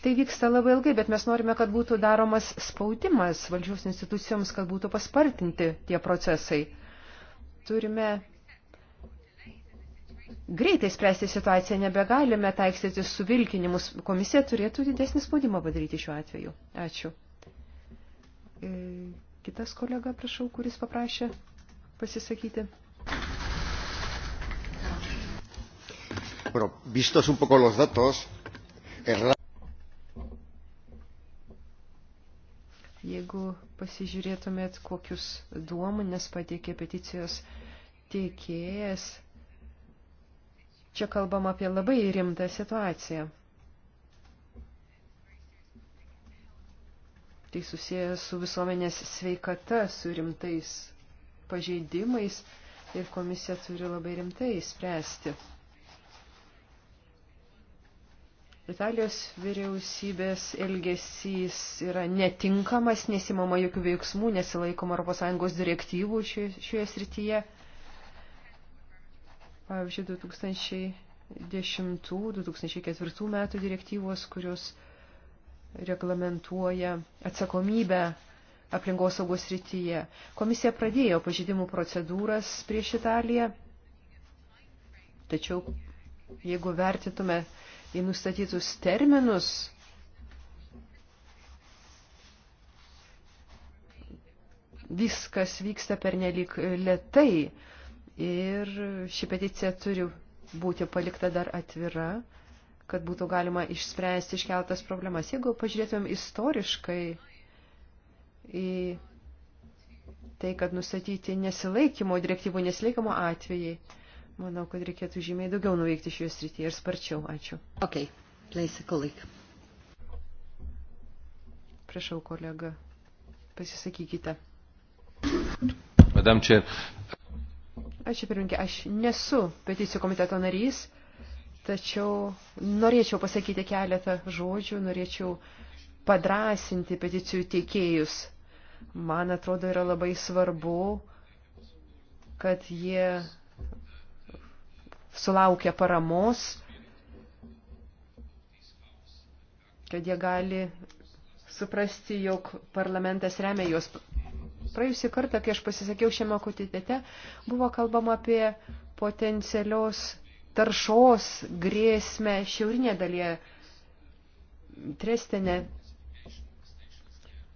Tai vyksta labai ilgai, bet mes norime, kad būtų daromas spaudimas valdžios institucijoms, kad būtų paspartinti tie procesai. Turime greitai spręsti situaciją, nebegalime taikstyti su vilkinimus. Komisija turėtų didesnį spaudimą padaryti šiuo atveju. Ačiū. E, kitas kolega, prašau, kuris paprašė pasisakyti. Bueno, vistos un poco los datos, el... Jeigu pasižiūrėtumėt, kokius duomenis pateikė peticijos teikėjas, Čia kalbam apie labai rimtą situaciją. Tai susiję su visuomenės sveikata, su rimtais pažeidimais ir komisija turi labai rimtai spręsti. Italijos vyriausybės elgesys yra netinkamas, nesimama jokių veiksmų, nesilaikoma ES direktyvų šioje, šioje srityje pavyzdžiui, 2010-2004 metų direktyvos, kurios reglamentuoja atsakomybę aplinkos saugos rytyje. Komisija pradėjo pažydimų procedūras prieš Italiją, tačiau jeigu vertitume į nustatytus terminus, viskas vyksta pernelyg lietai. Ir ši peticija turi būti palikta dar atvira, kad būtų galima išspręsti iškeltas problemas. Jeigu pažiūrėtumėm istoriškai į tai, kad nustatyti nesilaikymo, direktyvų nesilaikymo atvejai, manau, kad reikėtų žymiai daugiau nuveikti šioje srityje ir sparčiau. Ačiū. Okay. Please, colleague. Prašau, kolega, pasisakykite. Madam Chair, Ačiū pirminkė, aš nesu peticijų komiteto narys, tačiau norėčiau pasakyti keletą žodžių, norėčiau padrasinti peticijų teikėjus. Man atrodo, yra labai svarbu, kad jie sulaukia paramos, kad jie gali suprasti, jog parlamentas remia juos Praėjusį kartą, kai aš pasisakiau šiame kotitete, buvo kalbama apie potencialios taršos grėsmę šiaurinėje dalyje Trestene.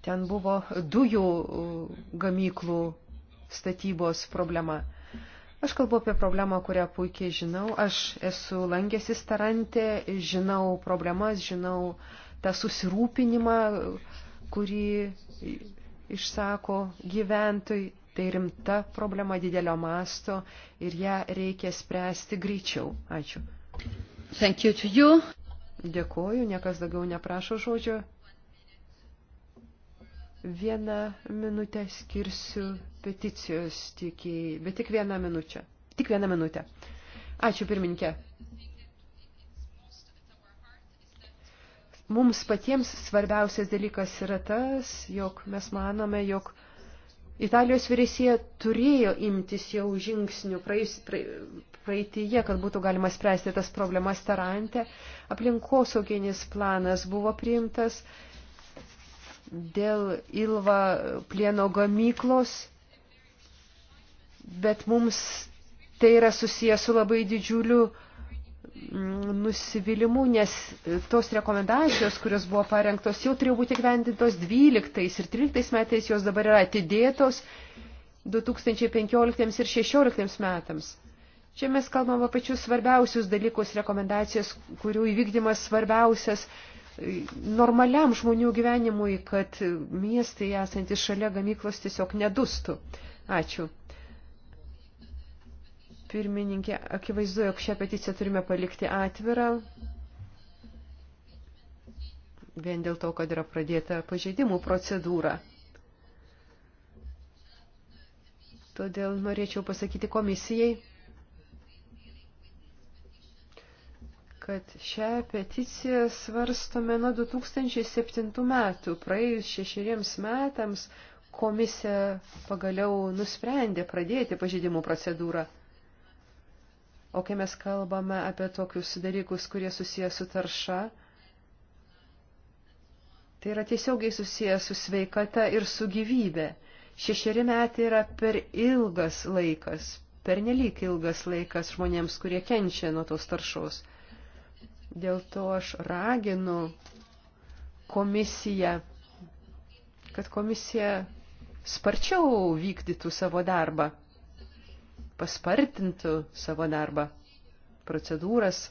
Ten buvo dujų gamyklų statybos problema. Aš kalbu apie problemą, kurią puikiai žinau. Aš esu langėsis tarantė, žinau problemas, žinau tą susirūpinimą, kurį išsako gyventojai. Tai rimta problema didelio masto ir ją reikia spręsti greičiau. Ačiū. Thank you to you. Dėkuoju, niekas daugiau neprašo žodžio. Vieną minutę skirsiu peticijos tikėjai, bet tik vieną minutę. Tik vieną minutę. Ačiū pirminkė. mums patiems svarbiausias dalykas yra tas, jog mes manome, jog Italijos vyriausybė turėjo imtis jau žingsnių praeis, praeitįje, kad būtų galima spręsti tas problemas Tarante. Aplinkosauginis planas buvo priimtas dėl Ilva plieno gamyklos, bet mums tai yra susijęs su labai didžiuliu uh, Mm, nusivylimu, nes e, tos rekomendacijos, kurios buvo parengtos, jau turėjo būti gyvendintos 12 ir 13 metais, jos dabar yra atidėtos 2015 ir 16 metams. Čia mes kalbam apie pačius svarbiausius dalykus, rekomendacijas, kurių įvykdymas svarbiausias e, normaliam žmonių gyvenimui, kad miestai esantis šalia gamyklos tiesiog nedustų. Ačiū. Pirmininkė, akivaizdu, jog šią peticiją turime palikti atvirą, vien dėl to, kad yra pradėta pažeidimų procedūra. Todėl norėčiau pasakyti komisijai, kad šią peticiją svarstome nuo 2007 metų, praėjus šešeriems metams komisija pagaliau nusprendė pradėti pažeidimų procedūrą. O kai mes kalbame apie tokius dalykus, kurie susijęs su tarša, tai yra tiesiogiai susijęs su sveikata ir su gyvybė. Šešeri metai yra per ilgas laikas, per nelik ilgas laikas žmonėms, kurie kenčia nuo tos taršos. Dėl to aš raginu komisiją, kad komisija sparčiau vykdytų savo darbą paspartintų savo darbą, procedūras,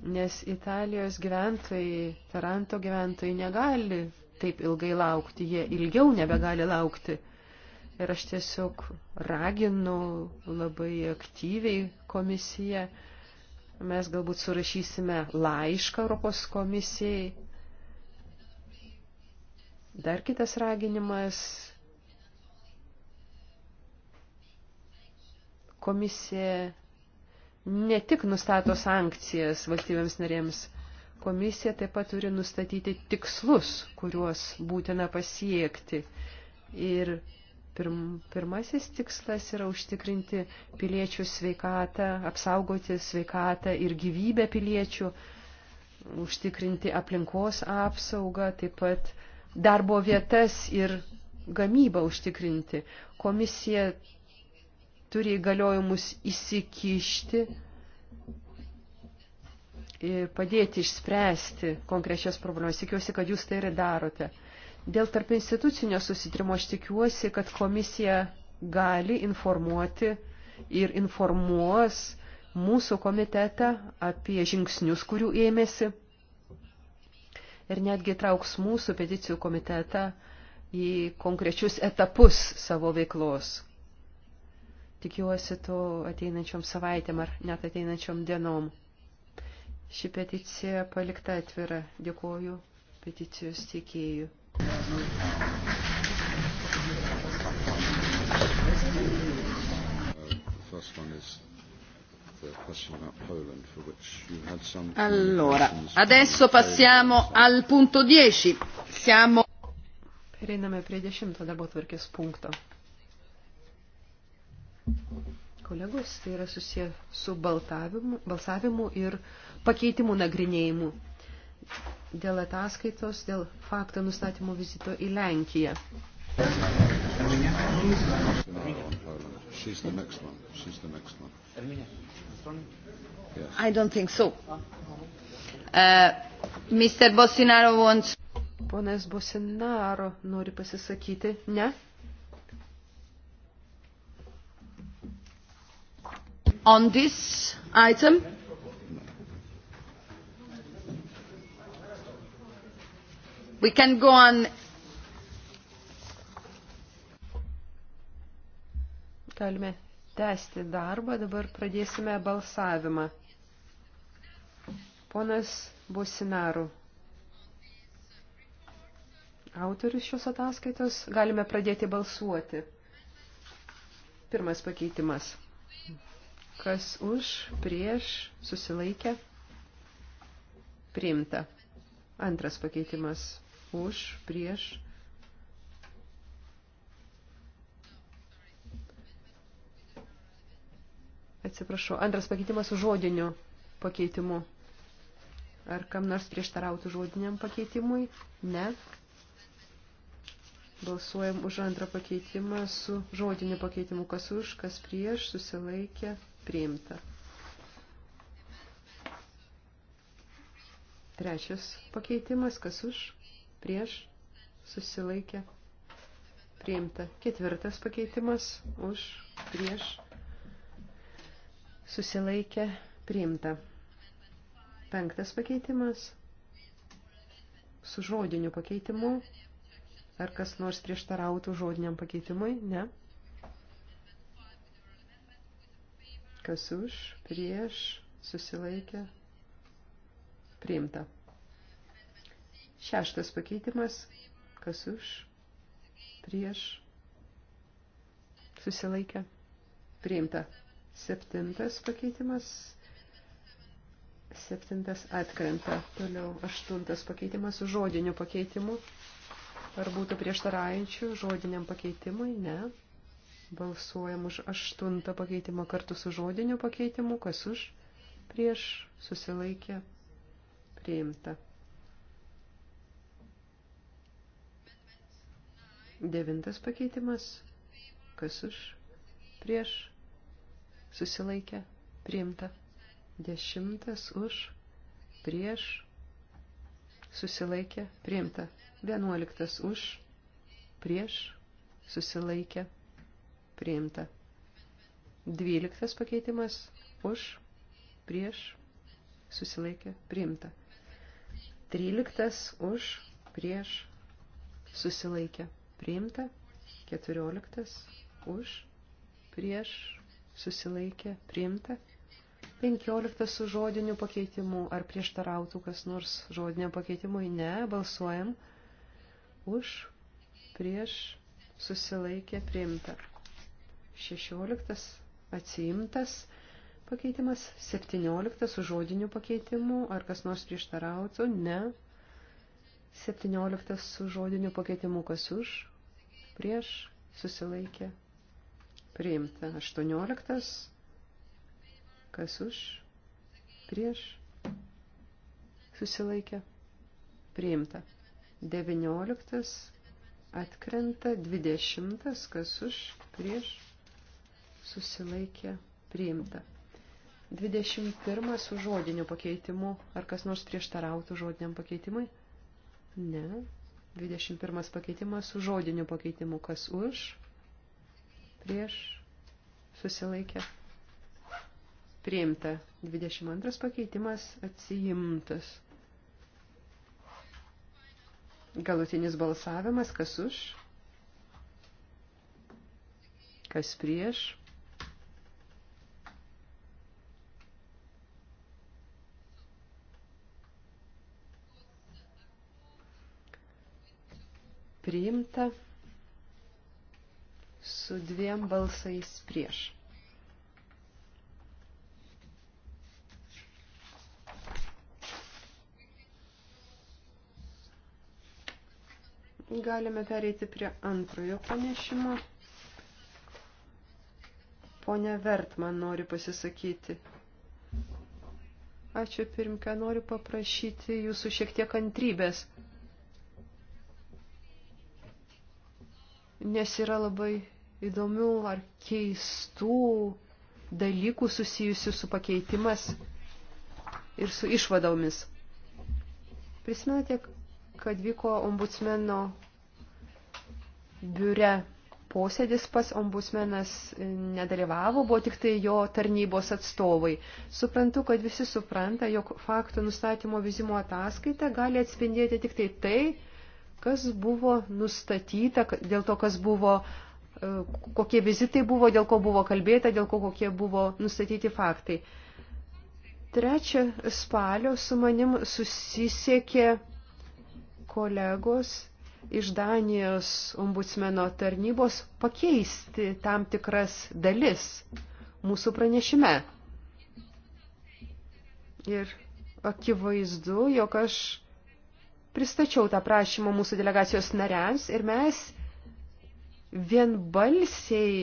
nes Italijos gyventojai, Taranto gyventojai negali taip ilgai laukti, jie ilgiau nebegali laukti. Ir aš tiesiog raginu labai aktyviai komisiją. Mes galbūt surašysime laišką Europos komisijai. Dar kitas raginimas Komisija ne tik nustato sankcijas valstybėms narėms, komisija taip pat turi nustatyti tikslus, kuriuos būtina pasiekti. Ir pirm, pirmasis tikslas yra užtikrinti piliečių sveikatą, apsaugoti sveikatą ir gyvybę piliečių, užtikrinti aplinkos apsaugą, taip pat darbo vietas ir gamybą užtikrinti. Komisija turi įgaliojimus įsikišti ir padėti išspręsti konkrečias problemas. Tikiuosi, kad jūs tai ir darote. Dėl tarp institucinio susitrimo aš tikiuosi, kad komisija gali informuoti ir informuos mūsų komitetą apie žingsnius, kurių ėmėsi ir netgi trauks mūsų peticijų komitetą į konkrečius etapus savo veiklos. Tikiuosi to ateinančiom savaitėm ar net ateinančiom dienom. Ši peticija palikta atvira. Dėkuoju peticijos teikėjų. Allora, adesso passiamo al punto 10. Siamo... Pereiname prie dešimto darbo tvarkės punkto. Kolegos, tai yra susiję su balsavimu ir pakeitimų nagrinėjimu dėl ataskaitos, dėl fakto nustatymo vizito į Lenkiją. I don't think so. Uh, Mr. Bosinaro wants... Ponas Bosinaro nori pasisakyti, ne? on this item? We can go on. Galime tęsti darbą, dabar pradėsime balsavimą. Ponas Businaru, autorius šios ataskaitos, galime pradėti balsuoti. Pirmas pakeitimas. Kas už, prieš, susilaikė, priimta. Antras pakeitimas už, prieš. Atsiprašau, antras pakeitimas su žodiniu pakeitimu. Ar kam nors prieštarautų žodiniam pakeitimui? Ne. Balsuojam už antrą pakeitimą su žodiniu pakeitimu. Kas už, kas prieš, susilaikė, priimta. Trečias pakeitimas, kas už, prieš, susilaikė, priimta. Ketvirtas pakeitimas, už, prieš, susilaikė, priimta. Penktas pakeitimas, su žodiniu pakeitimu. Ar kas nors prieštarautų žodiniam pakeitimui? Ne. Kas už, prieš, susilaikė, priimta. Šeštas pakeitimas. Kas už, prieš, susilaikė, priimta. Septintas pakeitimas. Septintas atkrenta. Toliau aštuntas pakeitimas su žodiniu pakeitimu. Ar būtų prieštaraujančių žodiniam pakeitimui? Ne. Balsuojam už aštuntą pakeitimą kartu su žodiniu pakeitimu, kas už, prieš, susilaikė, priimta. Devintas pakeitimas, kas už, prieš, susilaikė, priimta. Dešimtas už, prieš, susilaikė, priimta. Vienuoliktas už, prieš, susilaikė, priimta priimta. Dvyliktas pakeitimas už, prieš, susilaikė, priimta. Tryliktas už, prieš, susilaikė, priimta. Keturioliktas už, prieš, susilaikė, priimta. Penkioliktas su žodiniu pakeitimu. Ar prieštarautų kas nors žodinio pakeitimui? Ne, balsuojam. Už, prieš, susilaikė, priimta. 16 atsiimtas pakeitimas, 17 su žodiniu pakeitimu, ar kas nors prieštarautų, ne. 17 su žodiniu pakeitimu, kas už, prieš, susilaikė, priimta. 18, kas už, prieš, susilaikė, priimta. 19, atkrenta, 20, kas už, prieš, susilaikė priimta. 21 su žodiniu pakeitimu. Ar kas nors prieštarautų žodiniam pakeitimui? Ne. 21 pakeitimas su žodiniu pakeitimu. Kas už? Prieš? Susilaikė. Priimta. 22 pakeitimas atsijimtas. Galutinis balsavimas. Kas už? Kas prieš? priimta su dviem balsais prieš. Galime pereiti prie antrojo panešimo. Pone Vertman nori pasisakyti. Ačiū pirmka, noriu paprašyti jūsų šiek tiek kantrybės. nes yra labai įdomių ar keistų dalykų susijusių su pakeitimas ir su išvadomis. Prisimenate, kad vyko ombudsmeno biure posėdis pas ombudsmenas nedalyvavo, buvo tik tai jo tarnybos atstovai. Suprantu, kad visi supranta, jog faktų nustatymo vizimo ataskaita gali atspindėti tik tai tai, kas buvo nustatyta, dėl to, kas buvo, e, kokie vizitai buvo, dėl ko buvo kalbėta, dėl ko kokie buvo nustatyti faktai. Trečią spalio su manim susisiekė kolegos iš Danijos ombudsmeno tarnybos pakeisti tam tikras dalis mūsų pranešime. Ir akivaizdu, jog aš pristačiau tą prašymą mūsų delegacijos nariams ir mes vienbalsiai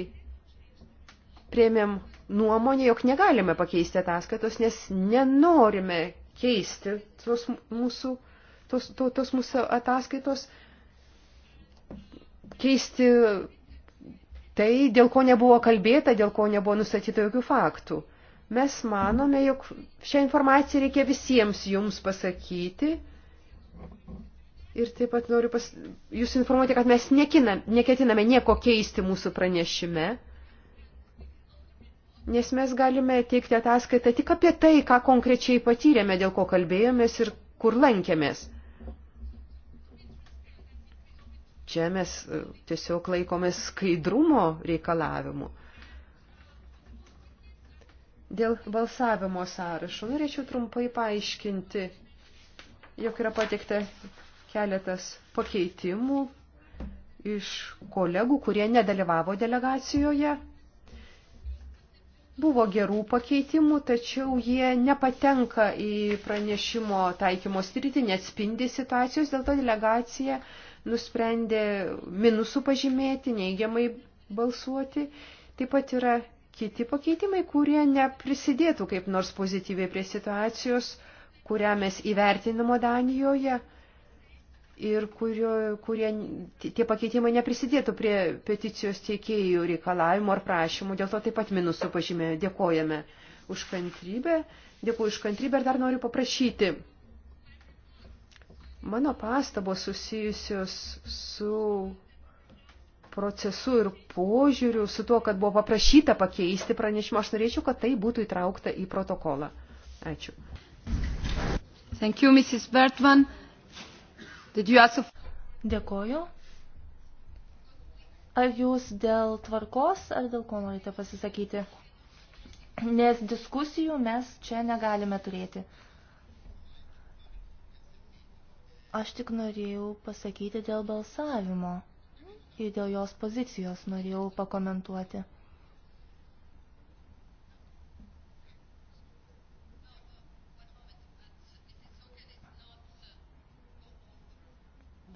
prieimėm nuomonę, jog negalime pakeisti ataskaitos, nes nenorime keisti tos mūsų, tos, to, tos mūsų ataskaitos, keisti tai, dėl ko nebuvo kalbėta, dėl ko nebuvo nustatyta jokių faktų. Mes manome, jog šią informaciją reikia visiems jums pasakyti Ir taip pat noriu pas... jūs informuoti, kad mes nekinam, neketiname nieko keisti mūsų pranešime, nes mes galime teikti ataskaitą tik apie tai, ką konkrečiai patyrėme, dėl ko kalbėjomės ir kur lankėmės. Čia mes e, tiesiog laikomės skaidrumo reikalavimų. Dėl balsavimo sąrašo norėčiau trumpai paaiškinti, jog yra pateikta keletas pakeitimų iš kolegų, kurie nedalyvavo delegacijoje. Buvo gerų pakeitimų, tačiau jie nepatenka į pranešimo taikymo sritį, neatspindi situacijos, dėl to delegacija nusprendė minusų pažymėti, neigiamai balsuoti. Taip pat yra kiti pakeitimai, kurie neprisidėtų kaip nors pozityviai prie situacijos, kurią mes įvertinimo Danijoje ir kurio, kurie tie pakeitimai neprisidėtų prie peticijos tiekėjų reikalavimų ar prašymų. Dėl to taip pat minusų pažymė. Dėkojame už kantrybę. Dėkuoju už kantrybę ir dar noriu paprašyti. Mano pastabos susijusios su procesu ir požiūriu, su tuo, kad buvo paprašyta pakeisti pranešimą, aš norėčiau, kad tai būtų įtraukta į protokolą. Ačiū. Thank you, Mrs. Bertman. Dėkoju. Ar jūs dėl tvarkos, ar dėl ko norite pasisakyti? Nes diskusijų mes čia negalime turėti. Aš tik norėjau pasakyti dėl balsavimo ir dėl jos pozicijos norėjau pakomentuoti.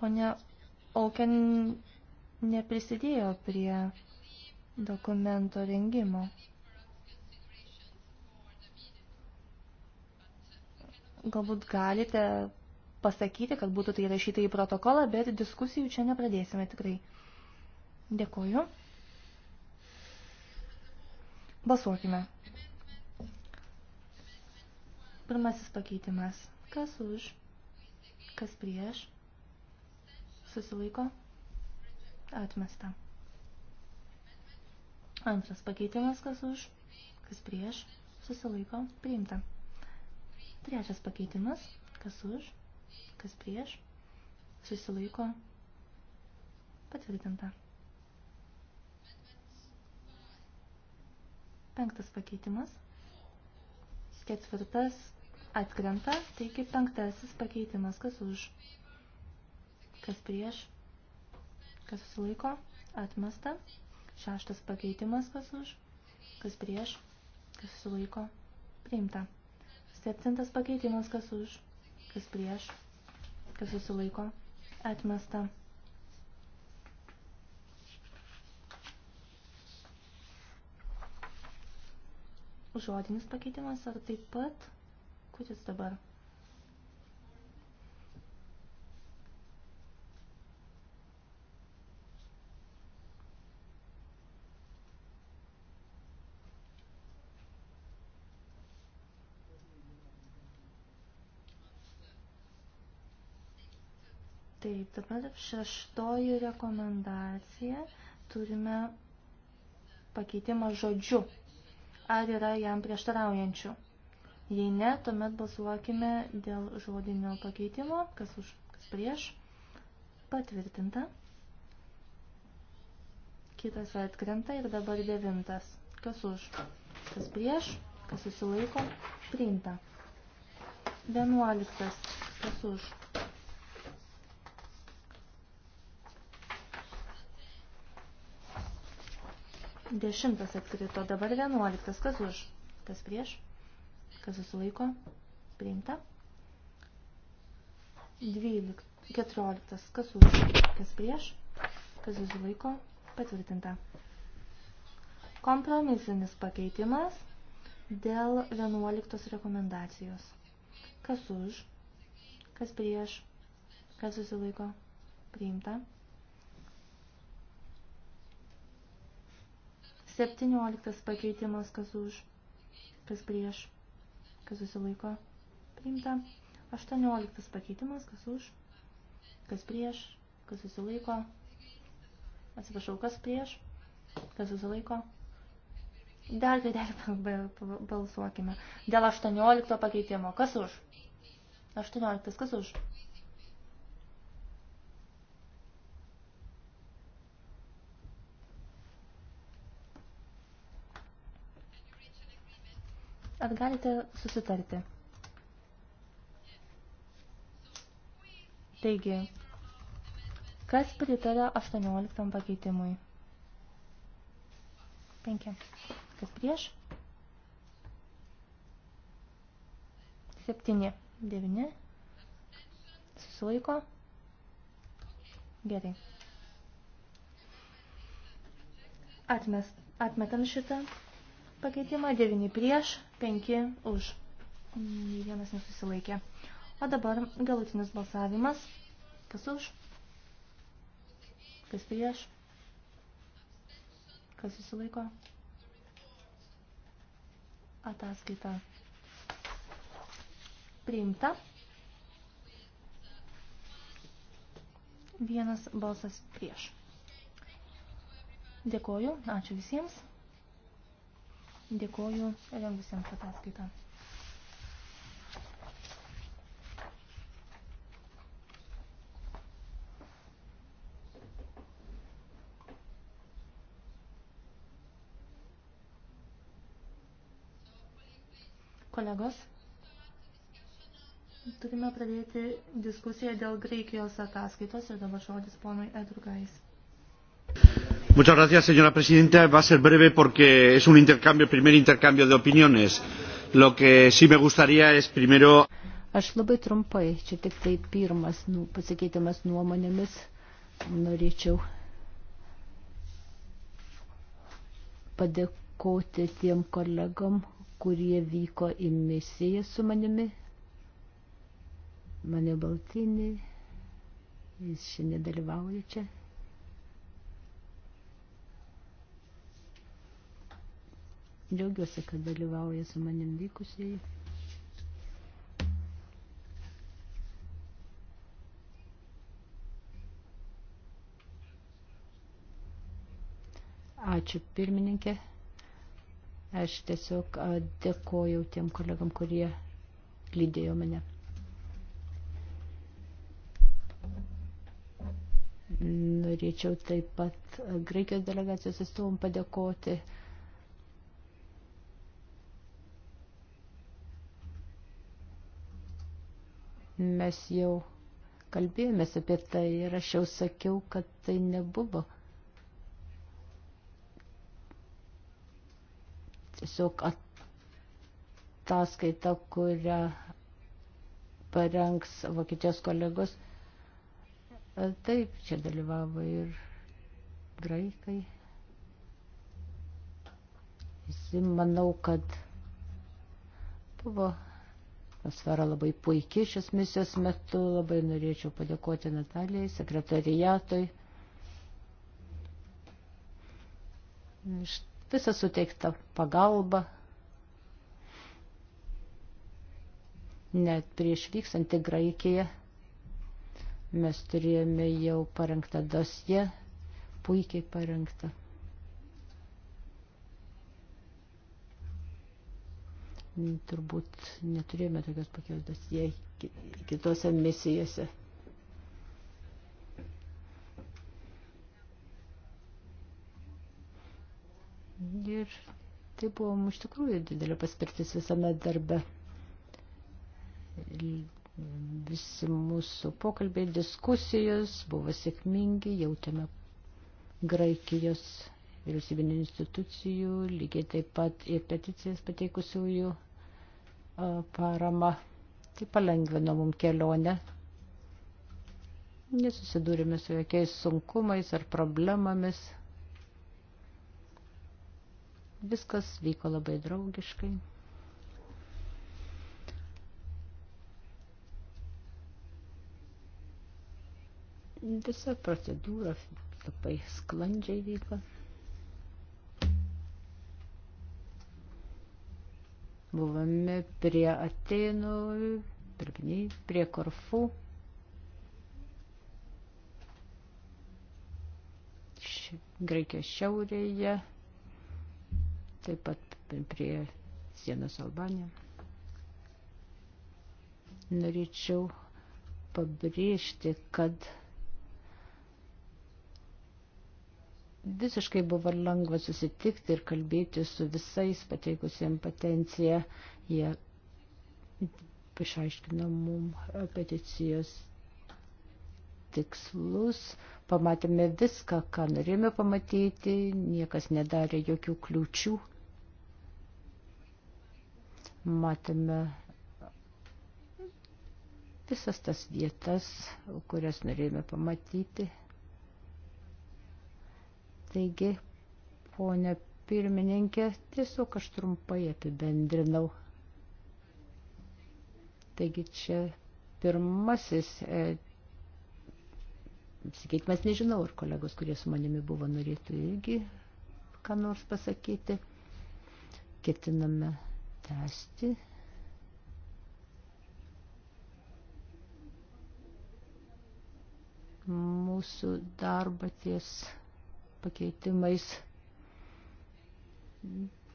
Pone Auken neprisidėjo prie dokumento rengimo. Galbūt galite pasakyti, kad būtų tai rašyta į protokolą, bet diskusijų čia nepradėsime tikrai. Dėkuoju. Balsuokime. Pirmasis pakeitimas. Kas už? Kas prieš? Susilaiko. Atmesta. Antras pakeitimas, kas už, kas prieš, susilaiko, priimta. Trečias pakeitimas, kas už, kas prieš, susilaiko, patvirtinta. Penktas pakeitimas, ketvirtas atkrenta, taigi penktasis pakeitimas, kas už, kas prieš, kas susilaiko, atmesta. Šeštas pakeitimas, kas už, kas prieš, kas susilaiko, priimta. Septintas pakeitimas, kas už, kas prieš, kas susilaiko, atmesta. Žodinis pakeitimas ar taip pat, kuris dabar? Dabar šeštoji rekomendacija. Turime pakeitimą žodžiu. Ar yra jam prieštaraujančių? Jei ne, tuomet balsuokime dėl žodinio pakeitimo, kas už, kas prieš. Patvirtinta. Kitas atkrenta ir dabar devintas. Kas už? Kas prieš? Kas susilaiko? Priimta. Vienuoliktas. Kas už? Dešimtas atkrito, dabar vienuoliktas. Kas už? Kas prieš? Kas susilaiko? Priimta. Dvylikt, keturioliktas. Kas už? Kas prieš? Kas susilaiko? Patvirtinta. Kompromisinis pakeitimas dėl vienuoliktos rekomendacijos. Kas už? Kas prieš? Kas susilaiko? Priimta. Priimta. 17 pakeitimas, kas už, kas prieš, kas susilaiko, priimta. 18 pakeitimas, kas už, kas prieš, kas susilaiko, atsiprašau, kas prieš, kas susilaiko. Dar kartelį balsuokime. Dėl 18 pakeitimo. Kas už? 18. Kas už? Ar galite susitarti? Taigi, kas pritarė 18 pakeitimui? 5. Kas prieš? 7. 9. Susilaiko? Gerai. Atmes, atmetam šitą pakeitimą. 9 prieš, 5 už. Vienas nesusilaikė. O dabar galutinis balsavimas. Kas už? Kas prieš? Kas susilaiko? Ataskaita priimta. Vienas balsas prieš. Dėkoju, ačiū visiems. Dėkoju rengusiems ataskaitą. Kolegos, turime pradėti diskusiją dėl Graikijos ataskaitos ir dabar žodis ponui Edrugais. Gracias, señora presidenta va a ser breve porque es un intercambio, primer intercambio de opiniones. Lo que sí me gustaría es primero. Aš labai trumpai, čia tik tai pirmas nu, pasikeitimas nuomonėmis. Norėčiau padėkoti tiem kolegom, kurie vyko į misiją su manimi. Mane Baltinį, jis šiandien dalyvauja čia. Džiaugiuosi, kad dalyvauja su manim vykusiai. Ačiū pirmininkė. Aš tiesiog dėkojau tiem kolegam, kurie lydėjo mane. Norėčiau taip pat Graikijos delegacijos atstovom padėkoti. Uh, Mes jau kalbėjomės apie tai ir aš jau sakiau, kad tai nebuvo. Tiesiog ataskaita, kurią parengs Vokietijos kolegos. Taip, čia dalyvavo ir graikai. Visi manau, kad buvo Sfera labai puikiai šios misijos metu. Labai norėčiau padėkoti Natalijai, sekretariatui. Visą suteiktą pagalbą. Net prieš vykstant į Graikiją mes turėjome jau parengtą dosje, puikiai parengtą. turbūt neturėjome tokios pakios dasiją kitose misijose. Ir tai buvo iš tikrųjų didelė paspirtis visame darbe. Visi mūsų pokalbiai, diskusijos buvo sėkmingi, jautėme Graikijos vyriausybinių institucijų, lygiai taip pat ir peticijas pateikusiųjų parama. Tai palengvino mums kelionę. Nesusidūrėme su jokiais sunkumais ar problemomis. Viskas vyko labai draugiškai. Visa procedūra labai sklandžiai vyko. Buvome prie Atenų, Pirpiniai, prie Korfų. Graikijos šiaurėje, taip pat prie sienos Albanija. Norėčiau pabrėžti, kad visiškai buvo lengva susitikti ir kalbėti su visais pateikusiem patenciją. Jie išaiškino mum peticijos tikslus, pamatėme viską, ką norėjome pamatyti, niekas nedarė jokių kliūčių. Matėme visas tas vietas, kurias norėjome pamatyti. Taigi, ponė pirmininkė, tiesiog aš trumpai apibendrinau. Taigi čia pirmasis, e, sakytumas nežinau, ar kolegos, kurie su manimi buvo, norėtų irgi ką nors pasakyti. Ketiname tęsti. Mūsų darbą ties pakeitimais.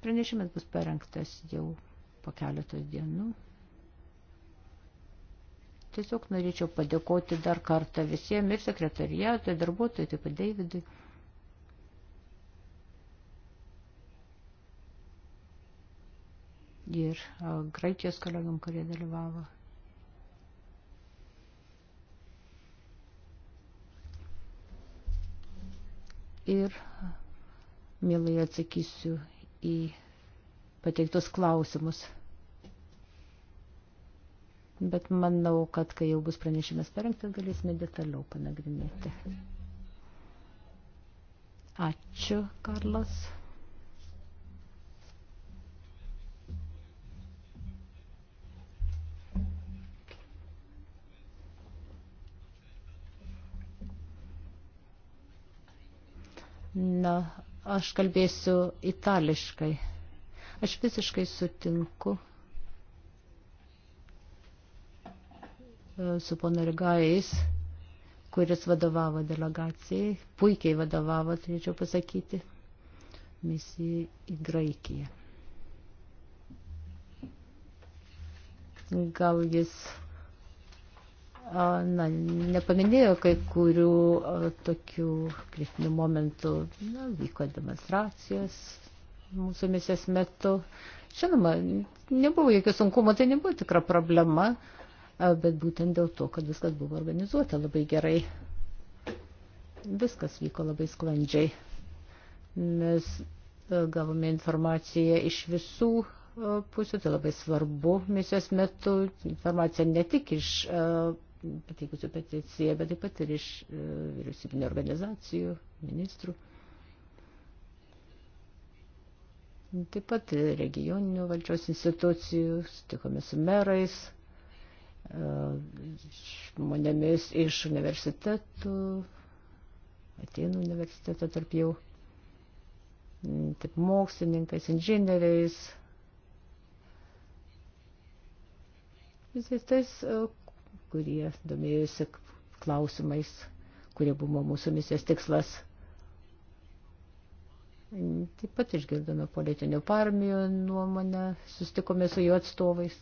Pranešimas bus parengtas jau po keletos dienų. Tiesiog norėčiau padėkoti dar kartą visiems ir sekretariatui, darbuotojui, taip pat Davidui. Ir Graikijos kolegam, kurie dalyvavo ir mielai atsakysiu į pateiktus klausimus. Bet manau, kad kai jau bus pranešimas parengtas, galėsime detaliau panagrinėti. Ačiū, Karlas. Na, aš kalbėsiu itališkai. Aš visiškai sutinku e, su pono Rigais, kuris vadovavo delegacijai, puikiai vadovavo, turėčiau pasakyti, misijai į Graikiją. Gal jis na, nepaminėjo kai kurių tokių kritinių momentų. Na, vyko demonstracijos mūsų misijos metu. Žinoma, nebuvo jokių sunkumų, tai nebuvo tikra problema, bet būtent dėl to, kad viskas buvo organizuota labai gerai. Viskas vyko labai sklandžiai. Mes gavome informaciją iš visų pusių, tai labai svarbu misijos metu, informacija ne tik iš pateikusių peticiją, bet taip pat ir iš e, vyriausybinio organizacijų, ministrų. Taip pat regioninių valdžios institucijų, sutikome su merais, e, žmonėmis iš universitetų, Atenų universiteto tarp jau, taip mokslininkais, inžinieriais, visais tais, e, kurie domėjusi klausimais, kurie buvo mūsų misijos tikslas. Taip pat išgirdome politinių parmijų nuomonę, sustikome su jų atstovais.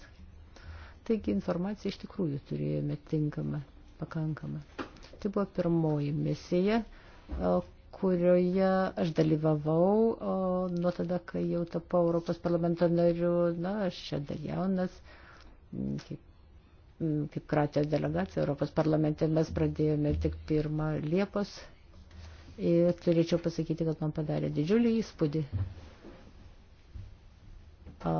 Taigi informaciją iš tikrųjų turėjome tinkamą, pakankamą. Tai buvo pirmoji misija, kurioje aš dalyvavau o, nuo tada, kai jau tapau Europos parlamento nariu. Na, aš čia dar jaunas, kaip Mm, kaip Kratijos delegacija Europos parlamente mes pradėjome tik pirmą Liepos ir turėčiau pasakyti, kad man padarė didžiulį įspūdį a,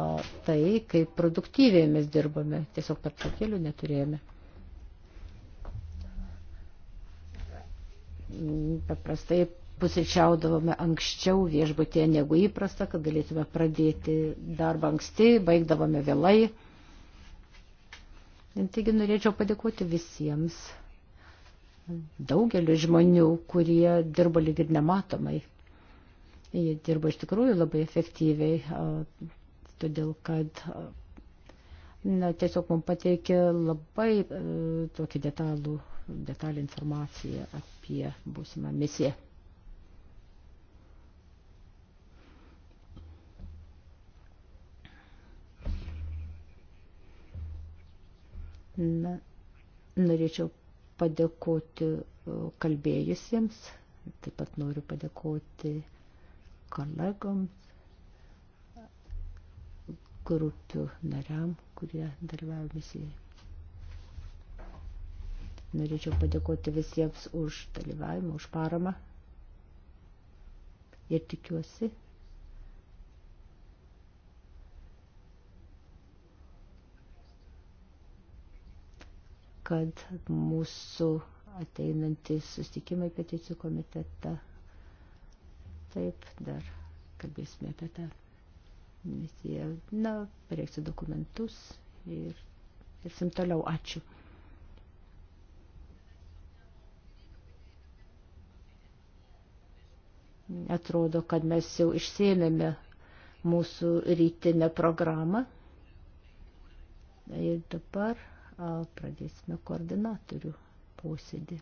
tai, kaip produktyviai mes dirbame. Tiesiog per pakelių neturėjome. Mm, paprastai pusryčiaudavome anksčiau viešbutėje negu įprasta, kad galėtume pradėti darbą anksti, baigdavome vėlai. Taigi norėčiau padėkoti visiems, daugeliu žmonių, kurie dirba lyg ir nematomai. Jie dirba iš tikrųjų labai efektyviai, todėl kad na, tiesiog mums pateikė labai e, tokį detalų, detalį informaciją apie būsimą misiją. Na, norėčiau padėkoti e, kalbėjusiems, taip pat noriu padėkoti kolegoms, grupių nariam, kurie dalyvavo misijai. Norėčiau padėkoti visiems už dalyvavimą, už paramą ir tikiuosi, kad mūsų ateinantys sustikimai peticijų komitete taip dar kalbėsime apie tą misiją. Na, pareiksiu dokumentus ir esim toliau. Ačiū. Atrodo, kad mes jau išsėmėme mūsų rytinę programą. Ir dabar pradėsime koordinatorių posėdį.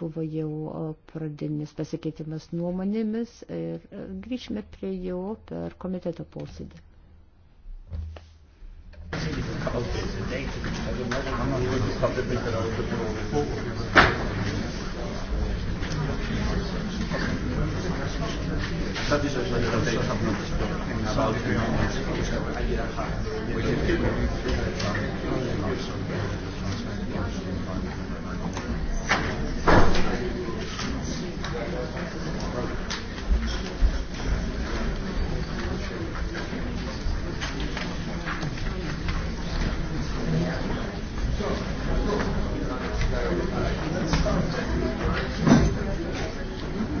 Buvo jau pradinis pasikeitimas nuomonėmis ir grįžime prie jo per komiteto posėdį. Okay, so they, I don't know, I'm not going to stop the picture, I was looking over. That is actually what they have not spoken about the